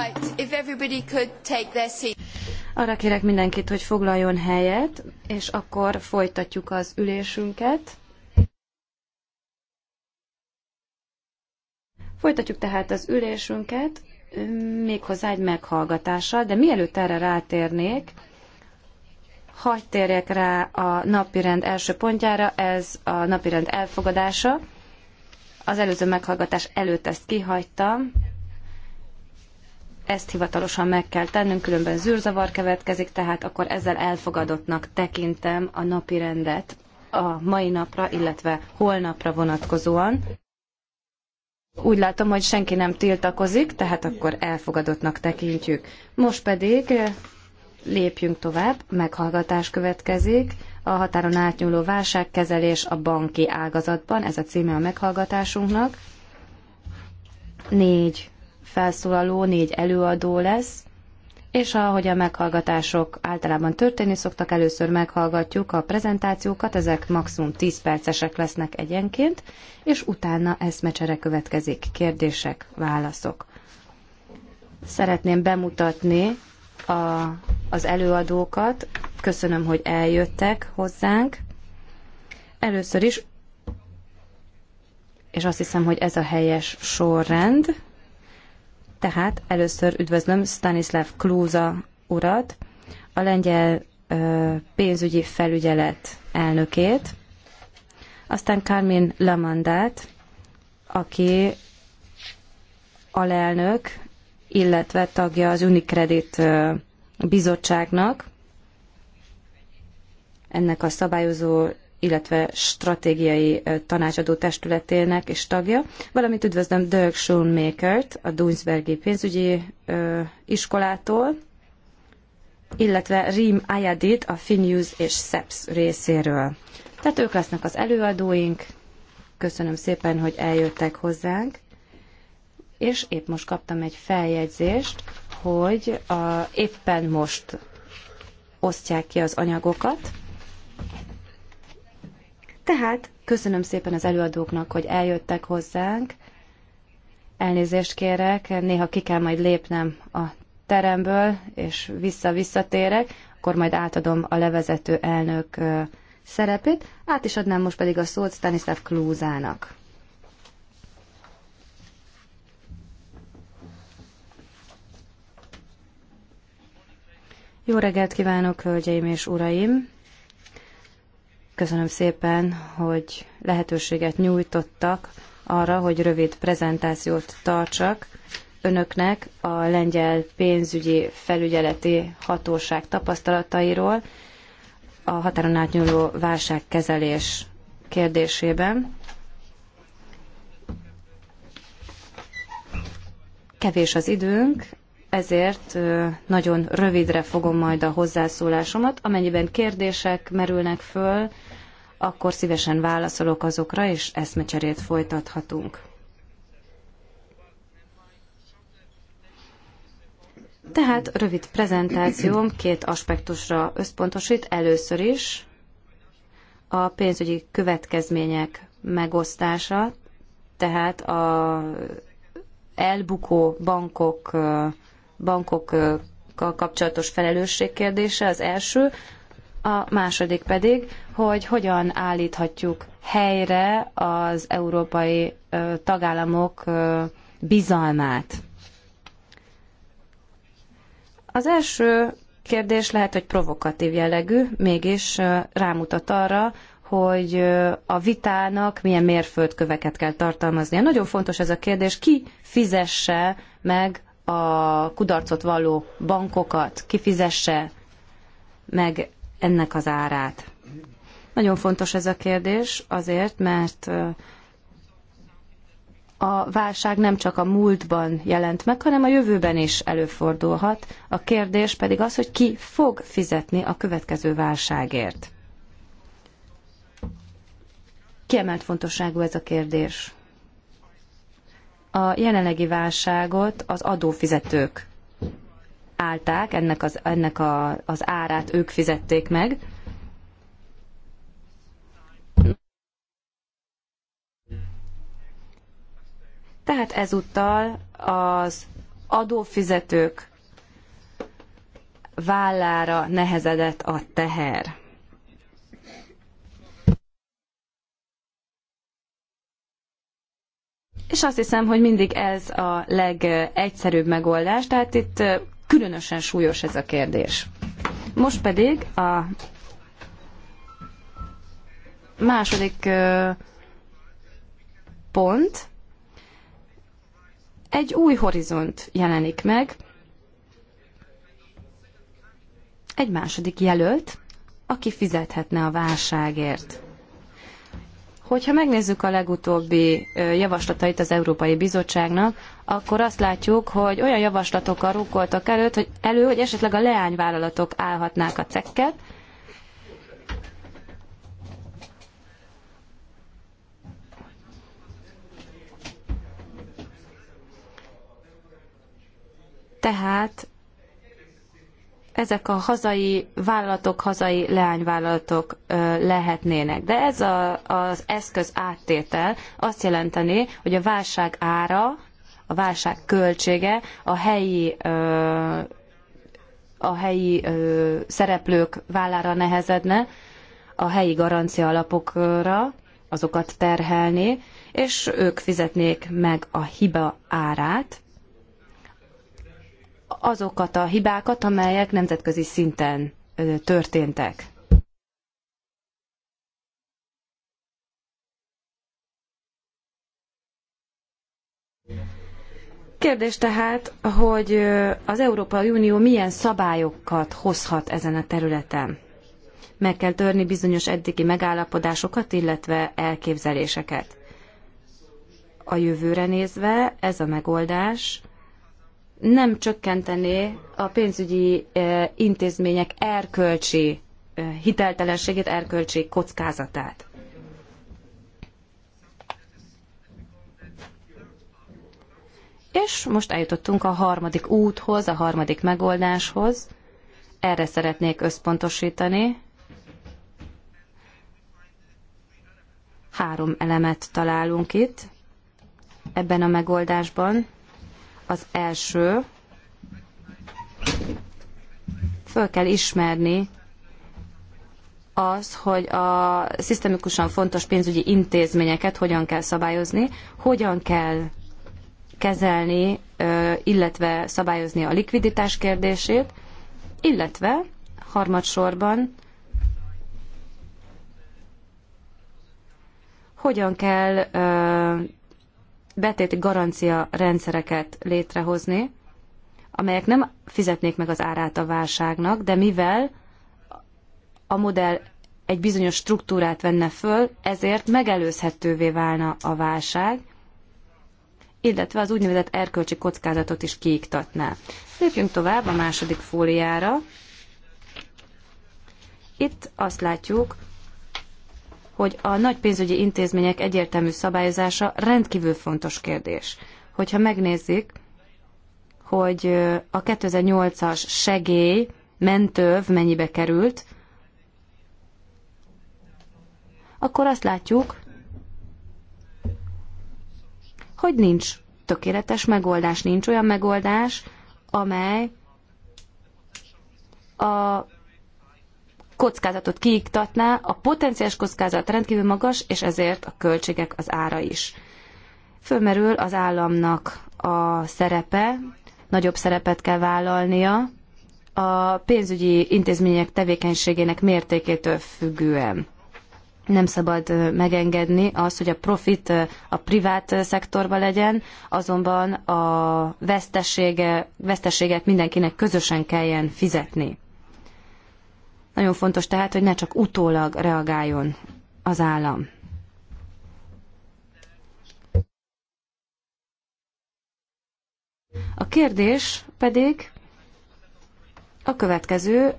Right, if everybody could take their seat. Arra kérek mindenkit, hogy foglaljon helyet, és akkor folytatjuk az ülésünket. Folytatjuk tehát az ülésünket, méghozzá egy meghallgatással, de mielőtt erre rátérnék, hagy térjek rá a napirend első pontjára, ez a napirend elfogadása. Az előző meghallgatás előtt ezt kihagytam, ezt hivatalosan meg kell tennünk, különben zűrzavar következik, tehát akkor ezzel elfogadottnak tekintem a napi rendet a mai napra, illetve holnapra vonatkozóan. Úgy látom, hogy senki nem tiltakozik, tehát akkor elfogadottnak tekintjük. Most pedig eh, lépjünk tovább, meghallgatás következik. A határon átnyúló válságkezelés a banki ágazatban, ez a címe a meghallgatásunknak. Négy felszólaló, négy előadó lesz, és ahogy a meghallgatások általában történni szoktak, először meghallgatjuk a prezentációkat, ezek maximum 10 percesek lesznek egyenként, és utána eszmecsere következik, kérdések, válaszok. Szeretném bemutatni a, az előadókat, köszönöm, hogy eljöttek hozzánk. Először is, és azt hiszem, hogy ez a helyes sorrend, tehát először üdvözlöm Stanislav Klúza urat, a lengyel pénzügyi felügyelet elnökét, aztán Carmin Lamandát, aki alelnök, illetve tagja az Unicredit bizottságnak, ennek a szabályozó illetve stratégiai tanácsadó testületének és tagja, valamint üdvözlöm Dirk Schoonmakert a Dunsbergi pénzügyi iskolától, illetve Rim Ayadit a Finnews és SEPS részéről. Tehát ők lesznek az előadóink. Köszönöm szépen, hogy eljöttek hozzánk. És épp most kaptam egy feljegyzést, hogy a, éppen most osztják ki az anyagokat. Tehát köszönöm szépen az előadóknak, hogy eljöttek hozzánk. Elnézést kérek, néha ki kell majd lépnem a teremből, és vissza-visszatérek, akkor majd átadom a levezető elnök szerepét. Át is adnám most pedig a szót Stanislav Klúzának. Jó reggelt kívánok, hölgyeim és uraim! Köszönöm szépen, hogy lehetőséget nyújtottak arra, hogy rövid prezentációt tartsak önöknek a lengyel pénzügyi felügyeleti hatóság tapasztalatairól a határon átnyúló válságkezelés kérdésében. Kevés az időnk, ezért nagyon rövidre fogom majd a hozzászólásomat. Amennyiben kérdések merülnek föl, akkor szívesen válaszolok azokra, és eszmecserét folytathatunk. Tehát rövid prezentációm két aspektusra összpontosít. Először is a pénzügyi következmények megosztása, tehát a elbukó bankok bankokkal kapcsolatos felelősség kérdése az első, a második pedig, hogy hogyan állíthatjuk helyre az európai tagállamok bizalmát. Az első kérdés lehet, hogy provokatív jellegű, mégis rámutat arra, hogy a vitának milyen mérföldköveket kell tartalmaznia. Nagyon fontos ez a kérdés, ki fizesse meg a kudarcot valló bankokat, kifizesse meg ennek az árát. Nagyon fontos ez a kérdés azért, mert a válság nem csak a múltban jelent meg, hanem a jövőben is előfordulhat. A kérdés pedig az, hogy ki fog fizetni a következő válságért. Kiemelt fontosságú ez a kérdés a jelenlegi válságot az adófizetők állták, ennek az, ennek a, az árát ők fizették meg. Tehát ezúttal az adófizetők vállára nehezedett a teher. és azt hiszem, hogy mindig ez a legegyszerűbb megoldás, tehát itt különösen súlyos ez a kérdés. Most pedig a második pont, egy új horizont jelenik meg, egy második jelölt, aki fizethetne a válságért. Hogyha megnézzük a legutóbbi javaslatait az Európai Bizottságnak, akkor azt látjuk, hogy olyan javaslatokkal rukkoltak előtt, hogy elő, hogy esetleg a leányvállalatok állhatnák a cekket, Tehát ezek a hazai vállalatok, hazai leányvállalatok lehetnének. De ez a, az eszköz áttétel azt jelenteni, hogy a válság ára, a válság költsége a helyi a helyi szereplők vállára nehezedne, a helyi garancia alapokra azokat terhelni, és ők fizetnék meg a hiba árát, azokat a hibákat, amelyek nemzetközi szinten történtek. Kérdés tehát, hogy az Európai Unió milyen szabályokat hozhat ezen a területen? Meg kell törni bizonyos eddigi megállapodásokat, illetve elképzeléseket. A jövőre nézve ez a megoldás nem csökkentené a pénzügyi e, intézmények erkölcsi e, hiteltelenségét, erkölcsi kockázatát. És most eljutottunk a harmadik úthoz, a harmadik megoldáshoz. Erre szeretnék összpontosítani. Három elemet találunk itt ebben a megoldásban. Az első, föl kell ismerni az, hogy a szisztemikusan fontos pénzügyi intézményeket hogyan kell szabályozni, hogyan kell kezelni, illetve szabályozni a likviditás kérdését, illetve harmadsorban hogyan kell betéti garancia rendszereket létrehozni, amelyek nem fizetnék meg az árát a válságnak, de mivel a modell egy bizonyos struktúrát venne föl, ezért megelőzhetővé válna a válság, illetve az úgynevezett erkölcsi kockázatot is kiiktatná. Lépjünk tovább a második fóliára. Itt azt látjuk, hogy a nagy pénzügyi intézmények egyértelmű szabályozása rendkívül fontos kérdés. Hogyha megnézzük, hogy a 2008-as segély, mentőv mennyibe került, akkor azt látjuk, hogy nincs tökéletes megoldás, nincs olyan megoldás, amely a kockázatot kiiktatná, a potenciális kockázat rendkívül magas, és ezért a költségek az ára is. Fölmerül az államnak a szerepe, nagyobb szerepet kell vállalnia a pénzügyi intézmények tevékenységének mértékétől függően. Nem szabad megengedni azt, hogy a profit a privát szektorba legyen, azonban a vesztesége, veszteséget mindenkinek közösen kelljen fizetni. Nagyon fontos tehát, hogy ne csak utólag reagáljon az állam. A kérdés pedig a következő,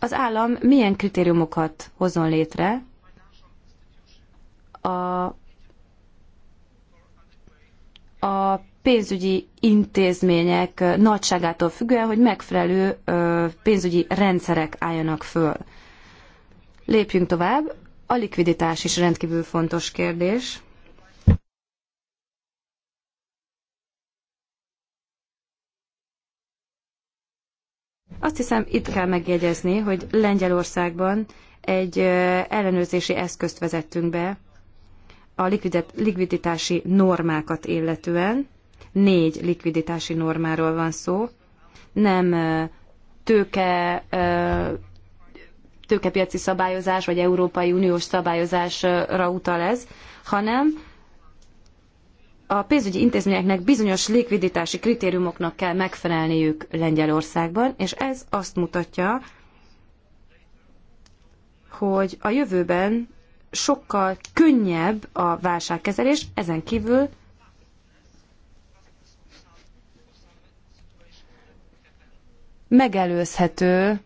az állam milyen kritériumokat hozon létre a, a pénzügyi intézmények nagyságától függően, hogy megfelelő pénzügyi rendszerek álljanak föl. Lépjünk tovább. A likviditás is rendkívül fontos kérdés. Azt hiszem, itt kell megjegyezni, hogy Lengyelországban egy ellenőrzési eszközt vezettünk be a likviditási normákat illetően négy likviditási normáról van szó, nem tőke, tőkepiaci szabályozás vagy Európai Uniós szabályozásra utal ez, hanem a pénzügyi intézményeknek bizonyos likviditási kritériumoknak kell megfelelniük Lengyelországban, és ez azt mutatja, hogy a jövőben sokkal könnyebb a válságkezelés, ezen kívül megelőzhető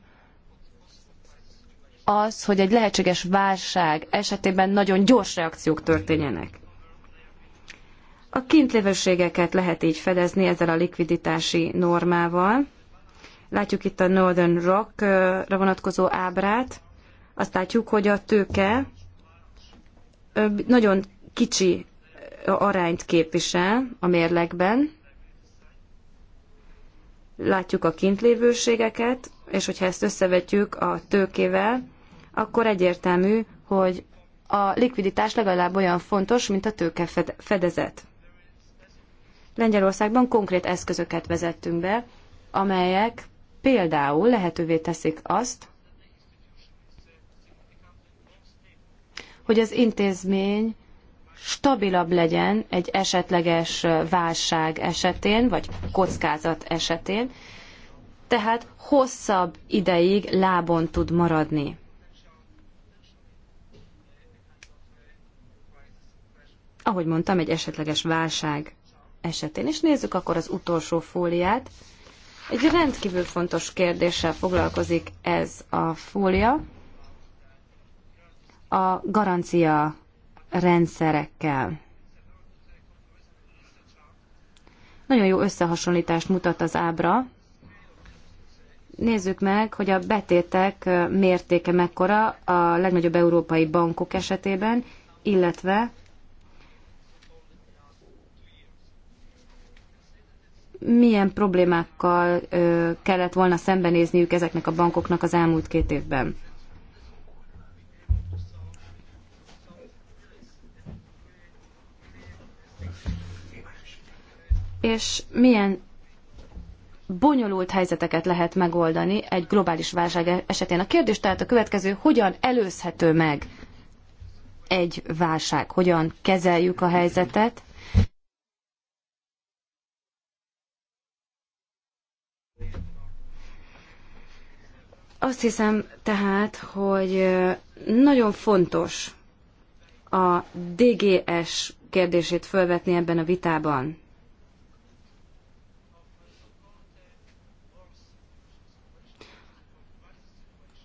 az, hogy egy lehetséges válság esetében nagyon gyors reakciók történjenek. A kintlévőségeket lehet így fedezni ezzel a likviditási normával. Látjuk itt a Northern Rock-ra vonatkozó ábrát. Azt látjuk, hogy a tőke nagyon kicsi arányt képvisel a mérlegben, látjuk a kintlévőségeket, és hogyha ezt összevetjük a tőkével, akkor egyértelmű, hogy a likviditás legalább olyan fontos, mint a tőke fedezet. Lengyelországban konkrét eszközöket vezettünk be, amelyek például lehetővé teszik azt, hogy az intézmény stabilabb legyen egy esetleges válság esetén, vagy kockázat esetén, tehát hosszabb ideig lábon tud maradni. Ahogy mondtam, egy esetleges válság esetén. És nézzük akkor az utolsó fóliát. Egy rendkívül fontos kérdéssel foglalkozik ez a fólia, a garancia rendszerekkel. Nagyon jó összehasonlítást mutat az ábra. Nézzük meg, hogy a betétek mértéke mekkora a legnagyobb európai bankok esetében, illetve milyen problémákkal kellett volna szembenézniük ezeknek a bankoknak az elmúlt két évben. és milyen bonyolult helyzeteket lehet megoldani egy globális válság esetén. A kérdés tehát a következő, hogyan előzhető meg egy válság, hogyan kezeljük a helyzetet, Azt hiszem tehát, hogy nagyon fontos a DGS kérdését felvetni ebben a vitában.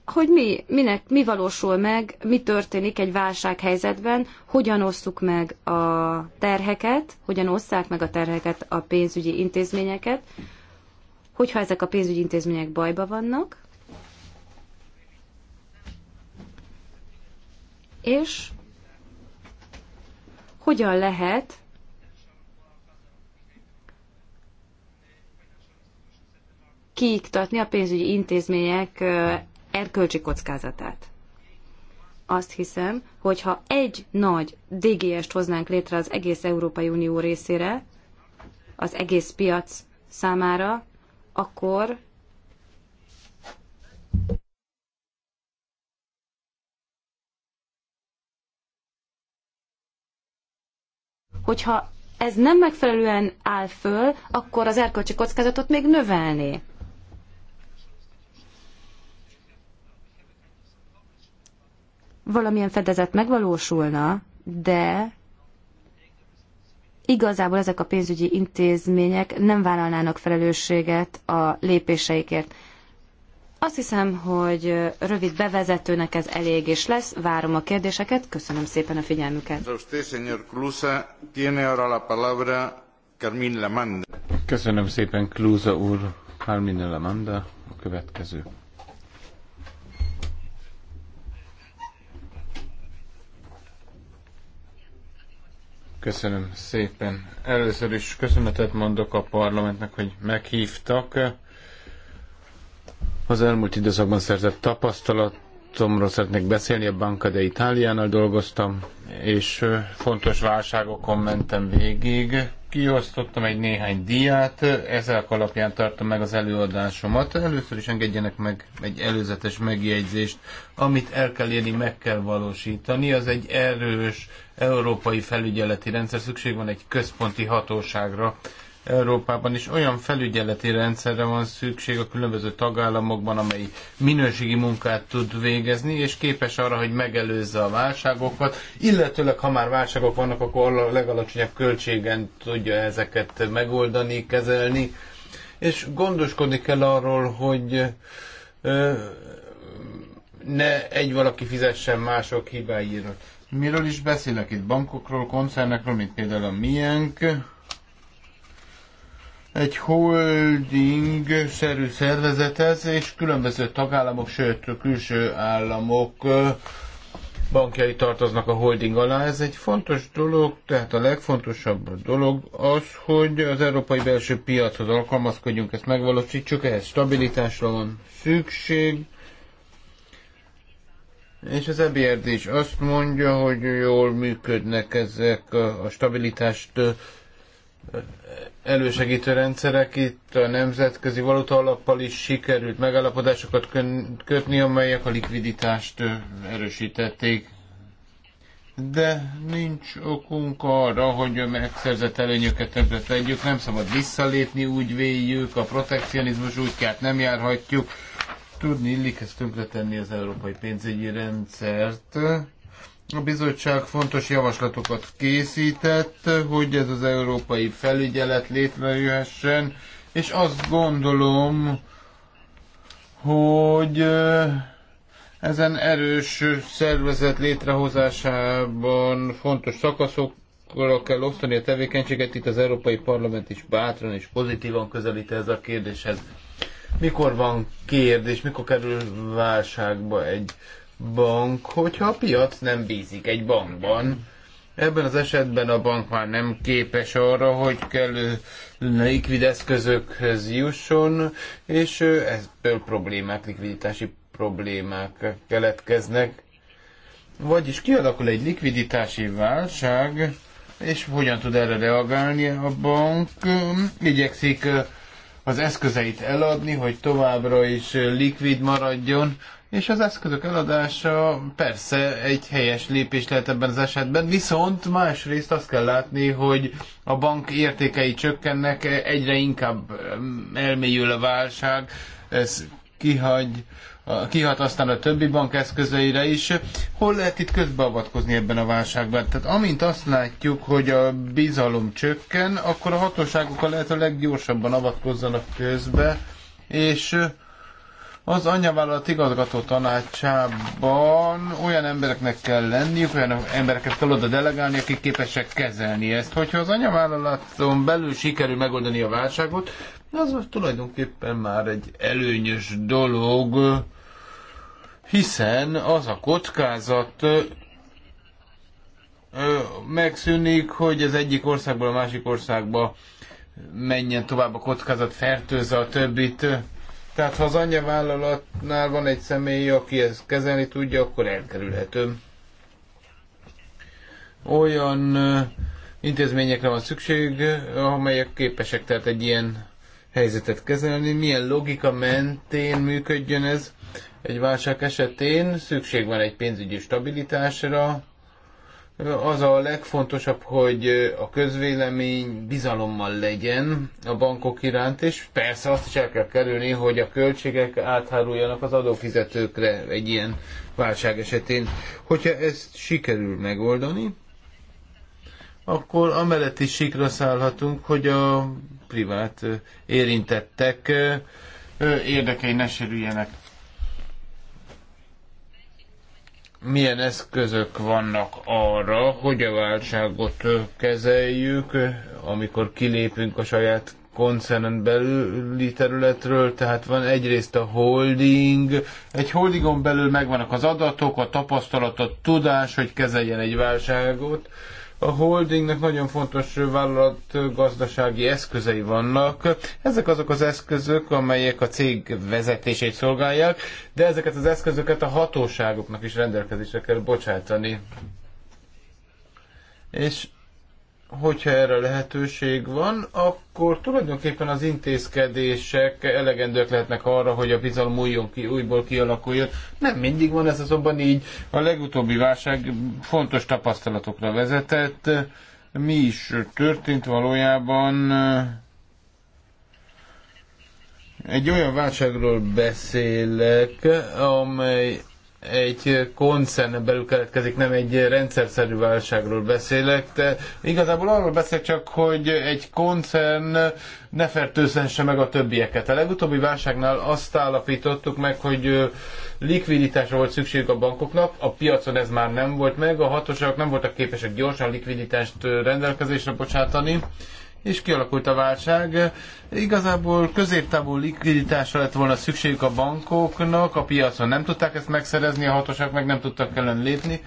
hogy mi, minek, mi valósul meg, mi történik egy válsághelyzetben, hogyan osszuk meg a terheket, hogyan osszák meg a terheket a pénzügyi intézményeket, hogyha ezek a pénzügyi intézmények bajba vannak, és hogyan lehet kiiktatni a pénzügyi intézmények erkölcsi kockázatát. Azt hiszem, hogy ha egy nagy DGS-t hoznánk létre az egész Európai Unió részére, az egész piac számára, akkor hogyha ez nem megfelelően áll föl, akkor az erkölcsi kockázatot még növelné. valamilyen fedezet megvalósulna, de igazából ezek a pénzügyi intézmények nem vállalnának felelősséget a lépéseikért. Azt hiszem, hogy rövid bevezetőnek ez elég és lesz. Várom a kérdéseket. Köszönöm szépen a figyelmüket. Köszönöm szépen, Klusa úr. Carmine Lamanda, a következő. Köszönöm szépen. Először is köszönetet mondok a parlamentnek, hogy meghívtak. Az elmúlt időszakban szerzett tapasztalat múltomról szeretnék beszélni, a Banca de Itáliánál dolgoztam, és fontos válságokon mentem végig. Kiosztottam egy néhány diát, ezek alapján tartom meg az előadásomat. Először is engedjenek meg egy előzetes megjegyzést. Amit el kell érni, meg kell valósítani. Az egy erős európai felügyeleti rendszer. Szükség van egy központi hatóságra, Európában is olyan felügyeleti rendszerre van szükség a különböző tagállamokban, amely minőségi munkát tud végezni, és képes arra, hogy megelőzze a válságokat, illetőleg ha már válságok vannak, akkor a legalacsonyabb költségen tudja ezeket megoldani, kezelni, és gondoskodni kell arról, hogy ne egy valaki fizessen mások hibáiért. Miről is beszélek itt? Bankokról, koncernekről, mint például a miénk, egy holding-szerű szervezethez, és különböző tagállamok, sőt külső államok bankjai tartoznak a holding alá. Ez egy fontos dolog, tehát a legfontosabb dolog az, hogy az európai belső piachoz alkalmazkodjunk, ezt megvalósítsuk, ehhez stabilitásra van szükség. És az EBRD is azt mondja, hogy jól működnek ezek a stabilitást elősegítő rendszerek. Itt a nemzetközi valuta alappal is sikerült megállapodásokat kötni, amelyek a likviditást erősítették. De nincs okunk arra, hogy a megszerzett előnyöket többre tegyük, nem szabad visszalépni, úgy véljük, a protekcionizmus útját nem járhatjuk. Tudni illik ezt tönkretenni az európai pénzügyi rendszert a bizottság fontos javaslatokat készített, hogy ez az európai felügyelet létrejöhessen, és azt gondolom, hogy eh, ezen erős szervezet létrehozásában fontos szakaszokra kell osztani a tevékenységet. Itt az Európai Parlament is bátran és pozitívan közelít ez a kérdéshez. Mikor van kérdés, mikor kerül válságba egy bank, hogyha a piac nem bízik egy bankban. Ebben az esetben a bank már nem képes arra, hogy kellő likvid eszközökhöz jusson, és ebből problémák, likviditási problémák keletkeznek. Vagyis kialakul egy likviditási válság, és hogyan tud erre reagálni a bank? Igyekszik az eszközeit eladni, hogy továbbra is likvid maradjon, és az eszközök eladása persze egy helyes lépés lehet ebben az esetben, viszont másrészt azt kell látni, hogy a bank értékei csökkennek, egyre inkább elmélyül a válság, ez kihagy, kihat aztán a többi bank eszközeire is. Hol lehet itt közbeavatkozni ebben a válságban? Tehát amint azt látjuk, hogy a bizalom csökken, akkor a hatóságokkal lehet a leggyorsabban avatkozzanak közbe, és az anyavállalat igazgató tanácsában olyan embereknek kell lenniük, olyan embereket kell oda delegálni, akik képesek kezelni ezt. Hogyha az anyavállalaton belül sikerül megoldani a válságot, az tulajdonképpen már egy előnyös dolog, hiszen az a kockázat megszűnik, hogy az egyik országból a másik országba menjen tovább a kockázat, fertőzze a többit. Tehát ha az anyavállalatnál van egy személy, aki ezt kezelni tudja, akkor elkerülhető. Olyan intézményekre van szükség, amelyek képesek tehát egy ilyen helyzetet kezelni, milyen logika mentén működjön ez. Egy válság esetén szükség van egy pénzügyi stabilitásra, az a legfontosabb, hogy a közvélemény bizalommal legyen a bankok iránt, és persze azt is el kell kerülni, hogy a költségek átháruljanak az adófizetőkre egy ilyen válság esetén. Hogyha ezt sikerül megoldani, akkor amellett is sikra szállhatunk, hogy a privát érintettek érdekei ne sérüljenek. milyen eszközök vannak arra, hogy a válságot kezeljük, amikor kilépünk a saját koncernen belüli területről, tehát van egyrészt a holding, egy holdingon belül megvannak az adatok, a tapasztalat, a tudás, hogy kezeljen egy válságot, a holdingnek nagyon fontos vállalat gazdasági eszközei vannak. Ezek azok az eszközök, amelyek a cég vezetését szolgálják, de ezeket az eszközöket a hatóságoknak is rendelkezésre kell bocsátani. És hogyha erre lehetőség van, akkor tulajdonképpen az intézkedések elegendők lehetnek arra, hogy a bizalom újjon ki, újból kialakuljon. Nem mindig van ez azonban így. A legutóbbi válság fontos tapasztalatokra vezetett. Mi is történt valójában? Egy olyan válságról beszélek, amely egy koncernen belül keletkezik, nem egy rendszerszerű válságról beszélek, de igazából arról beszélek csak, hogy egy koncern ne fertőzhesse meg a többieket. A legutóbbi válságnál azt állapítottuk meg, hogy likviditásra volt szükség a bankoknak, a piacon ez már nem volt meg, a hatóságok nem voltak képesek gyorsan likviditást rendelkezésre bocsátani, és kialakult a válság. Igazából középtávú likviditásra lett volna szükségük a bankoknak, a piacon nem tudták ezt megszerezni, a hatosak meg nem tudtak ellen lépni,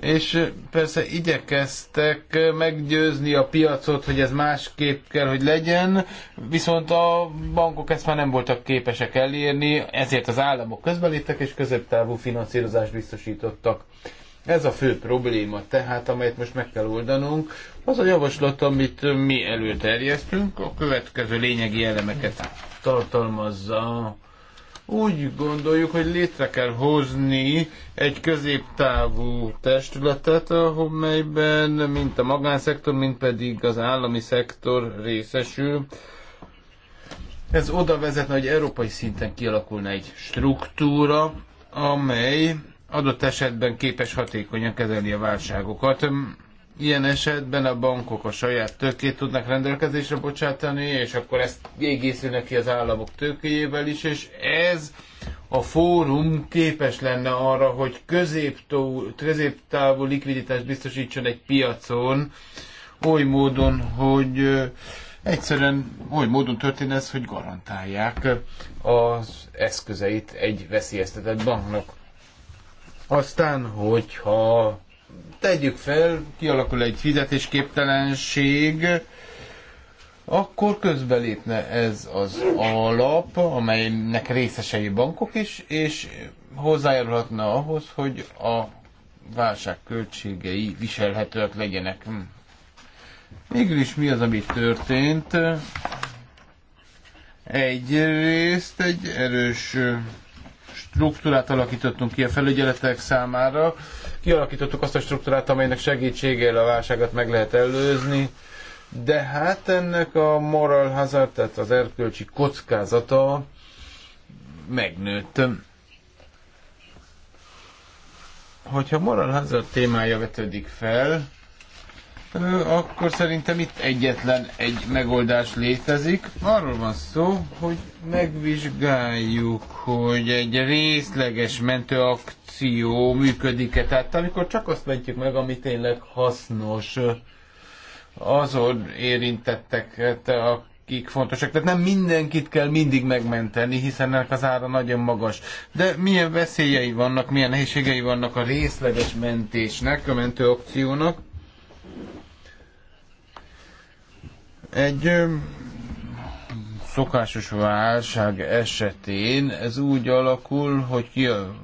és persze igyekeztek meggyőzni a piacot, hogy ez másképp kell, hogy legyen, viszont a bankok ezt már nem voltak képesek elérni, ezért az államok közbeléptek és középtávú finanszírozást biztosítottak. Ez a fő probléma tehát, amelyet most meg kell oldanunk, az a javaslat, amit mi előterjesztünk, a következő lényegi elemeket tartalmazza. Úgy gondoljuk, hogy létre kell hozni egy középtávú testületet, ahol melyben mint a magánszektor, mint pedig az állami szektor részesül. Ez oda vezetne, hogy európai szinten kialakulna egy struktúra, amely adott esetben képes hatékonyan kezelni a válságokat. Ilyen esetben a bankok a saját tőkét tudnak rendelkezésre bocsátani, és akkor ezt égészülnek ki az államok tőkéjével is, és ez a fórum képes lenne arra, hogy középtávú, likviditást biztosítson egy piacon, oly módon, hogy egyszerűen oly módon történ ez, hogy garantálják az eszközeit egy veszélyeztetett banknak. Aztán, hogyha tegyük fel, kialakul egy fizetésképtelenség, akkor közbelépne ez az alap, amelynek részesei bankok is, és hozzájárulhatna ahhoz, hogy a válság költségei viselhetőek legyenek. Hm. Végül is mi az, ami történt? Egyrészt egy erős struktúrát alakítottunk ki a felügyeletek számára. Kialakítottuk azt a struktúrát, amelynek segítségével a válságot meg lehet előzni, de hát ennek a moral hazard, tehát az erkölcsi kockázata megnőtt. Hogyha moral hazard témája vetődik fel, akkor szerintem itt egyetlen egy megoldás létezik. Arról van szó, hogy megvizsgáljuk, hogy egy részleges mentőakció működik-e. Tehát amikor csak azt mentjük meg, ami tényleg hasznos azon érintetteket, akik fontosak. Tehát nem mindenkit kell mindig megmenteni, hiszen ennek az ára nagyon magas. De milyen veszélyei vannak, milyen nehézségei vannak a részleges mentésnek, a mentőakciónak? Egy szokásos válság esetén ez úgy alakul, hogy ki a,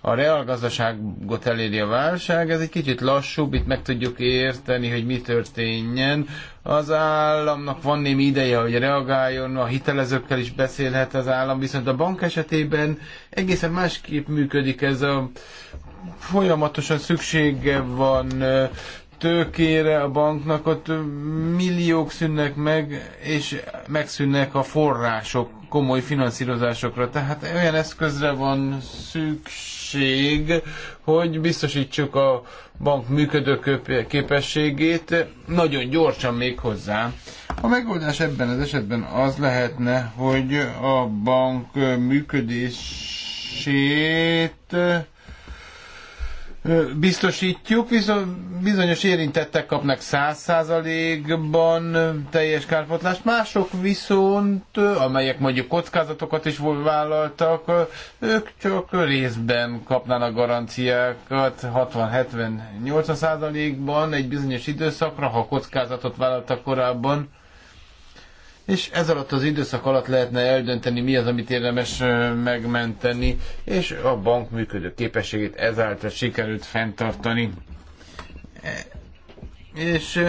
a reálgazdaságot eléri a válság, ez egy kicsit lassúbb, itt meg tudjuk érteni, hogy mi történjen. Az államnak van némi ideje, hogy reagáljon, a hitelezőkkel is beszélhet az állam, viszont a bank esetében egészen másképp működik ez a folyamatosan szüksége van tőkére a banknak, ott milliók szűnnek meg, és megszűnnek a források komoly finanszírozásokra. Tehát olyan eszközre van szükség, hogy biztosítsuk a bank működő képességét nagyon gyorsan még hozzá. A megoldás ebben az esetben az lehetne, hogy a bank működését biztosítjuk, viszont bizonyos érintettek kapnak 100%-ban teljes kárpotlást, mások viszont, amelyek mondjuk kockázatokat is vállaltak, ők csak részben kapnának garanciákat 60-70-80%-ban egy bizonyos időszakra, ha kockázatot vállaltak korábban és ez alatt az időszak alatt lehetne eldönteni, mi az, amit érdemes megmenteni, és a bank működő képességét ezáltal sikerült fenntartani. E, és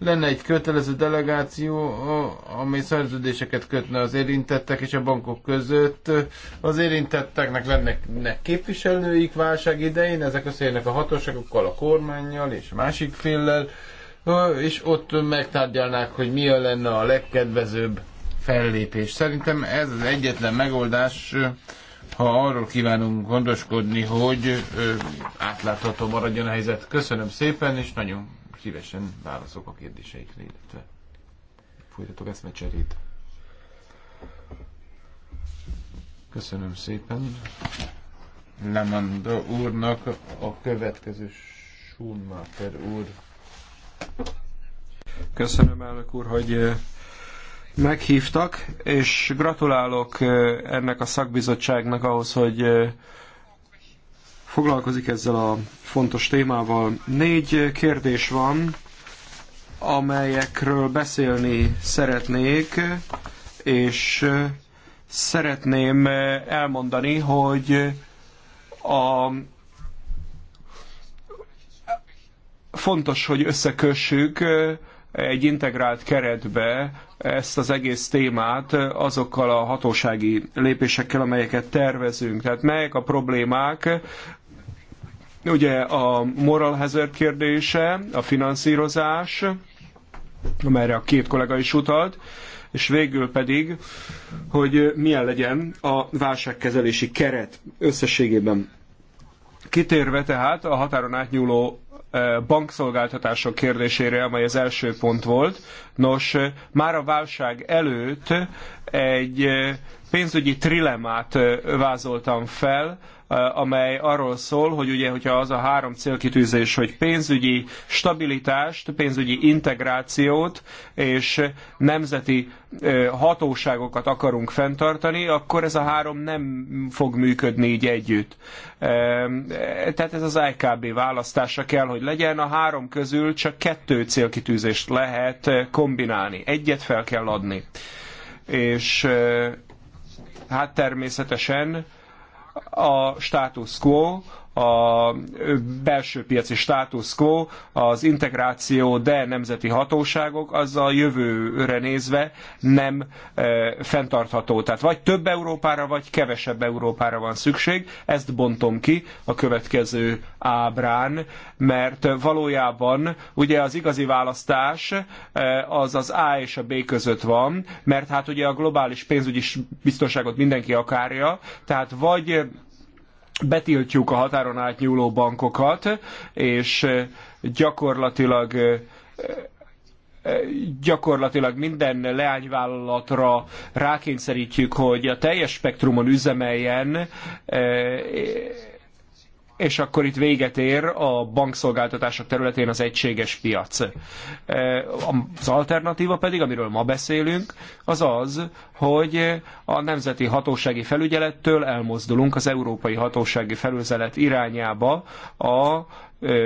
lenne egy kötelező delegáció, amely szerződéseket kötne az érintettek és a bankok között. Az érintetteknek lenne képviselőik válság idején, ezek összejönnek a hatóságokkal, a kormányjal és másik féllel, és ott megtárgyalnák, hogy mi lenne a legkedvezőbb fellépés. Szerintem ez az egyetlen megoldás, ha arról kívánunk gondoskodni, hogy átlátható maradjon a helyzet. Köszönöm szépen, és nagyon szívesen válaszok a kérdéseikre, illetve folytatok eszmecserét. Köszönöm szépen Lemanda úrnak a következő Schumacher úr Köszönöm, elnök úr, hogy meghívtak, és gratulálok ennek a szakbizottságnak ahhoz, hogy foglalkozik ezzel a fontos témával. Négy kérdés van, amelyekről beszélni szeretnék, és szeretném elmondani, hogy a fontos, hogy összekössük egy integrált keretbe ezt az egész témát azokkal a hatósági lépésekkel, amelyeket tervezünk. Tehát melyek a problémák, ugye a moral hazard kérdése, a finanszírozás, amelyre a két kollega is utalt, és végül pedig, hogy milyen legyen a válságkezelési keret összességében. Kitérve tehát a határon átnyúló bankszolgáltatások kérdésére, amely az első pont volt. Nos, már a válság előtt egy pénzügyi trilemát vázoltam fel, Eh, amely arról szól, hogy ugye, hogyha az a három célkitűzés, hogy pénzügyi stabilitást, pénzügyi integrációt és nemzeti eh, hatóságokat akarunk fenntartani, akkor ez a három nem fog működni így együtt. Eh, tehát ez az IKB e választása kell, hogy legyen. A három közül csak kettő célkitűzést lehet kombinálni. Egyet fel kell adni. És hát természetesen a status quo, a belső piaci status quo, az integráció, de nemzeti hatóságok, az a jövőre nézve nem e, fenntartható. Tehát vagy több Európára, vagy kevesebb Európára van szükség. Ezt bontom ki a következő ábrán, mert valójában ugye az igazi választás e, az az A és a B között van, mert hát ugye a globális pénzügyi biztonságot mindenki akarja, tehát vagy betiltjuk a határon átnyúló bankokat, és gyakorlatilag gyakorlatilag minden leányvállalatra rákényszerítjük, hogy a teljes spektrumon üzemeljen, és akkor itt véget ér a bankszolgáltatások területén az egységes piac. E, az alternatíva pedig, amiről ma beszélünk, az az, hogy a nemzeti hatósági felügyelettől elmozdulunk az európai hatósági felügyelet irányába a e,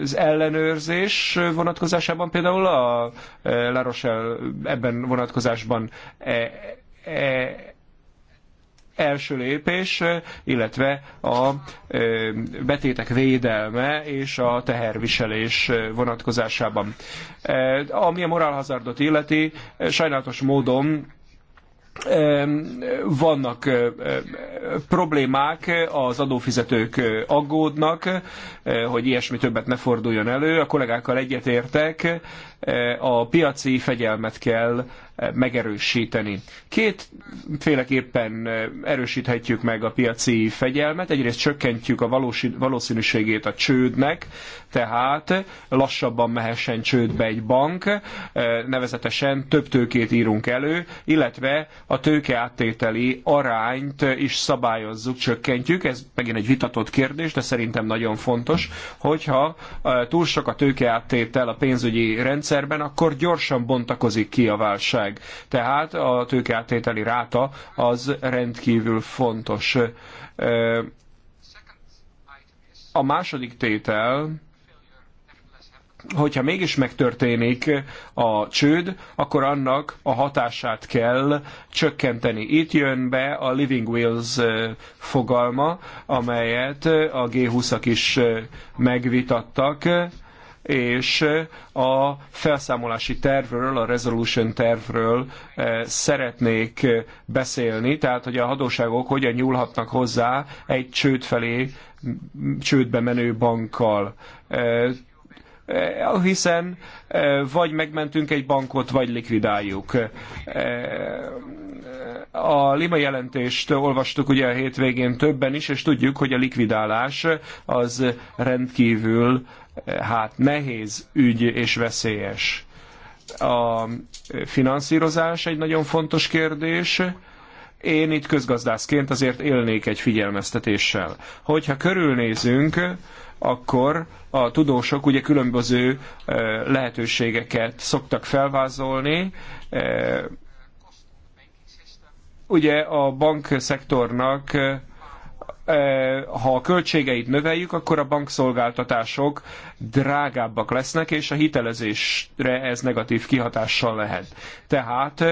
az ellenőrzés vonatkozásában például a e, La Rochelle ebben vonatkozásban első lépés, illetve a betétek védelme és a teherviselés vonatkozásában. Ami a morálhazardot illeti, sajnálatos módon vannak problémák, az adófizetők aggódnak, hogy ilyesmi többet ne forduljon elő. A kollégákkal egyetértek, a piaci fegyelmet kell megerősíteni. Kétféleképpen erősíthetjük meg a piaci fegyelmet. Egyrészt csökkentjük a valószínűségét a csődnek, tehát lassabban mehessen csődbe egy bank, nevezetesen több tőkét írunk elő, illetve a tőke áttételi arányt is szabályozzuk, csökkentjük. Ez megint egy vitatott kérdés, de szerintem nagyon fontos, hogyha eh, túl sok a tőke áttétel a pénzügyi rendszer, rendszerben, akkor gyorsan bontakozik ki a válság. Tehát a tőkeáttételi ráta az rendkívül fontos. A második tétel, hogyha mégis megtörténik a csőd, akkor annak a hatását kell csökkenteni. Itt jön be a Living Wills fogalma, amelyet a G20-ak is megvitattak és eh, a felszámolási tervről, a resolution tervről eh, szeretnék eh, beszélni, tehát hogy a hatóságok hogyan nyúlhatnak hozzá egy csőd felé, csődbe menő bankkal. Eh, hiszen eh, vagy megmentünk egy bankot, vagy likvidáljuk. Eh, a Lima jelentést olvastuk ugye a hétvégén többen is, és tudjuk, hogy a likvidálás az rendkívül hát nehéz ügy és veszélyes. A finanszírozás egy nagyon fontos kérdés. Én itt közgazdászként azért élnék egy figyelmeztetéssel. Hogyha körülnézünk, akkor a tudósok ugye különböző lehetőségeket szoktak felvázolni. Ugye a bankszektornak ha a költségeit növeljük, akkor a bankszolgáltatások drágábbak lesznek, és a hitelezésre ez negatív kihatással lehet. Tehát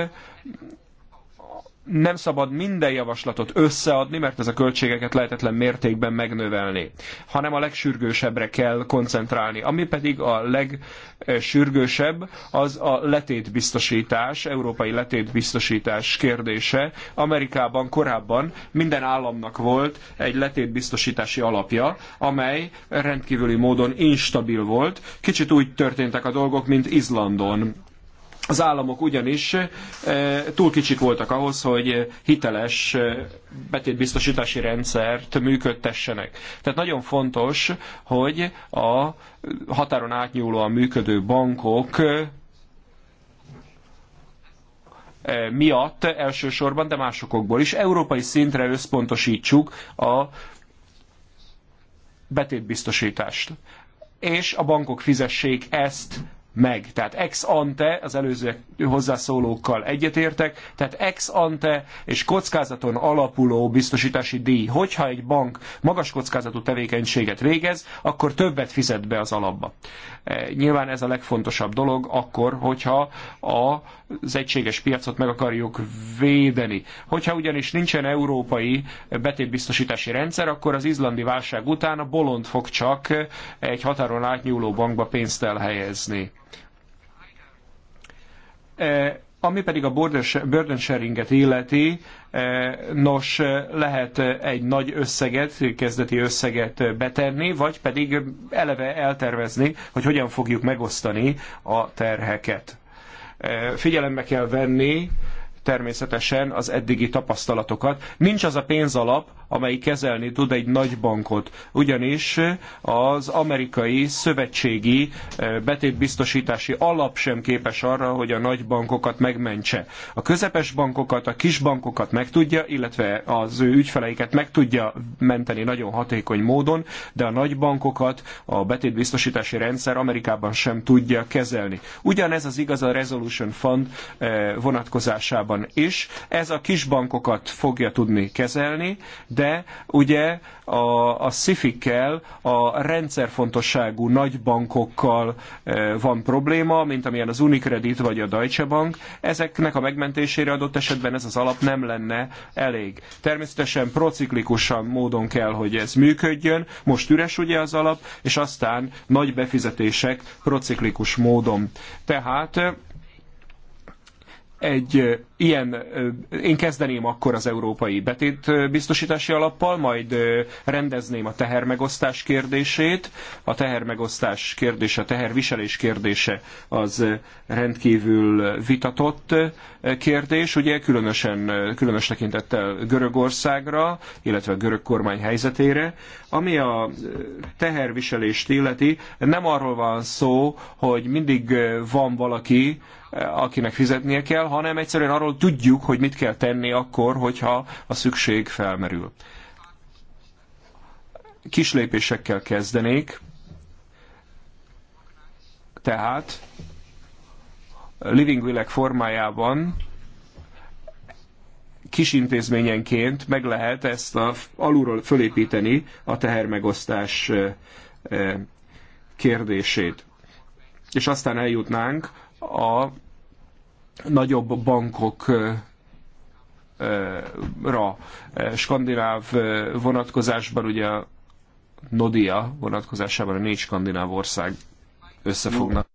nem szabad minden javaslatot összeadni, mert ez a költségeket lehetetlen mértékben megnövelni, hanem a legsürgősebbre kell koncentrálni. Ami pedig a legsürgősebb, az a letétbiztosítás, európai letétbiztosítás kérdése. Amerikában korábban minden államnak volt egy letétbiztosítási alapja, amely rendkívüli módon instabil volt. Kicsit úgy történtek a dolgok, mint Izlandon az államok ugyanis eh, túl kicsik voltak ahhoz, hogy hiteles eh, betétbiztosítási rendszert működtessenek. Tehát nagyon fontos, hogy a határon átnyúlóan működő bankok eh, miatt elsősorban, de másokból is európai szintre összpontosítsuk a betétbiztosítást. És a bankok fizessék ezt meg. Tehát ex ante, az előző hozzászólókkal egyetértek, tehát ex ante és kockázaton alapuló biztosítási díj. Hogyha egy bank magas kockázatú tevékenységet végez, akkor többet fizet be az alapba. E, nyilván ez a legfontosabb dolog akkor, hogyha az egységes piacot meg akarjuk védeni. Hogyha ugyanis nincsen európai betétbiztosítási rendszer, akkor az izlandi válság után a bolond fog csak egy határon átnyúló bankba pénzt elhelyezni Eh, ami pedig a burden sharinget illeti, eh, nos, eh, lehet egy nagy összeget, kezdeti összeget betenni, vagy pedig eleve eltervezni, hogy hogyan fogjuk megosztani a terheket. Figyelembe kell venni természetesen az eddigi tapasztalatokat. Nincs az a pénzalap, amely kezelni tud egy nagy bankot, ugyanis az amerikai szövetségi eh, betétbiztosítási alap sem képes arra, hogy a nagy bankokat megmentse. A közepes bankokat, a kis bankokat meg tudja, illetve az ő ügyfeleiket meg tudja menteni nagyon hatékony módon, de a nagy bankokat a betétbiztosítási rendszer Amerikában sem tudja kezelni. Ugyanez az igaz a Resolution Fund eh, vonatkozásában Európában is. Ez a kisbankokat fogja tudni kezelni, de ugye a, a SZIFIK-kel, a rendszerfontosságú nagybankokkal e, van probléma, mint amilyen az Unicredit vagy a Deutsche Bank. Ezeknek a megmentésére adott esetben ez az alap nem lenne elég. Természetesen prociklikusan módon kell, hogy ez működjön. Most üres ugye az alap, és aztán nagy befizetések prociklikus módon. Tehát egy ilyen, én kezdeném akkor az európai betét biztosítási alappal, majd rendezném a tehermegosztás kérdését. A tehermegosztás kérdése, a teherviselés kérdése az rendkívül vitatott kérdés, ugye különösen, különös tekintettel Görögországra, illetve a görög kormány helyzetére. Ami a teherviselést illeti, nem arról van szó, hogy mindig van valaki, akinek fizetnie kell, hanem egyszerűen arról tudjuk, hogy mit kell tenni akkor, hogyha a szükség felmerül. Kis lépésekkel kezdenék, tehát Living Willek formájában kis intézményenként meg lehet ezt a, alulról fölépíteni a tehermegosztás eh, eh, kérdését. És aztán eljutnánk a nagyobb bankok ra skandináv vonatkozásban ugye a Nodia vonatkozásában a négy skandináv ország összefognak.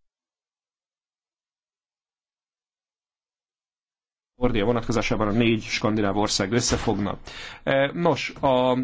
Nordia vonatkozásában a négy skandináv ország összefognak. Nos, a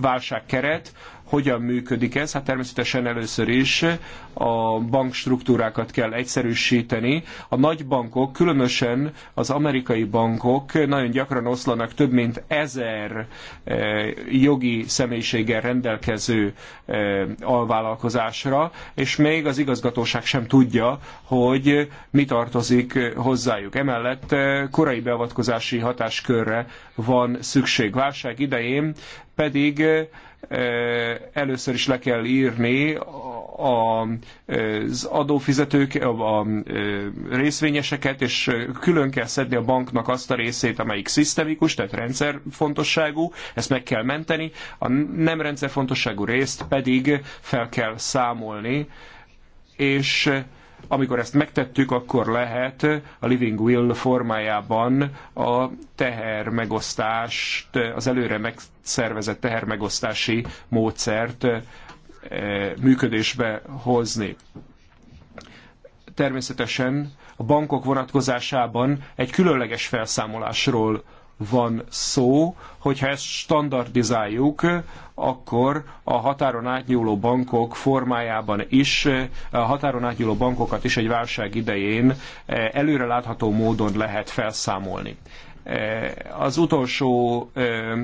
válságkeret hogyan működik ez? Hát természetesen először is a bankstruktúrákat kell egyszerűsíteni. A nagy bankok, különösen az amerikai bankok nagyon gyakran oszlanak több mint ezer eh, jogi személyiséggel rendelkező eh, alvállalkozásra, és még az igazgatóság sem tudja, hogy mi tartozik hozzájuk. Emellett eh, korai beavatkozási hatáskörre van szükség. Válság idején pedig először is le kell írni az adófizetők, a részvényeseket, és külön kell szedni a banknak azt a részét, amelyik szisztemikus, tehát rendszerfontosságú, ezt meg kell menteni, a nem rendszerfontosságú részt pedig fel kell számolni, és amikor ezt megtettük, akkor lehet a Living Will formájában a teher megosztást, az előre megszervezett teher megosztási módszert eh, működésbe hozni. Természetesen a bankok vonatkozásában egy különleges felszámolásról van szó, hogyha ezt standardizáljuk, akkor a határon átnyúló bankok formájában is, a határon átnyúló bankokat is egy válság idején e, előrelátható módon lehet felszámolni. E, az utolsó e,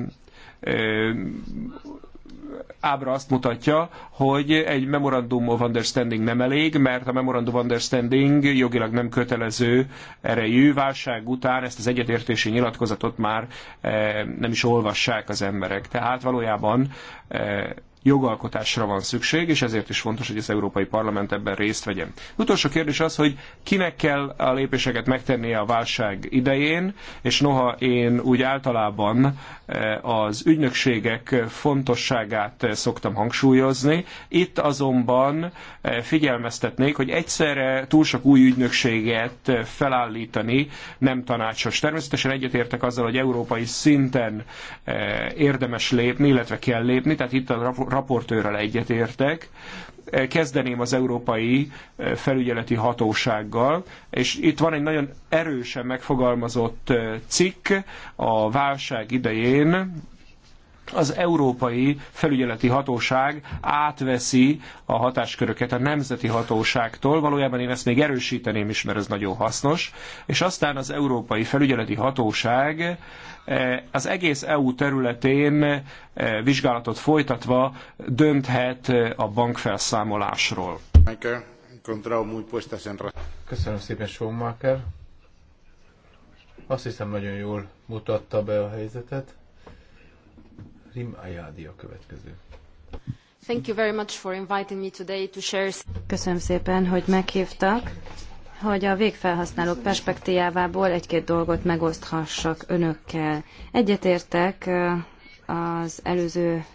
ábra azt mutatja, hogy egy Memorandum of Understanding nem elég, mert a Memorandum of Understanding jogilag nem kötelező erejű válság után ezt az egyetértési nyilatkozatot már eh, nem is olvassák az emberek. Tehát valójában eh, jogalkotásra van szükség, és ezért is fontos, hogy az Európai Parlament ebben részt vegyen. Utolsó kérdés az, hogy kinek kell a lépéseket megtennie a válság idején, és noha én úgy általában eh, az ügynökségek fontosságát eh, szoktam hangsúlyozni, itt azonban eh, figyelmeztetnék, hogy egyszerre túl sok új ügynökséget felállítani nem tanácsos. Természetesen egyetértek azzal, hogy európai szinten érdemes lépni, illetve kell lépni, tehát itt a raportőrrel egyetértek, eh, kezdeném az Európai eh, Felügyeleti Hatósággal, és itt van egy nagyon erősen megfogalmazott eh, cikk a válság idején, az Európai Felügyeleti Hatóság átveszi a hatásköröket a nemzeti hatóságtól. Valójában én ezt még erősíteném is, mert ez nagyon hasznos. És aztán az Európai Felügyeleti Hatóság eh, az egész EU területén eh, vizsgálatot folytatva dönthet eh, a bankfelszámolásról. Köszönöm szépen, Schumacher. Azt hiszem, nagyon jól mutatta be a helyzetet. Ayadi a következő. Thank you very much for inviting me today to share... Köszönöm szépen, hogy meghívtak, hogy a végfelhasználók perspektívából egy-két dolgot megoszthassak önökkel. Egyetértek az előző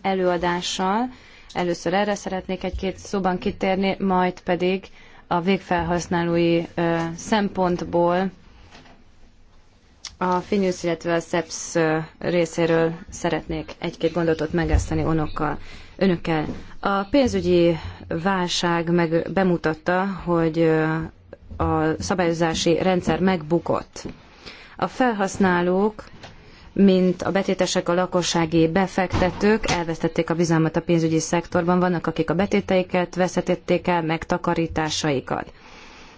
előadással. Először erre szeretnék egy-két szóban kitérni, majd pedig a végfelhasználói szempontból a Finyusz, illetve a SEPS részéről szeretnék egy-két gondolatot megeszteni onokkal, önökkel. A pénzügyi válság meg bemutatta, hogy a szabályozási rendszer megbukott. A felhasználók mint a betétesek, a lakossági befektetők elvesztették a bizalmat a pénzügyi szektorban, vannak akik a betéteiket vesztették el, meg takarításaikat.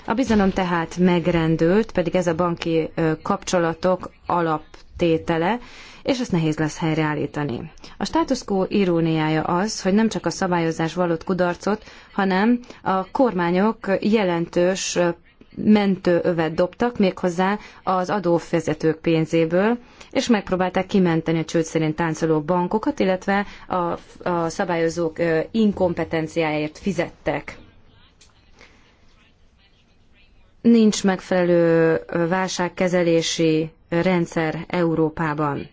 A bizalom tehát megrendült, pedig ez a banki kapcsolatok alaptétele, és ezt nehéz lesz helyreállítani. A status quo iróniája az, hogy nem csak a szabályozás vallott kudarcot, hanem a kormányok jelentős mentőövet dobtak, méghozzá az adófizetők pénzéből, és megpróbálták kimenteni a csőd szerint táncoló bankokat, illetve a, a szabályozók inkompetenciáért fizettek nincs megfelelő válságkezelési rendszer Európában.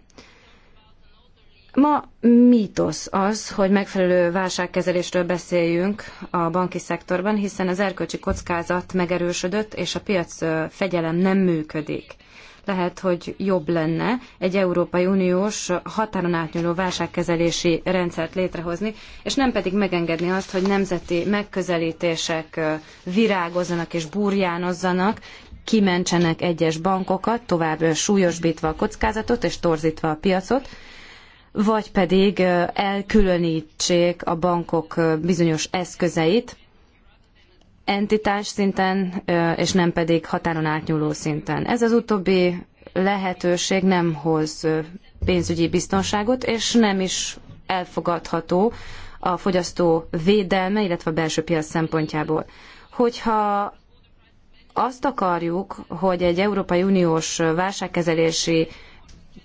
Ma mítosz az, hogy megfelelő válságkezelésről beszéljünk a banki szektorban, hiszen az erkölcsi kockázat megerősödött, és a piac fegyelem nem működik lehet, hogy jobb lenne egy Európai Uniós határon átnyúló válságkezelési rendszert létrehozni, és nem pedig megengedni azt, hogy nemzeti megközelítések virágozzanak és burjánozzanak, kimentsenek egyes bankokat, tovább súlyosbítva a kockázatot és torzítva a piacot, vagy pedig elkülönítsék a bankok bizonyos eszközeit, entitás szinten, és nem pedig határon átnyúló szinten. Ez az utóbbi lehetőség nem hoz pénzügyi biztonságot, és nem is elfogadható a fogyasztó védelme, illetve a belső piac szempontjából. Hogyha azt akarjuk, hogy egy Európai Uniós válságkezelési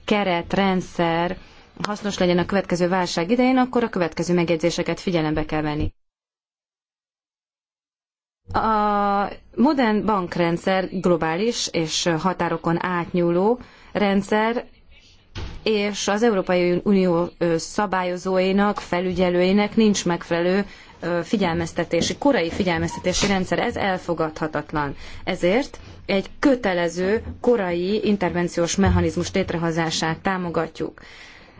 keretrendszer hasznos legyen a következő válság idején, akkor a következő megjegyzéseket figyelembe kell venni. A modern bankrendszer globális és határokon átnyúló rendszer, és az Európai Unió szabályozóinak, felügyelőinek nincs megfelelő figyelmeztetési, korai figyelmeztetési rendszer. Ez elfogadhatatlan. Ezért egy kötelező korai intervenciós mechanizmus létrehozását támogatjuk.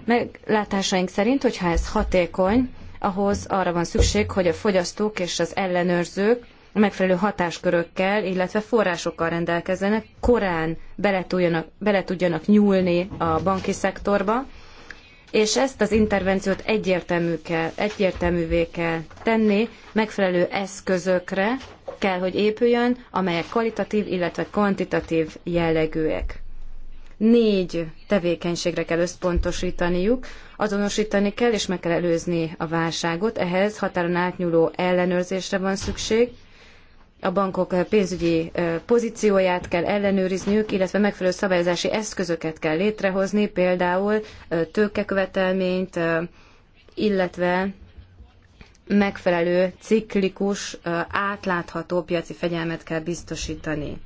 Meglátásaink szerint, hogyha ez hatékony, ahhoz arra van szükség, hogy a fogyasztók és az ellenőrzők megfelelő hatáskörökkel, illetve forrásokkal rendelkezzenek, korán bele tudjanak, bele tudjanak nyúlni a banki szektorba, és ezt az intervenciót egyértelmű kell, egyértelművé kell tenni, megfelelő eszközökre kell, hogy épüljön, amelyek kvalitatív, illetve kvantitatív jellegűek. Négy tevékenységre kell összpontosítaniuk, azonosítani kell és meg kell előzni a válságot, ehhez határon átnyúló ellenőrzésre van szükség, a bankok eh, pénzügyi eh, pozícióját kell ellenőrizniük, illetve megfelelő szabályozási eszközöket kell létrehozni, például eh, tőkekövetelményt, illetve megfelelő, ciklikus, átlátható piaci fegyelmet kell biztosítani.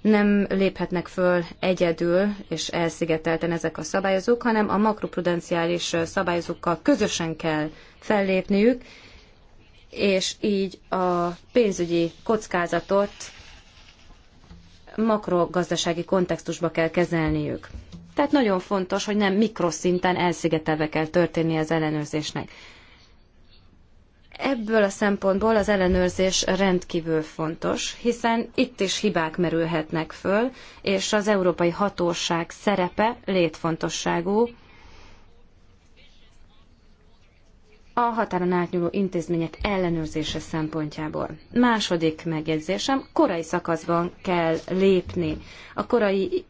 Nem léphetnek föl egyedül és elszigetelten ezek a szabályozók, hanem a makroprudenciális szabályozókkal közösen kell fellépniük, és így a pénzügyi kockázatot makrogazdasági kontextusba kell kezelniük. Tehát nagyon fontos, hogy nem mikroszinten elszigetelve kell történni az ellenőrzésnek. Ebből a szempontból az ellenőrzés rendkívül fontos, hiszen itt is hibák merülhetnek föl, és az európai hatóság szerepe létfontosságú, a határon átnyúló intézmények ellenőrzése szempontjából. Második megjegyzésem, korai szakaszban kell lépni. A korai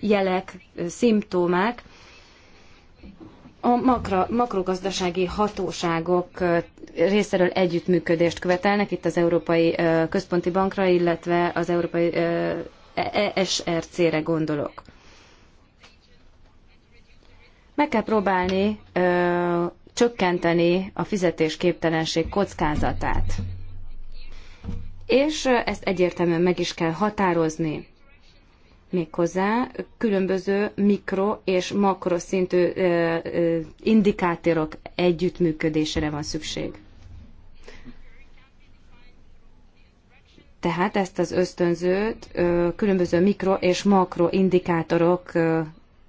jelek, szimptomák a makra, makrogazdasági hatóságok részéről együttműködést követelnek itt az Európai Központi Bankra, illetve az Európai ESRC-re e gondolok. Meg kell próbálni csökkenteni a fizetésképtelenség kockázatát. És ezt egyértelműen meg is kell határozni méghozzá különböző mikro és makroszintű indikátorok együttműködésére van szükség. Tehát ezt az ösztönzőt különböző mikro és makro indikátorok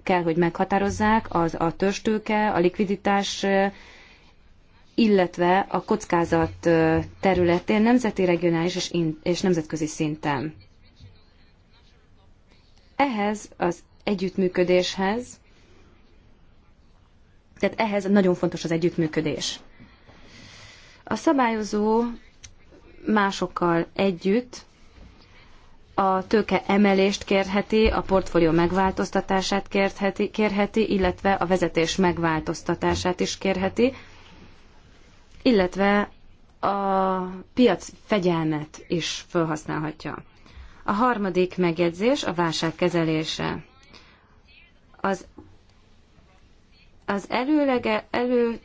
kell, hogy meghatározzák, az a törstőke, a likviditás, illetve a kockázat területén nemzeti, regionális és, és nemzetközi szinten. Ehhez az együttműködéshez, tehát ehhez nagyon fontos az együttműködés. A szabályozó másokkal együtt a tőke emelést kérheti, a portfólió megváltoztatását kérheti, kérheti, illetve a vezetés megváltoztatását is kérheti, illetve a piac fegyelmet is felhasználhatja. A harmadik megjegyzés a válság kezelése. Az, az előlege, elő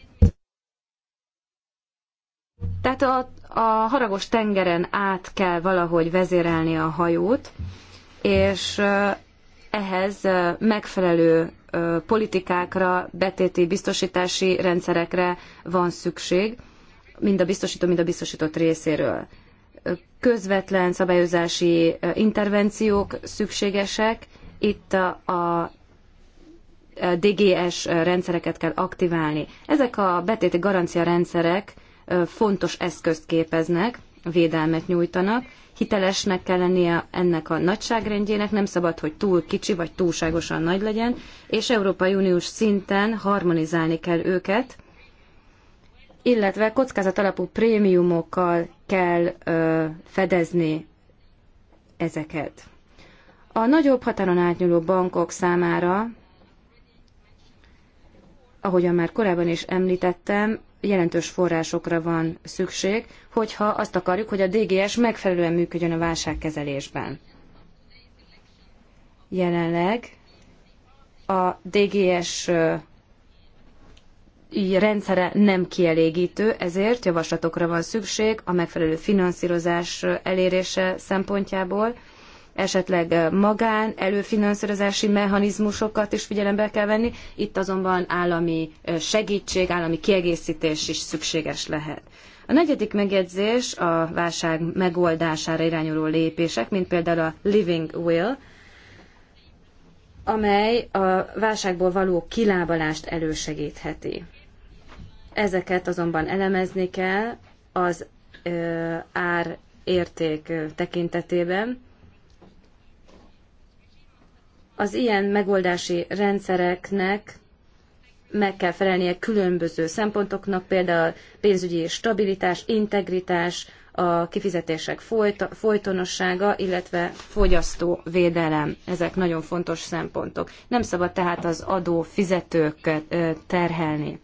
tehát a, a haragos tengeren át kell valahogy vezérelni a hajót, és ehhez megfelelő politikákra, betéti biztosítási rendszerekre van szükség, mind a biztosító, mind a biztosított részéről. Közvetlen szabályozási intervenciók szükségesek, itt a, a DGS rendszereket kell aktiválni. Ezek a betéti garancia rendszerek fontos eszközt képeznek, védelmet nyújtanak. Hitelesnek kell lennie ennek a nagyságrendjének, nem szabad, hogy túl kicsi vagy túlságosan nagy legyen, és Európai Uniós szinten harmonizálni kell őket, illetve kockázat alapú prémiumokkal kell ö, fedezni ezeket. A nagyobb határon átnyúló bankok számára, ahogyan már korábban is említettem, jelentős forrásokra van szükség, hogyha azt akarjuk, hogy a DGS megfelelően működjön a válságkezelésben. Jelenleg a DGS rendszere nem kielégítő, ezért javaslatokra van szükség a megfelelő finanszírozás elérése szempontjából, esetleg eh, magán előfinanszírozási mechanizmusokat is figyelembe kell venni, itt azonban állami eh, segítség, állami kiegészítés is szükséges lehet. A negyedik megjegyzés a válság megoldására irányuló lépések, mint például a Living Will, amely a válságból való kilábalást elősegítheti. Ezeket azonban elemezni kell az eh, árérték tekintetében, az ilyen megoldási rendszereknek meg kell felelnie különböző szempontoknak, például pénzügyi stabilitás, integritás, a kifizetések folyt, folytonossága, illetve fogyasztóvédelem. Ezek nagyon fontos szempontok. Nem szabad tehát az adó fizetőket terhelni.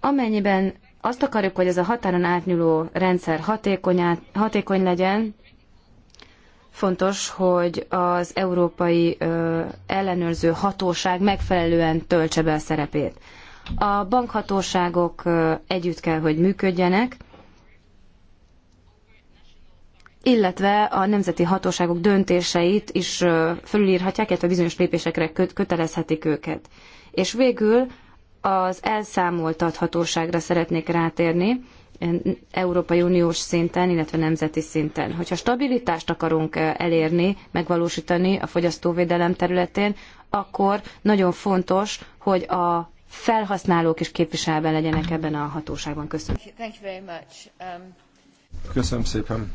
Amennyiben azt akarjuk, hogy ez a határon átnyúló rendszer hatékony, hatékony legyen, Fontos, hogy az európai ellenőrző hatóság megfelelően töltse be a szerepét. A bankhatóságok együtt kell, hogy működjenek, illetve a nemzeti hatóságok döntéseit is fölülírhatják, illetve bizonyos lépésekre kötelezhetik őket. És végül az elszámoltathatóságra szeretnék rátérni. Európai Uniós szinten, illetve nemzeti szinten. Hogyha stabilitást akarunk eh, elérni, megvalósítani a fogyasztóvédelem területén, akkor nagyon fontos, hogy a felhasználók is képviselve legyenek ebben a hatóságban. Köszönöm. Um, Köszönöm szépen.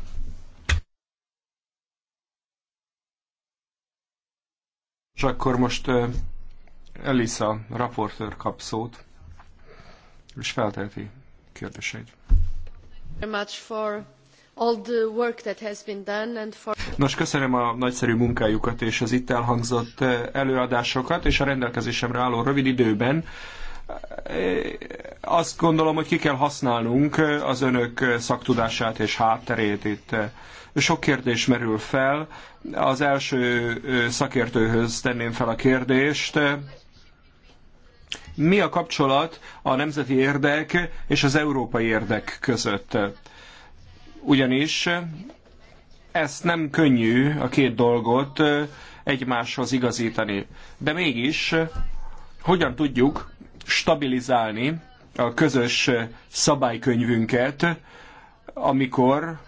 És akkor most eh, Elisa raportőr kap szót, és felteheti kérdéseid. Nos, köszönöm a nagyszerű munkájukat és az itt elhangzott eh, előadásokat, és a rendelkezésemre álló rövid időben eh, azt gondolom, hogy ki kell használnunk eh, az önök szaktudását és hátterét itt. Sok kérdés merül fel. Az első szakértőhöz tenném fel a kérdést mi a kapcsolat a nemzeti érdek és az európai érdek között. Ugyanis ezt nem könnyű a két dolgot egymáshoz igazítani. De mégis hogyan tudjuk stabilizálni a közös szabálykönyvünket, amikor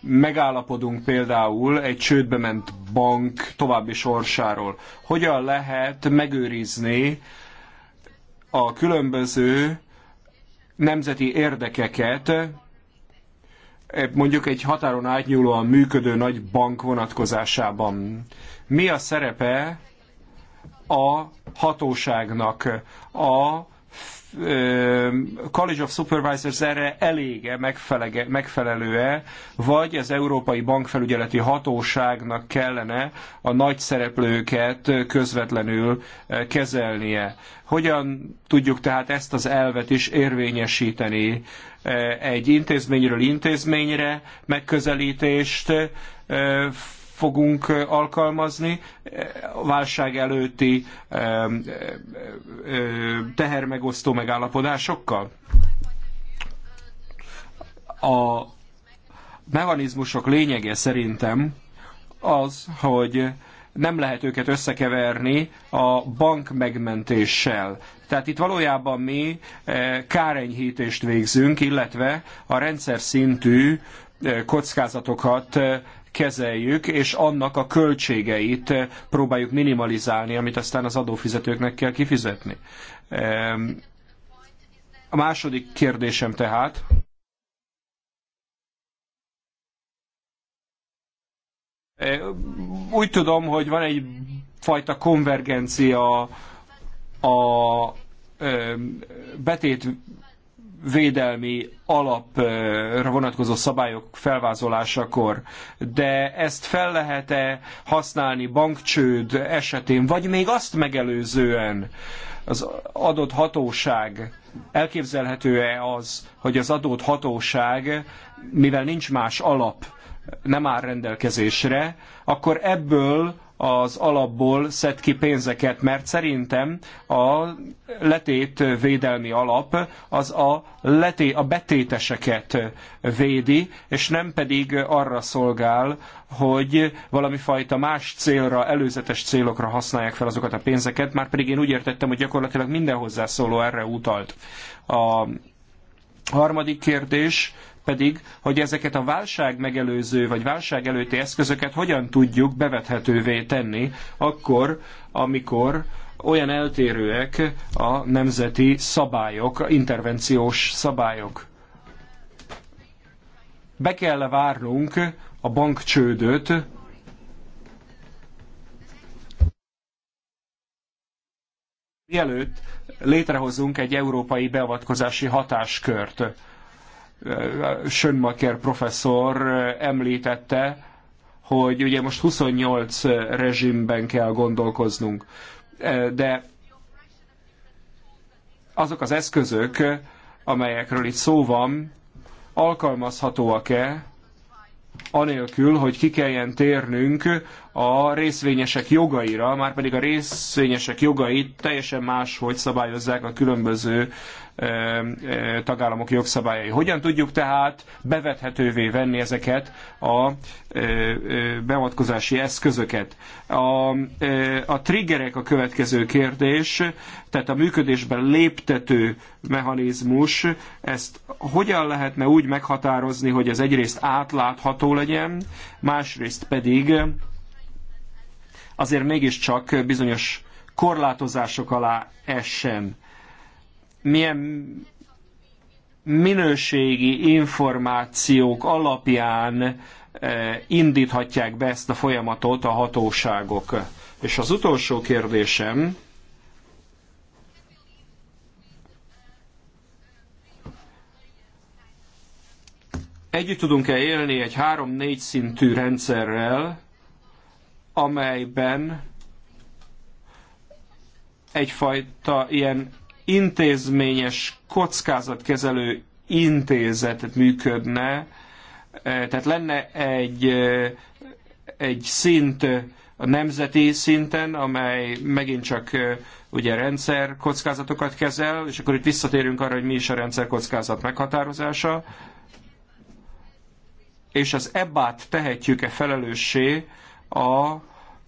megállapodunk például egy csődbe ment bank további sorsáról. Hogyan lehet megőrizni a különböző nemzeti érdekeket eh, mondjuk egy határon átnyúlóan működő nagy bank vonatkozásában. Mi a szerepe a hatóságnak, a College of Supervisors erre elége, megfelelő-e, vagy az Európai Bankfelügyeleti Hatóságnak kellene a nagy szereplőket közvetlenül kezelnie. Hogyan tudjuk tehát ezt az elvet is érvényesíteni egy intézményről intézményre megközelítést fogunk alkalmazni válság előtti tehermegosztó megállapodásokkal? A mechanizmusok lényege szerintem az, hogy nem lehet őket összekeverni a bank megmentéssel. Tehát itt valójában mi kárenyhítést végzünk, illetve a rendszer szintű kockázatokat kezeljük, és annak a költségeit próbáljuk minimalizálni, amit aztán az adófizetőknek kell kifizetni. A második kérdésem tehát, úgy tudom, hogy van egy fajta konvergencia a betét védelmi alapra vonatkozó szabályok felvázolásakor, de ezt fel lehet-e használni bankcsőd esetén, vagy még azt megelőzően az adott hatóság, elképzelhető-e az, hogy az adott hatóság, mivel nincs más alap, nem áll rendelkezésre, akkor ebből az alapból szed ki pénzeket, mert szerintem a letét védelmi alap az a, leté, a betéteseket védi, és nem pedig arra szolgál, hogy valami fajta más célra, előzetes célokra használják fel azokat a pénzeket, már pedig én úgy értettem, hogy gyakorlatilag minden hozzászóló erre utalt. A harmadik kérdés pedig, hogy ezeket a válság megelőző vagy válság előtti eszközöket hogyan tudjuk bevethetővé tenni akkor, amikor olyan eltérőek a nemzeti szabályok, intervenciós szabályok. Be kell várnunk a bankcsődöt, mielőtt létrehozunk egy európai beavatkozási hatáskört. Sönmaker professzor említette, hogy ugye most 28 rezsimben kell gondolkoznunk. De azok az eszközök, amelyekről itt szó van, alkalmazhatóak-e anélkül, hogy ki kelljen térnünk a részvényesek jogaira, már pedig a részvényesek jogait teljesen máshogy szabályozzák a különböző tagállamok jogszabályai. Hogyan tudjuk tehát bevethetővé venni ezeket a beavatkozási eszközöket? A, a triggerek a következő kérdés, tehát a működésben léptető mechanizmus, ezt hogyan lehetne úgy meghatározni, hogy ez egyrészt átlátható legyen, másrészt pedig azért mégiscsak bizonyos korlátozások alá essen milyen minőségi információk alapján eh, indíthatják be ezt a folyamatot a hatóságok. És az utolsó kérdésem, együtt tudunk-e élni egy három-négy szintű rendszerrel, amelyben egyfajta ilyen intézményes kockázatkezelő intézet működne, e, tehát lenne egy, e, egy szint a nemzeti szinten, amely megint csak e, ugye rendszer kockázatokat kezel, és akkor itt visszatérünk arra, hogy mi is a rendszer kockázat meghatározása, és az EBBÁT tehetjük-e felelőssé a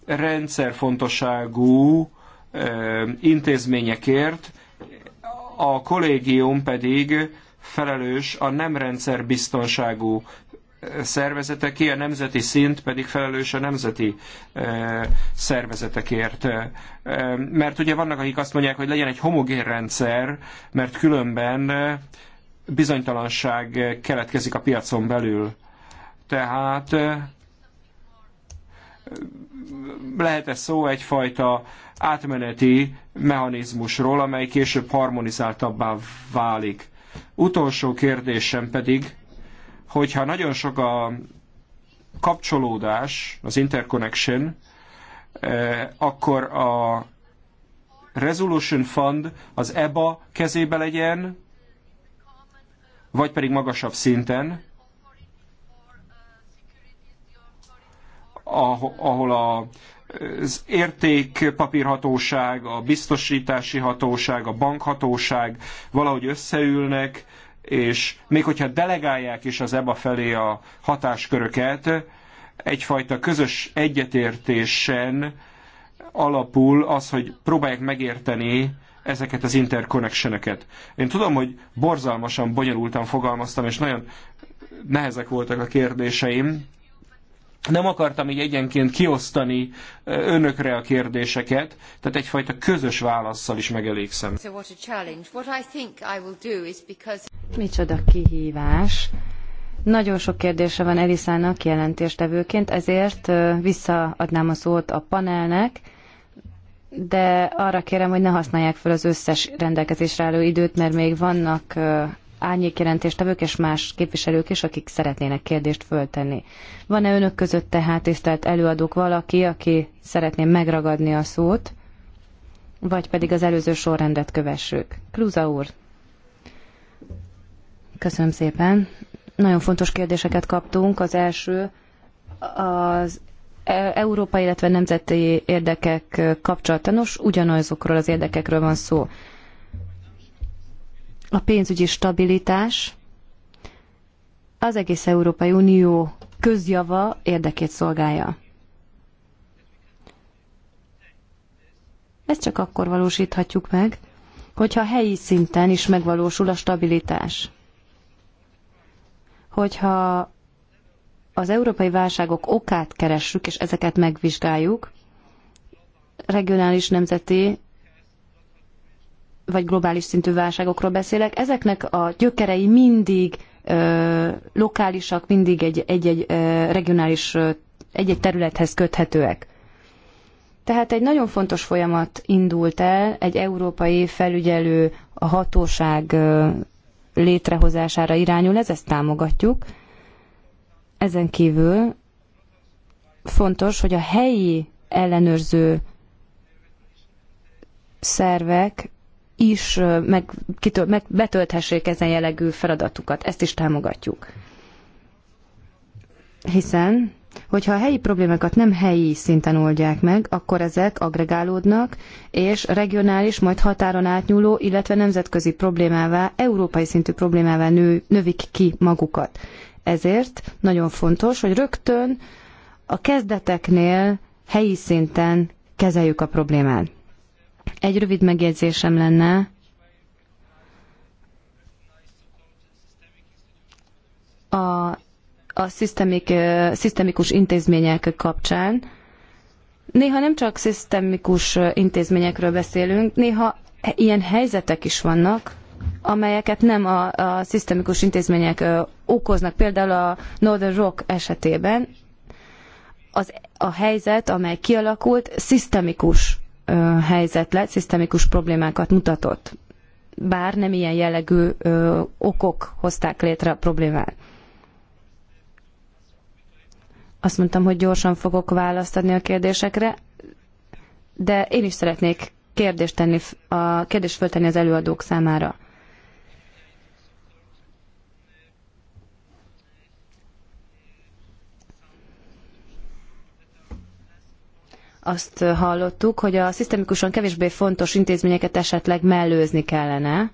rendszerfontosságú intézményekért, a kollégium pedig felelős a nem rendszerbiztonságú eh, szervezeteké, a nemzeti szint pedig felelős a nemzeti eh, szervezetekért. Eh, mert ugye vannak, akik azt mondják, hogy legyen egy homogén rendszer, mert különben bizonytalanság keletkezik a piacon belül. Tehát lehet-e szó egyfajta átmeneti mechanizmusról, amely később harmonizáltabbá válik. Utolsó kérdésem pedig, hogyha nagyon sok a kapcsolódás, az interconnection, eh, akkor a Resolution Fund az EBA kezébe legyen, vagy pedig magasabb szinten, ahol a, az értékpapírhatóság, a biztosítási hatóság, a bankhatóság valahogy összeülnek, és még hogyha delegálják is az EBA felé a hatásköröket, egyfajta közös egyetértésen alapul az, hogy próbálják megérteni ezeket az interconnectioneket. Én tudom, hogy borzalmasan, bonyolultan fogalmaztam, és nagyon nehezek voltak a kérdéseim, nem akartam így egyenként kiosztani önökre a kérdéseket, tehát egyfajta közös válaszsal is megelégszem. a Micsoda kihívás. Nagyon sok kérdése van Elisának jelentéstevőként, ezért visszaadnám a szót a panelnek, de arra kérem, hogy ne használják fel az összes rendelkezésre álló időt, mert még vannak árnyékjelentéstevők és más képviselők is, akik szeretnének kérdést föltenni. Van-e önök között tehát tisztelt előadók valaki, aki szeretné megragadni a szót, vagy pedig az előző sorrendet kövessük? Klúza úr, köszönöm szépen. Nagyon fontos kérdéseket kaptunk. Az első az e-, Európa, illetve nemzeti érdekek kapcsolata. ugyanazokról az érdekekről van szó a pénzügyi stabilitás az egész Európai Unió közjava érdekét szolgálja. Ezt csak akkor valósíthatjuk meg, hogyha helyi szinten is megvalósul a stabilitás. Hogyha az európai válságok okát keressük, és ezeket megvizsgáljuk, regionális, nemzeti vagy globális szintű válságokról beszélek, ezeknek a gyökerei mindig ö, lokálisak, mindig egy-egy regionális, egy-egy területhez köthetőek. Tehát egy nagyon fontos folyamat indult el, egy európai felügyelő a hatóság létrehozására irányul, ez ezt támogatjuk. Ezen kívül fontos, hogy a helyi ellenőrző szervek is meg, kitől, meg betölthessék ezen jellegű feladatukat. Ezt is támogatjuk. Hiszen, hogyha a helyi problémákat nem helyi szinten oldják meg, akkor ezek agregálódnak, és regionális, majd határon átnyúló, illetve nemzetközi problémává, európai szintű problémává nő, növik ki magukat. Ezért nagyon fontos, hogy rögtön a kezdeteknél helyi szinten kezeljük a problémát. Egy rövid megjegyzésem lenne. A, a szisztemik, szisztemikus intézmények kapcsán. Néha nem csak szisztemikus intézményekről beszélünk, néha e, ilyen helyzetek is vannak, amelyeket nem a, a szisztemikus intézmények okoznak. Például a Northern Rock esetében az, a helyzet, amely kialakult, szisztemikus helyzet lett, szisztemikus problémákat mutatott. Bár nem ilyen jellegű okok hozták létre a problémát. Azt mondtam, hogy gyorsan fogok választ adni a kérdésekre, de én is szeretnék kérdést, tenni, a kérdést föltenni az előadók számára. azt hallottuk, hogy a szisztemikusan kevésbé fontos intézményeket esetleg mellőzni kellene.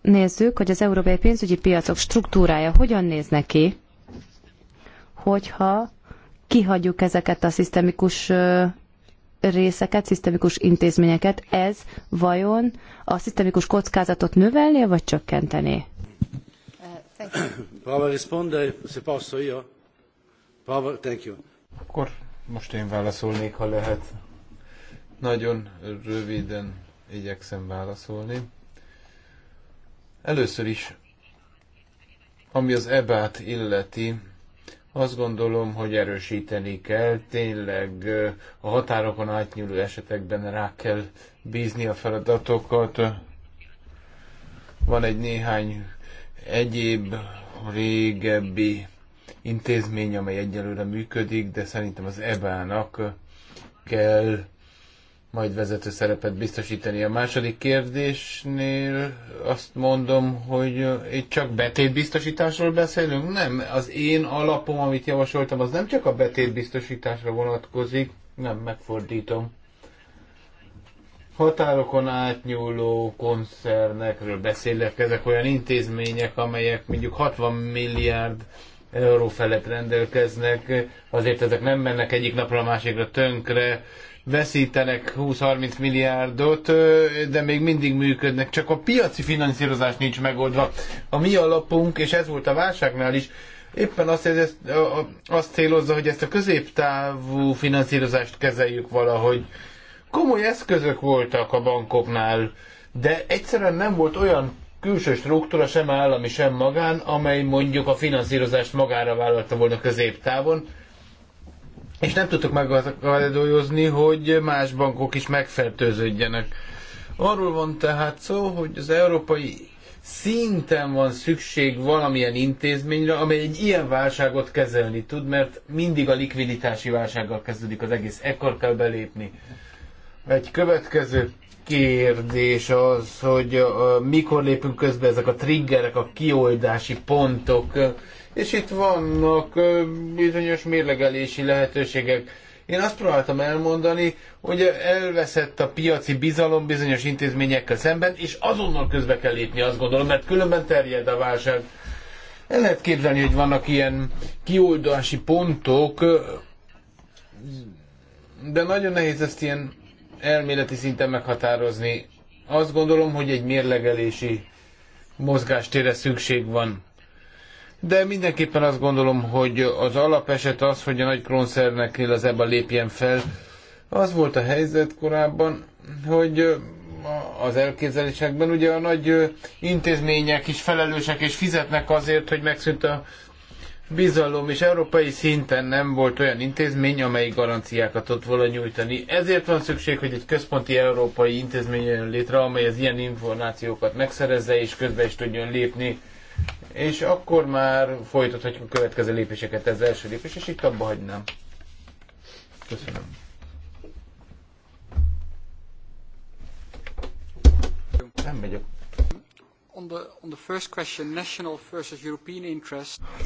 Nézzük, hogy az európai pénzügyi piacok struktúrája hogyan néz neki, hogyha kihagyjuk ezeket a szisztemikus részeket, szisztemikus intézményeket, ez vajon a szisztemikus kockázatot növelné, vagy csökkenteni? Prova rispondere, se posso io? Prova, thank you. Akkor most én válaszolnék, ha lehet. Nagyon röviden igyekszem válaszolni. Először is, ami az ebát illeti, azt gondolom, hogy erősíteni kell, tényleg a határokon átnyúló esetekben rá kell bízni a feladatokat. Van egy néhány egyéb régebbi intézmény, amely egyelőre működik, de szerintem az EBA-nak kell majd vezető szerepet biztosítani. A második kérdésnél azt mondom, hogy itt csak betétbiztosításról beszélünk? Nem, az én alapom, amit javasoltam, az nem csak a betétbiztosításra vonatkozik, nem, megfordítom. Határokon átnyúló koncernekről beszélek, ezek olyan intézmények, amelyek mondjuk 60 milliárd felett rendelkeznek, azért ezek nem mennek egyik napra a másikra tönkre, veszítenek 20-30 milliárdot, de még mindig működnek, csak a piaci finanszírozás nincs megoldva. A mi alapunk, és ez volt a válságnál is, éppen azt, ez, azt célozza, hogy ezt a középtávú finanszírozást kezeljük valahogy. Komoly eszközök voltak a bankoknál, de egyszerűen nem volt olyan külső struktúra, sem állami, sem magán, amely mondjuk a finanszírozást magára vállalta volna középtávon, és nem tudtuk megakadályozni, hogy más bankok is megfertőződjenek. Arról van tehát szó, hogy az európai szinten van szükség valamilyen intézményre, amely egy ilyen válságot kezelni tud, mert mindig a likviditási válsággal kezdődik az egész, ekkor kell belépni. Egy következő kérdés az, hogy mikor lépünk közbe ezek a triggerek, a kioldási pontok, és itt vannak bizonyos mérlegelési lehetőségek. Én azt próbáltam elmondani, hogy elveszett a piaci bizalom bizonyos intézményekkel szemben, és azonnal közbe kell lépni, azt gondolom, mert különben terjed a válság. El lehet képzelni, hogy vannak ilyen kioldási pontok, de nagyon nehéz ezt ilyen elméleti szinten meghatározni. Azt gondolom, hogy egy mérlegelési mozgástére szükség van. De mindenképpen azt gondolom, hogy az alapeset az, hogy a nagy krónszerneknél az ebben lépjen fel. Az volt a helyzet korábban, hogy az elképzelésekben ugye a nagy intézmények is felelősek és fizetnek azért, hogy megszűnt a bizalom, és európai szinten nem volt olyan intézmény, amely garanciákat tudott volna nyújtani. Ezért van szükség, hogy egy központi európai intézmény jön létre, amely az ilyen információkat megszerezze, és közben is tudjon lépni. És akkor már folytathatjuk a következő lépéseket, ez az első lépés, és itt abba hagynám. Köszönöm. Nem megyek.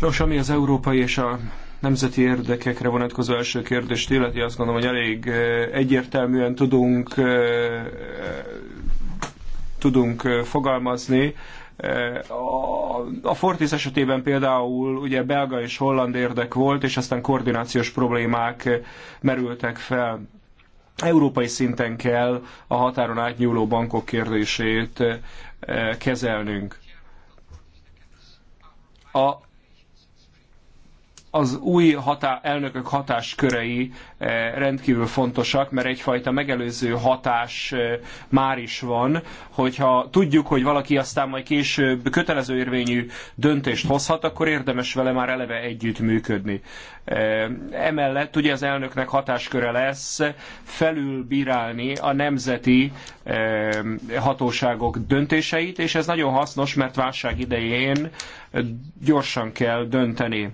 Nos, ami az európai és a nemzeti érdekekre vonatkozó első kérdést illeti, azt gondolom, hogy elég eh, egyértelműen tudunk, eh, eh, tudunk fogalmazni. A Fortis esetében például ugye belga és holland érdek volt, és aztán koordinációs problémák merültek fel európai szinten kell a határon átnyúló bankok kérdését eh, kezelnünk. A az új hatá, elnökök hatáskörei eh, rendkívül fontosak, mert egyfajta megelőző hatás eh, már is van, hogyha tudjuk, hogy valaki aztán majd később kötelező érvényű döntést hozhat, akkor érdemes vele már eleve együtt működni. Eh, emellett ugye az elnöknek hatásköre lesz felülbírálni a nemzeti hatóságok döntéseit, és ez nagyon hasznos, mert válság idején gyorsan kell dönteni.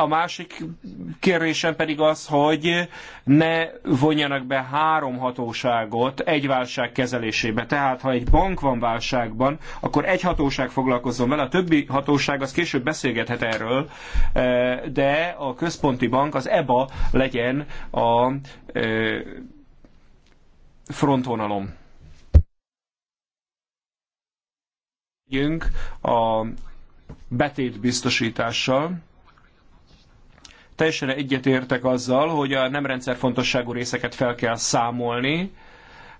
A másik kérdésem pedig az, hogy ne vonjanak be három hatóságot egy válság kezelésébe. Tehát, ha egy bank van válságban, akkor egy hatóság foglalkozzon vele, a többi hatóság az később beszélgethet erről, e, de a központi bank, az EBA legyen a e, frontvonalom. a betétbiztosítással teljesen egyetértek azzal, hogy a nem rendszerfontosságú részeket fel kell számolni,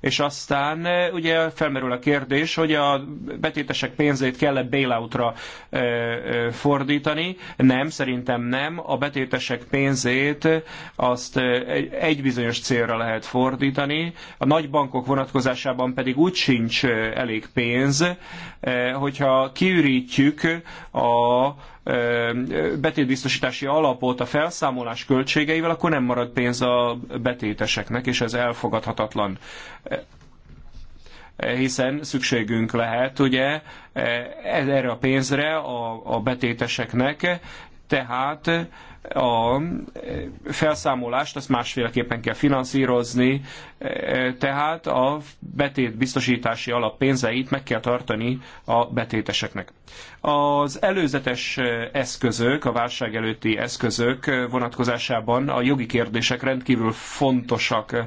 és aztán e, ugye felmerül a kérdés, hogy a betétesek pénzét kell-e bailoutra e, e, fordítani. Nem, szerintem nem. A betétesek pénzét azt egy bizonyos célra lehet fordítani. A nagy bankok vonatkozásában pedig úgy sincs elég pénz, hogyha kiürítjük a betétbiztosítási alapot a felszámolás költségeivel, akkor nem marad pénz a betéteseknek, és ez elfogadhatatlan hiszen szükségünk lehet ugye erre a pénzre a, a betéteseknek, tehát a felszámolást ezt másféleképpen kell finanszírozni, tehát a betét biztosítási alap pénzeit meg kell tartani a betéteseknek. Az előzetes eszközök, a válság előtti eszközök vonatkozásában a jogi kérdések rendkívül fontosak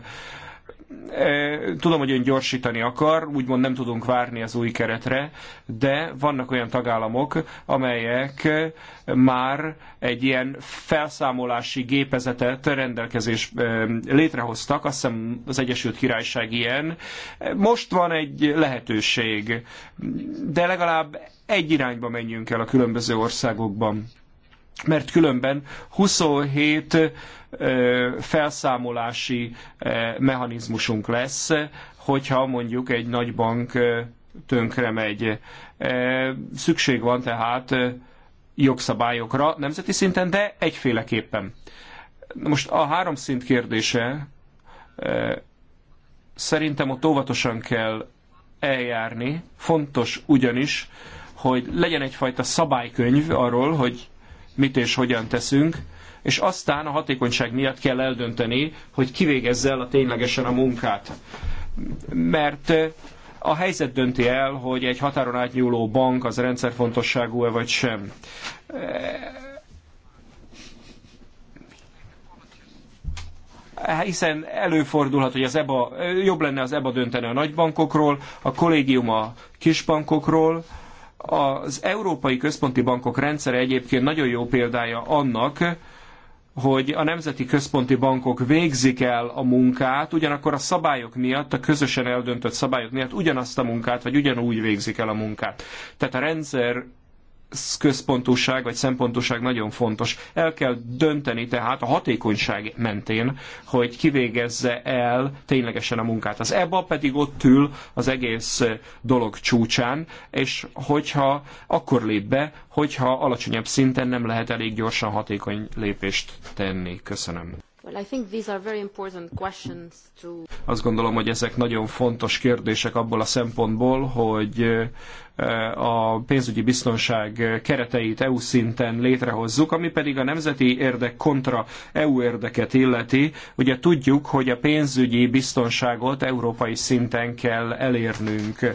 tudom, hogy ön gyorsítani akar, úgymond nem tudunk várni az új keretre, de vannak olyan tagállamok, amelyek már egy ilyen felszámolási gépezetet rendelkezés létrehoztak, azt hiszem az Egyesült Királyság ilyen. Most van egy lehetőség, de legalább egy irányba menjünk el a különböző országokban mert különben 27 felszámolási mechanizmusunk lesz, hogyha mondjuk egy nagy bank tönkre megy. Szükség van tehát jogszabályokra nemzeti szinten, de egyféleképpen. Most a három szint kérdése szerintem ott óvatosan kell eljárni. Fontos ugyanis, hogy legyen egyfajta szabálykönyv arról, hogy mit és hogyan teszünk, és aztán a hatékonyság miatt kell eldönteni, hogy kivégezze el a ténylegesen a munkát. Mert a helyzet dönti el, hogy egy határon átnyúló bank az rendszerfontosságú-e vagy sem. hiszen előfordulhat, hogy az EBA, jobb lenne az EBA dönteni a nagybankokról, a kollégium a kisbankokról, az európai központi bankok rendszere egyébként nagyon jó példája annak, hogy a nemzeti központi bankok végzik el a munkát, ugyanakkor a szabályok miatt, a közösen eldöntött szabályok miatt ugyanazt a munkát, vagy ugyanúgy végzik el a munkát. Tehát a rendszer központúság vagy szempontúság nagyon fontos. El kell dönteni tehát a hatékonyság mentén, hogy kivégezze el ténylegesen a munkát. Az EBA pedig ott ül az egész dolog csúcsán, és hogyha akkor lép be, hogyha alacsonyabb szinten nem lehet elég gyorsan hatékony lépést tenni. Köszönöm. Azt gondolom, hogy ezek nagyon fontos kérdések abból a szempontból, hogy a pénzügyi biztonság kereteit EU szinten létrehozzuk, ami pedig a nemzeti érdek kontra EU érdeket illeti. Ugye tudjuk, hogy a pénzügyi biztonságot európai szinten kell elérnünk.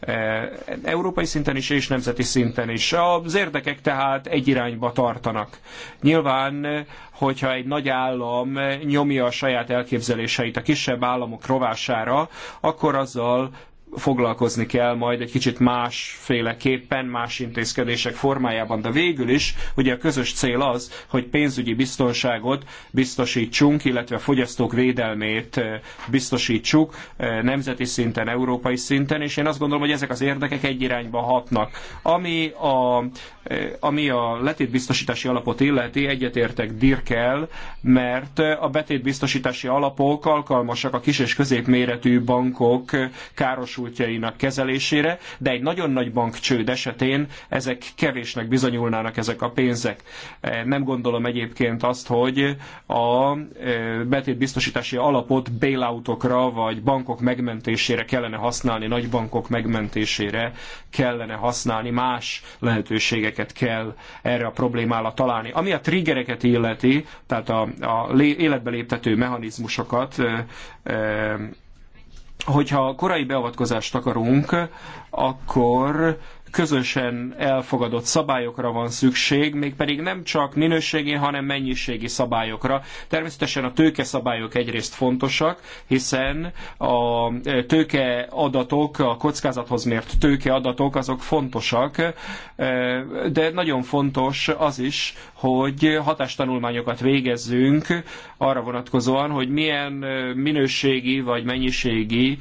E, európai szinten is és nemzeti szinten is. Az érdekek tehát egy irányba tartanak. Nyilván hogyha egy nagy állam nyomja a saját elképzeléseit a kisebb államok rovására, akkor azzal foglalkozni kell majd egy kicsit másféleképpen, más intézkedések formájában, de végül is ugye a közös cél az, hogy pénzügyi biztonságot biztosítsunk, illetve a fogyasztók védelmét eh, biztosítsuk eh, nemzeti szinten, európai szinten, és én azt gondolom, hogy ezek az érdekek egy irányba hatnak. Ami a, eh, ami a letétbiztosítási alapot illeti, egyetértek Dirkel, mert a betétbiztosítási alapok alkalmasak a kis és középméretű bankok káros jogosultjainak kezelésére, de egy nagyon nagy bankcsőd esetén ezek kevésnek bizonyulnának ezek a pénzek. E, nem gondolom egyébként azt, hogy a e, betétbiztosítási alapot bailoutokra vagy bankok megmentésére kellene használni, nagy bankok megmentésére kellene használni, más lehetőségeket kell erre a problémára találni. Ami a triggereket illeti, tehát a, a lé, életbe léptető mechanizmusokat, e, hogyha korai beavatkozást akarunk, akkor közösen elfogadott szabályokra van szükség, mégpedig nem csak minőségi, hanem mennyiségi szabályokra. Természetesen a tőke szabályok egyrészt fontosak, hiszen a e, tőke adatok, a kockázathoz mért tőke adatok azok fontosak, e, de nagyon fontos az is, hogy hatástanulmányokat végezzünk arra vonatkozóan, hogy milyen e, minőségi vagy mennyiségi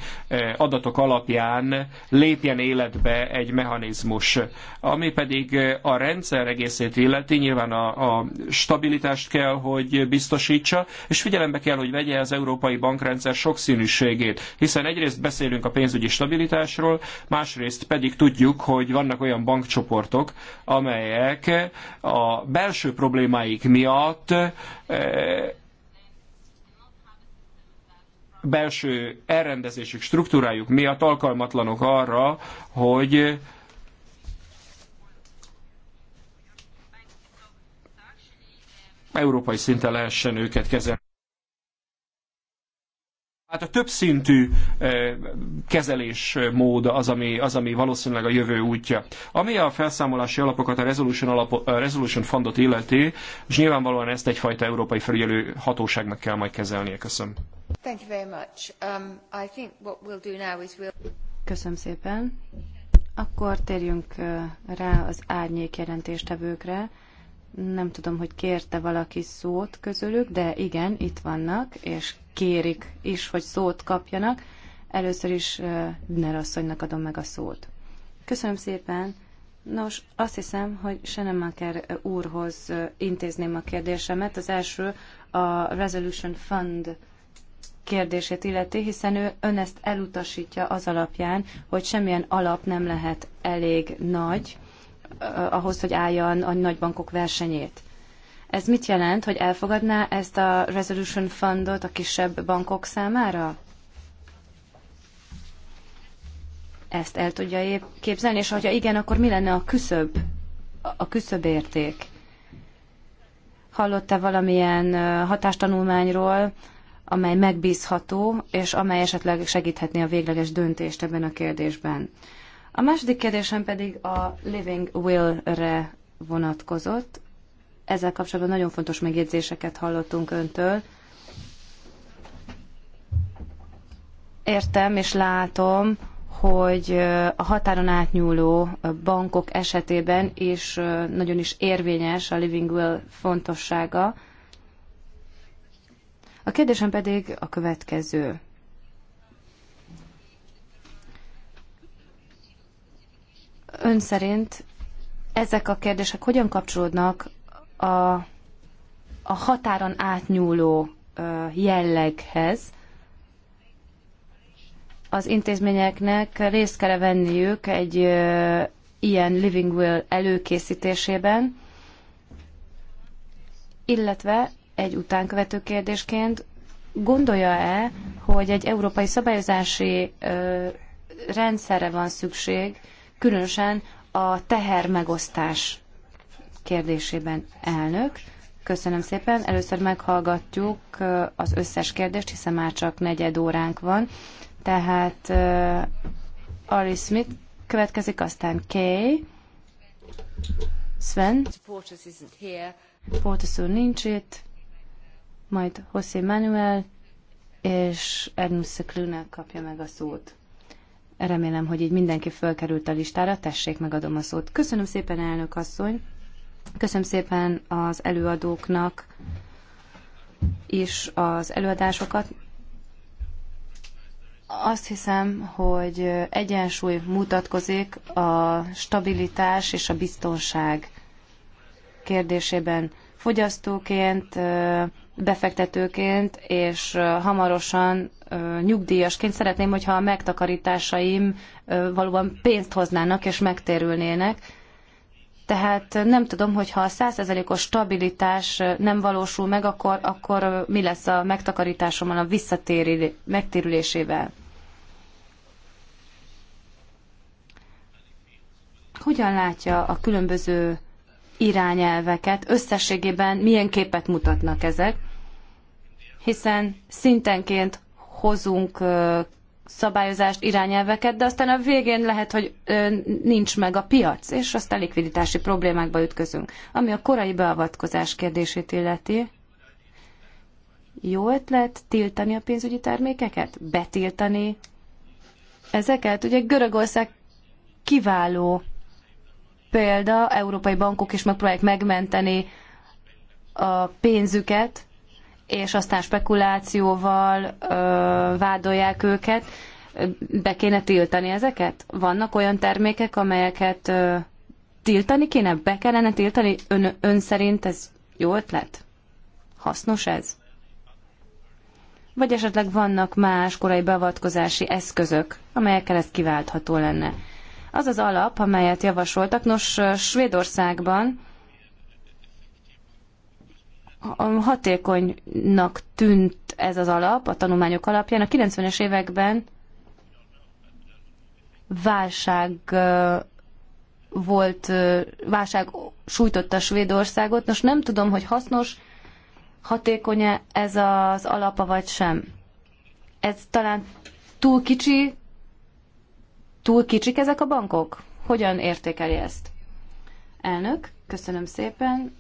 adatok alapján lépjen életbe egy mechanizmus mechanizmus. Ami pedig eh, a rendszer egészét illeti, nyilván a, a stabilitást kell, hogy biztosítsa, és figyelembe kell, hogy vegye az európai bankrendszer sokszínűségét, hiszen egyrészt beszélünk a pénzügyi stabilitásról, másrészt pedig tudjuk, hogy vannak olyan bankcsoportok, amelyek a belső problémáik miatt eh, belső elrendezésük, struktúrájuk miatt alkalmatlanok arra, hogy európai szinten lehessen őket kezelni. Hát a többszintű eh, kezelésmód az ami, az, ami valószínűleg a jövő útja. Ami a felszámolási alapokat, a Resolution, alap, a Resolution Fundot illeti, és nyilvánvalóan ezt egyfajta európai felügyelő hatóságnak kell majd kezelnie. Köszönöm. Thank you very much. Um, I think what we'll do now is we'll... Köszönöm szépen. Akkor térjünk eh, rá az árnyék jelentéstevőkre. Nem tudom, hogy kérte valaki szót közülük, de igen, itt vannak, és kérik is, hogy szót kapjanak. Először is Hübner asszonynak adom meg a szót. Köszönöm szépen. Nos, azt hiszem, hogy Senemaker úrhoz intézném a kérdésemet. Az első a Resolution Fund kérdését illeti, hiszen ő ön ezt elutasítja az alapján, hogy semmilyen alap nem lehet elég nagy Eh, ahhoz, hogy álljon a nagybankok versenyét. Ez mit jelent, hogy elfogadná ezt a Resolution Fundot a kisebb bankok számára? Ezt el tudja képzelni, és ha igen, akkor mi lenne a küszöb, a küszöb érték? Hallott-e valamilyen eh, hatástanulmányról, amely megbízható, és amely esetleg segíthetné a végleges döntést ebben a kérdésben? A második kérdésem pedig a Living Will-re vonatkozott. Ezzel kapcsolatban nagyon fontos megjegyzéseket hallottunk öntől. Értem és látom, hogy a határon átnyúló bankok esetében is nagyon is érvényes a Living Will fontossága. A kérdésem pedig a következő. Ön szerint ezek a kérdések hogyan kapcsolódnak a, a határon átnyúló jelleghez? Az intézményeknek részt kell venniük egy ilyen Living Will előkészítésében, illetve egy utánkövető kérdésként gondolja-e, hogy egy európai szabályozási rendszerre van szükség, különösen a teher megosztás kérdésében elnök. Köszönöm szépen. Először meghallgatjuk uh, az összes kérdést, hiszen már csak negyed óránk van. Tehát uh, Ari Smith következik, aztán Kay, Sven, Portis úr nincs itt, majd José Manuel, és Edmund Szeklőnek kapja meg a szót. Remélem, hogy így mindenki fölkerült a listára. Tessék, megadom a szót. Köszönöm szépen, elnök asszony. Köszönöm szépen az előadóknak is az előadásokat. Azt hiszem, hogy egyensúly mutatkozik a stabilitás és a biztonság kérdésében. Fogyasztóként befektetőként, és hamarosan nyugdíjasként szeretném, hogyha a megtakarításaim valóban pénzt hoznának és megtérülnének. Tehát nem tudom, hogy ha a 100%-os stabilitás nem valósul meg, akkor, akkor mi lesz a megtakarításommal a visszatérül, megtérülésével. Hogyan látja a különböző irányelveket? Összességében milyen képet mutatnak ezek? hiszen szintenként hozunk szabályozást, irányelveket, de aztán a végén lehet, hogy nincs meg a piac, és aztán likviditási problémákba ütközünk. Ami a korai beavatkozás kérdését illeti, jó ötlet tiltani a pénzügyi termékeket? Betiltani ezeket? Ugye Görögország kiváló példa, európai bankok is megpróbálják megmenteni a pénzüket, és aztán spekulációval ö, vádolják őket. Be kéne tiltani ezeket? Vannak olyan termékek, amelyeket ö, tiltani kéne? Be kellene tiltani? Ön, ön szerint ez jó ötlet? Hasznos ez? Vagy esetleg vannak más korai beavatkozási eszközök, amelyekkel ez kiváltható lenne? Az az alap, amelyet javasoltak, nos, Svédországban hatékonynak tűnt ez az alap, a tanulmányok alapján. A 90-es években válság volt, válság sújtotta Svédországot. Most nem tudom, hogy hasznos, hatékony-e ez az alapa, vagy sem. Ez talán túl kicsi, túl kicsik ezek a bankok? Hogyan értékeli ezt? Elnök, köszönöm szépen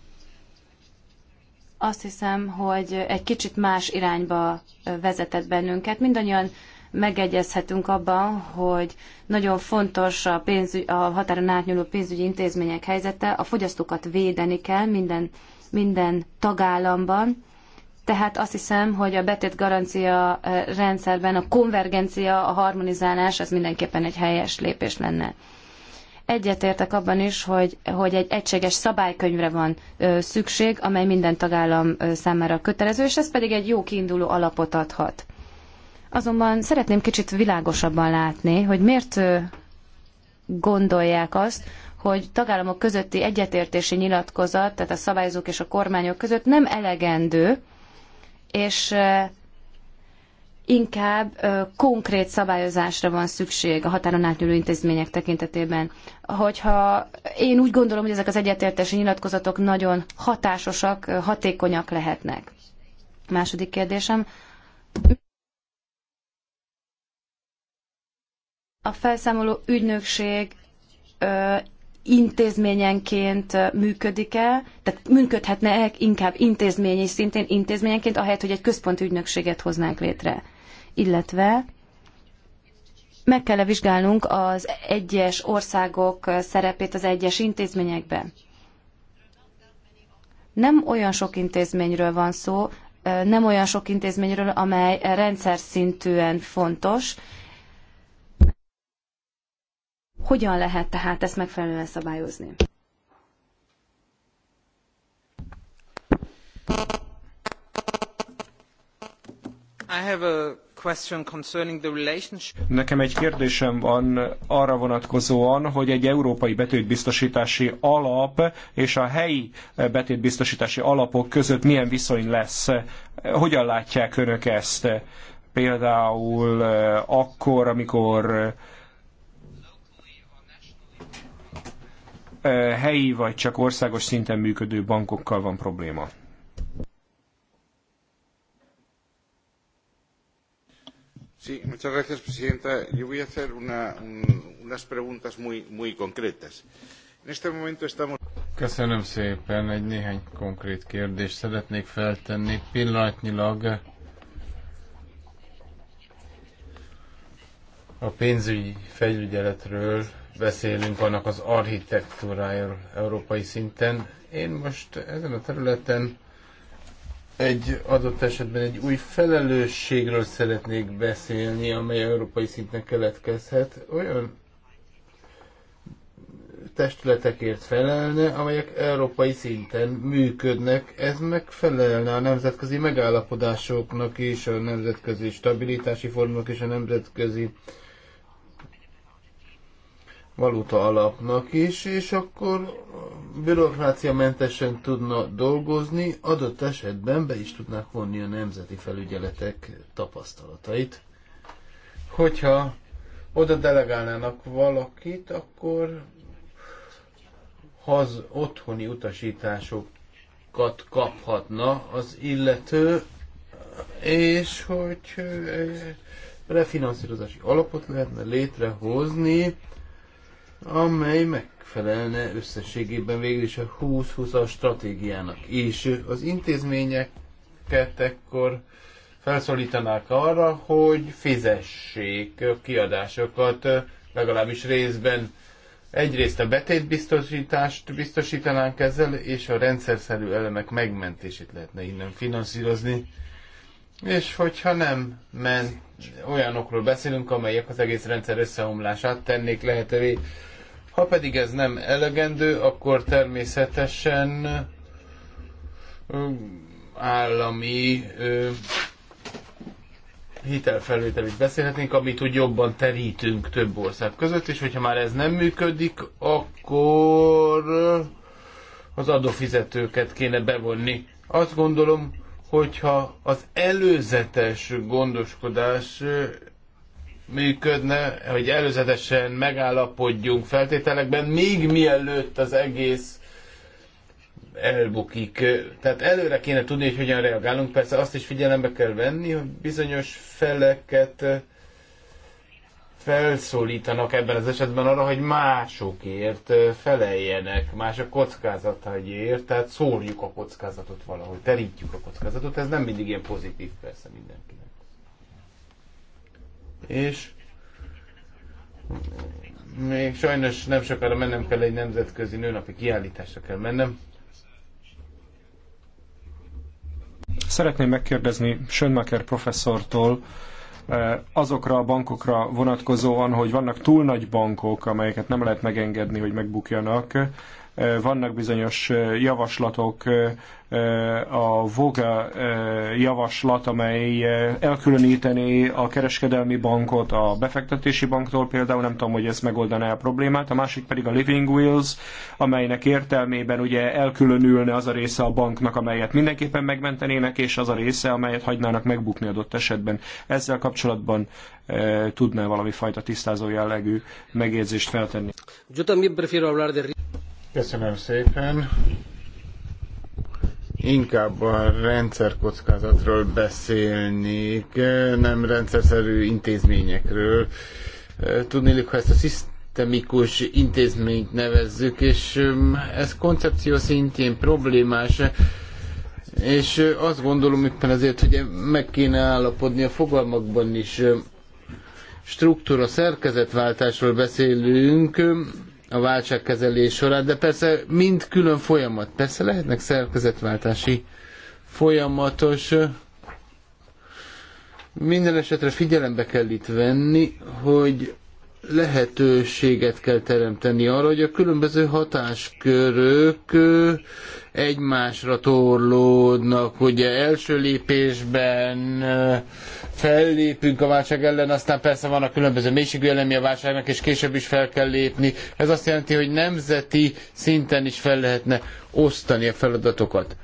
azt hiszem, hogy egy kicsit más irányba vezetett bennünket. Mindannyian megegyezhetünk abban, hogy nagyon fontos a, pénzügy, a határon átnyúló pénzügyi intézmények helyzete, a fogyasztókat védeni kell minden, minden tagállamban, tehát azt hiszem, hogy a betét garancia eh, rendszerben a konvergencia, a harmonizálás az mindenképpen egy helyes lépés lenne. Egyetértek abban is, hogy, hogy egy egységes szabálykönyvre van ö, szükség, amely minden tagállam ö, számára kötelező, és ez pedig egy jó kiinduló alapot adhat. Azonban szeretném kicsit világosabban látni, hogy miért ö, gondolják azt, hogy tagállamok közötti egyetértési nyilatkozat, tehát a szabályozók és a kormányok között nem elegendő, és inkább ö, konkrét szabályozásra van szükség a határon átnyúló intézmények tekintetében. Hogyha én úgy gondolom, hogy ezek az egyetértési nyilatkozatok nagyon hatásosak, hatékonyak lehetnek. Második kérdésem. A felszámoló ügynökség ö, intézményenként működik-e, tehát működhetne -e inkább intézményi szintén intézményenként, ahelyett, hogy egy központi ügynökséget hoznánk létre illetve meg kell -e vizsgálnunk az egyes országok szerepét az egyes intézményekben. Nem olyan sok intézményről van szó, nem olyan sok intézményről, amely rendszer szintűen fontos. Hogyan lehet tehát ezt megfelelően szabályozni? I have a Nekem egy kérdésem van arra vonatkozóan, hogy egy európai betétbiztosítási alap és a helyi betétbiztosítási alapok között milyen viszony lesz. Hogyan látják önök ezt? Például eh, akkor, amikor eh, helyi vagy csak országos szinten működő bankokkal van probléma. señora presidenta. Yo voy a hacer unas preguntas muy, concretas. En este momento estamos... Köszönöm szépen, egy néhány konkrét kérdést szeretnék feltenni. Pillanatnyilag a pénzügyi felügyeletről beszélünk, annak az architektúrájáról európai szinten. Én most ezen a területen egy adott esetben egy új felelősségről szeretnék beszélni, amely európai szinten keletkezhet. Olyan testületekért felelne, amelyek európai szinten működnek. Ez megfelelne a nemzetközi megállapodásoknak is a nemzetközi stabilitási formok és a nemzetközi valuta alapnak is, és akkor mentesen tudna dolgozni, adott esetben be is tudnák vonni a nemzeti felügyeletek tapasztalatait. Hogyha oda delegálnának valakit, akkor haz otthoni utasításokat kaphatna az illető, és hogy eh, refinanszírozási alapot lehetne létrehozni, amely megfelelne összességében végül is a 20-20-as stratégiának. És az intézményeket ekkor felszólítanák arra, hogy fizessék a kiadásokat legalábbis részben. Egyrészt a betétbiztosítást biztosítanánk ezzel, és a rendszerszerű elemek megmentését lehetne innen finanszírozni. És hogyha nem ment, olyanokról beszélünk, amelyek az egész rendszer összeomlását tennék lehetővé. Ha pedig ez nem elegendő, akkor természetesen állami ö, hitelfelvételét beszélhetnénk, amit úgy jobban terítünk több ország között, és hogyha már ez nem működik, akkor az adófizetőket kéne bevonni. Azt gondolom, hogyha az előzetes gondoskodás működne, hogy előzetesen megállapodjunk feltételekben, még mielőtt az egész elbukik. Tehát előre kéne tudni, hogy hogyan reagálunk. Persze azt is figyelembe kell venni, hogy bizonyos feleket felszólítanak ebben az esetben arra, hogy másokért feleljenek, mások kockázataiért, tehát szórjuk a kockázatot valahogy, terítjük a kockázatot, ez nem mindig ilyen pozitív persze mindenkinek. És még sajnos nem sokára mennem kell egy nemzetközi nőnapi kiállításra kell mennem. Szeretném megkérdezni Schönmaker professzortól, Eh, azokra a bankokra vonatkozóan, hogy vannak túl nagy bankok, amelyeket nem lehet megengedni, hogy megbukjanak, vannak bizonyos javaslatok, a VOGA javaslat, amely elkülönítené a kereskedelmi bankot a befektetési banktól, például nem tudom, hogy ez megoldaná a problémát, a másik pedig a Living Wheels, amelynek értelmében ugye elkülönülne az a része a banknak, amelyet mindenképpen megmentenének, és az a része, amelyet hagynának megbukni adott esetben. Ezzel kapcsolatban e, tudná valami fajta tisztázó jellegű megjegyzést feltenni. Köszönöm szépen. Inkább a rendszerkockázatról beszélnék, nem rendszerszerű intézményekről. Tudnélik, ha ezt a szisztemikus intézményt nevezzük, és um, ez koncepció szintjén problémás, és uh, azt gondolom éppen azért, hogy meg kéne állapodni a fogalmakban is. Struktúra, szerkezetváltásról beszélünk, a válságkezelés során, de persze mind külön folyamat. Persze lehetnek szerkezetváltási folyamatos. Minden esetre figyelembe kell itt venni, hogy lehetőséget kell teremteni arra, hogy a különböző hatáskörök egymásra torlódnak. Ugye első lépésben fellépünk a válság ellen, aztán persze vannak különböző mélységű elemi a válságnak, és később is fel kell lépni. Ez azt jelenti, hogy nemzeti szinten is fel lehetne osztani a feladatokat.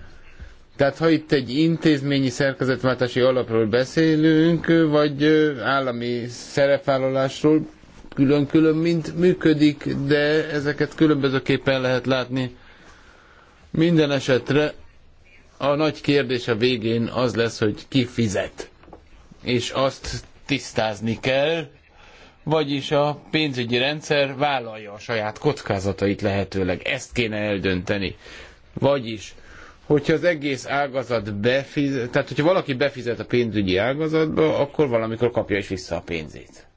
Tehát ha itt egy intézményi szerkezetváltási alapról beszélünk, vagy állami szerepvállalásról, külön-külön mint működik, de ezeket különbözőképpen lehet látni. Minden esetre a nagy kérdés a végén az lesz, hogy ki fizet és azt tisztázni kell, vagyis a pénzügyi rendszer vállalja a saját kockázatait lehetőleg. Ezt kéne eldönteni. Vagyis, hogyha az egész ágazat befizet, tehát hogyha valaki befizet a pénzügyi ágazatba, akkor valamikor kapja is vissza a pénzét.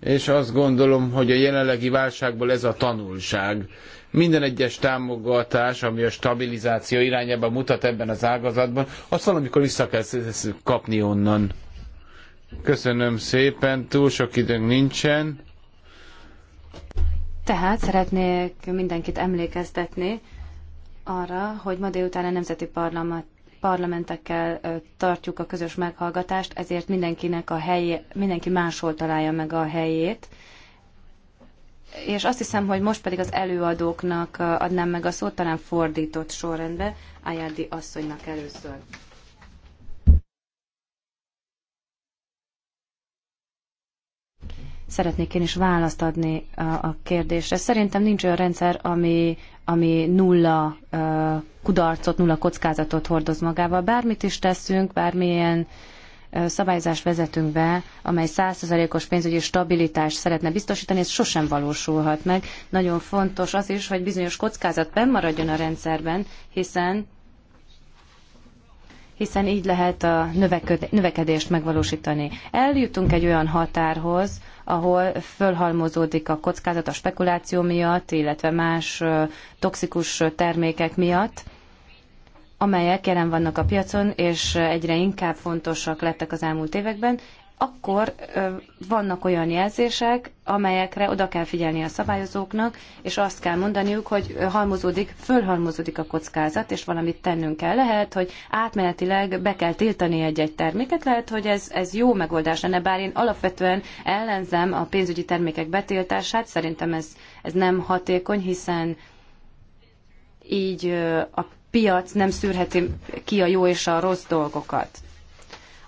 És azt gondolom, hogy a jelenlegi válságból ez a tanulság, minden egyes támogatás, ami a stabilizáció irányába mutat ebben az ágazatban, azt valamikor vissza kell kapni onnan. Köszönöm szépen, túl sok időnk nincsen. Tehát szeretnék mindenkit emlékeztetni arra, hogy ma délután a Nemzeti Parlament parlamentekkel tartjuk a közös meghallgatást, ezért mindenkinek a helye, mindenki máshol találja meg a helyét és azt hiszem, hogy most pedig az előadóknak adnám meg a szót, talán fordított sorrendbe, Ájárdi asszonynak először. Szeretnék én is választ adni a, a kérdésre. Szerintem nincs olyan rendszer, ami, ami nulla kudarcot, nulla kockázatot hordoz magával. Bármit is teszünk, bármilyen szabályzást vezetünk be, amely 100%-os pénzügyi stabilitást szeretne biztosítani, ez sosem valósulhat meg. Nagyon fontos az is, hogy bizonyos kockázat benn maradjon a rendszerben, hiszen hiszen így lehet a növekedést megvalósítani. Eljutunk egy olyan határhoz, ahol fölhalmozódik a kockázat a spekuláció miatt, illetve más toxikus termékek miatt, amelyek jelen vannak a piacon, és egyre inkább fontosak lettek az elmúlt években, akkor vannak olyan jelzések, amelyekre oda kell figyelni a szabályozóknak, és azt kell mondaniuk, hogy halmozódik, fölhalmozódik a kockázat, és valamit tennünk kell. Lehet, hogy átmenetileg be kell tiltani egy-egy terméket, lehet, hogy ez, ez jó megoldás lenne, bár én alapvetően ellenzem a pénzügyi termékek betiltását, szerintem ez, ez nem hatékony, hiszen így a piac nem szűrheti ki a jó és a rossz dolgokat.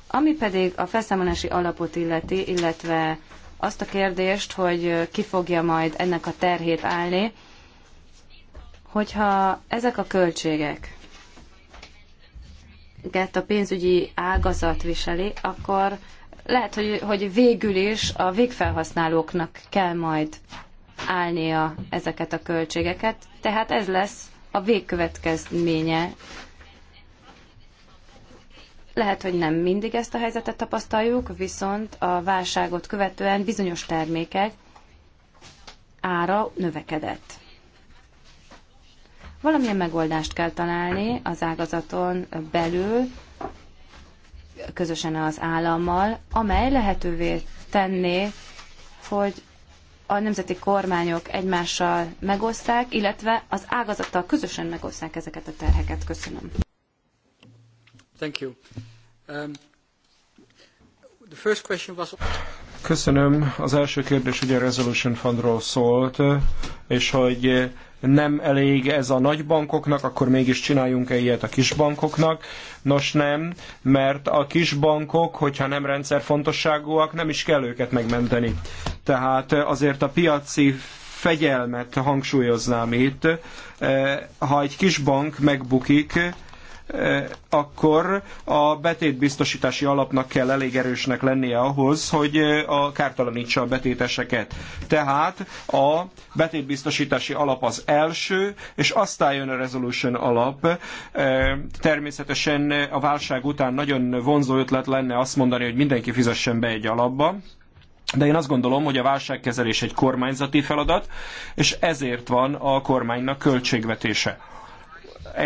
Ami pedig a felszámolási alapot illeti, illetve azt a kérdést, hogy ki fogja majd ennek a terhét állni, hogyha ezek a költségek a pénzügyi ágazat viseli, akkor lehet, hogy, hogy végül is a végfelhasználóknak kell majd állnia ezeket a költségeket, tehát ez lesz a végkövetkezménye lehet, hogy nem mindig ezt a helyzetet tapasztaljuk, viszont a válságot követően bizonyos termékek ára növekedett. Valamilyen megoldást kell találni az ágazaton belül, közösen az állammal, amely lehetővé tenné, hogy a nemzeti kormányok egymással megoszták, illetve az ágazattal közösen megosztják ezeket a terheket. Köszönöm. Thank you. Um, the first question was... Köszönöm. Az első kérdés ugye a Resolution Fundról szólt, és hogy nem elég ez a nagybankoknak, akkor mégis csináljunk-e ilyet a kisbankoknak? Nos nem, mert a kisbankok, hogyha nem rendszerfontosságúak, nem is kell őket megmenteni. Tehát azért a piaci fegyelmet hangsúlyoznám itt. Eh, ha egy kis bank megbukik, Eh, akkor a betétbiztosítási alapnak kell elég erősnek lennie ahhoz, hogy eh, a kártalanítsa a betéteseket. Tehát a betétbiztosítási alap az első, és aztán jön a resolution alap. Eh, természetesen a válság után nagyon vonzó ötlet lenne azt mondani, hogy mindenki fizessen be egy alapba, de én azt gondolom, hogy a válságkezelés egy kormányzati feladat, és ezért van a kormánynak költségvetése.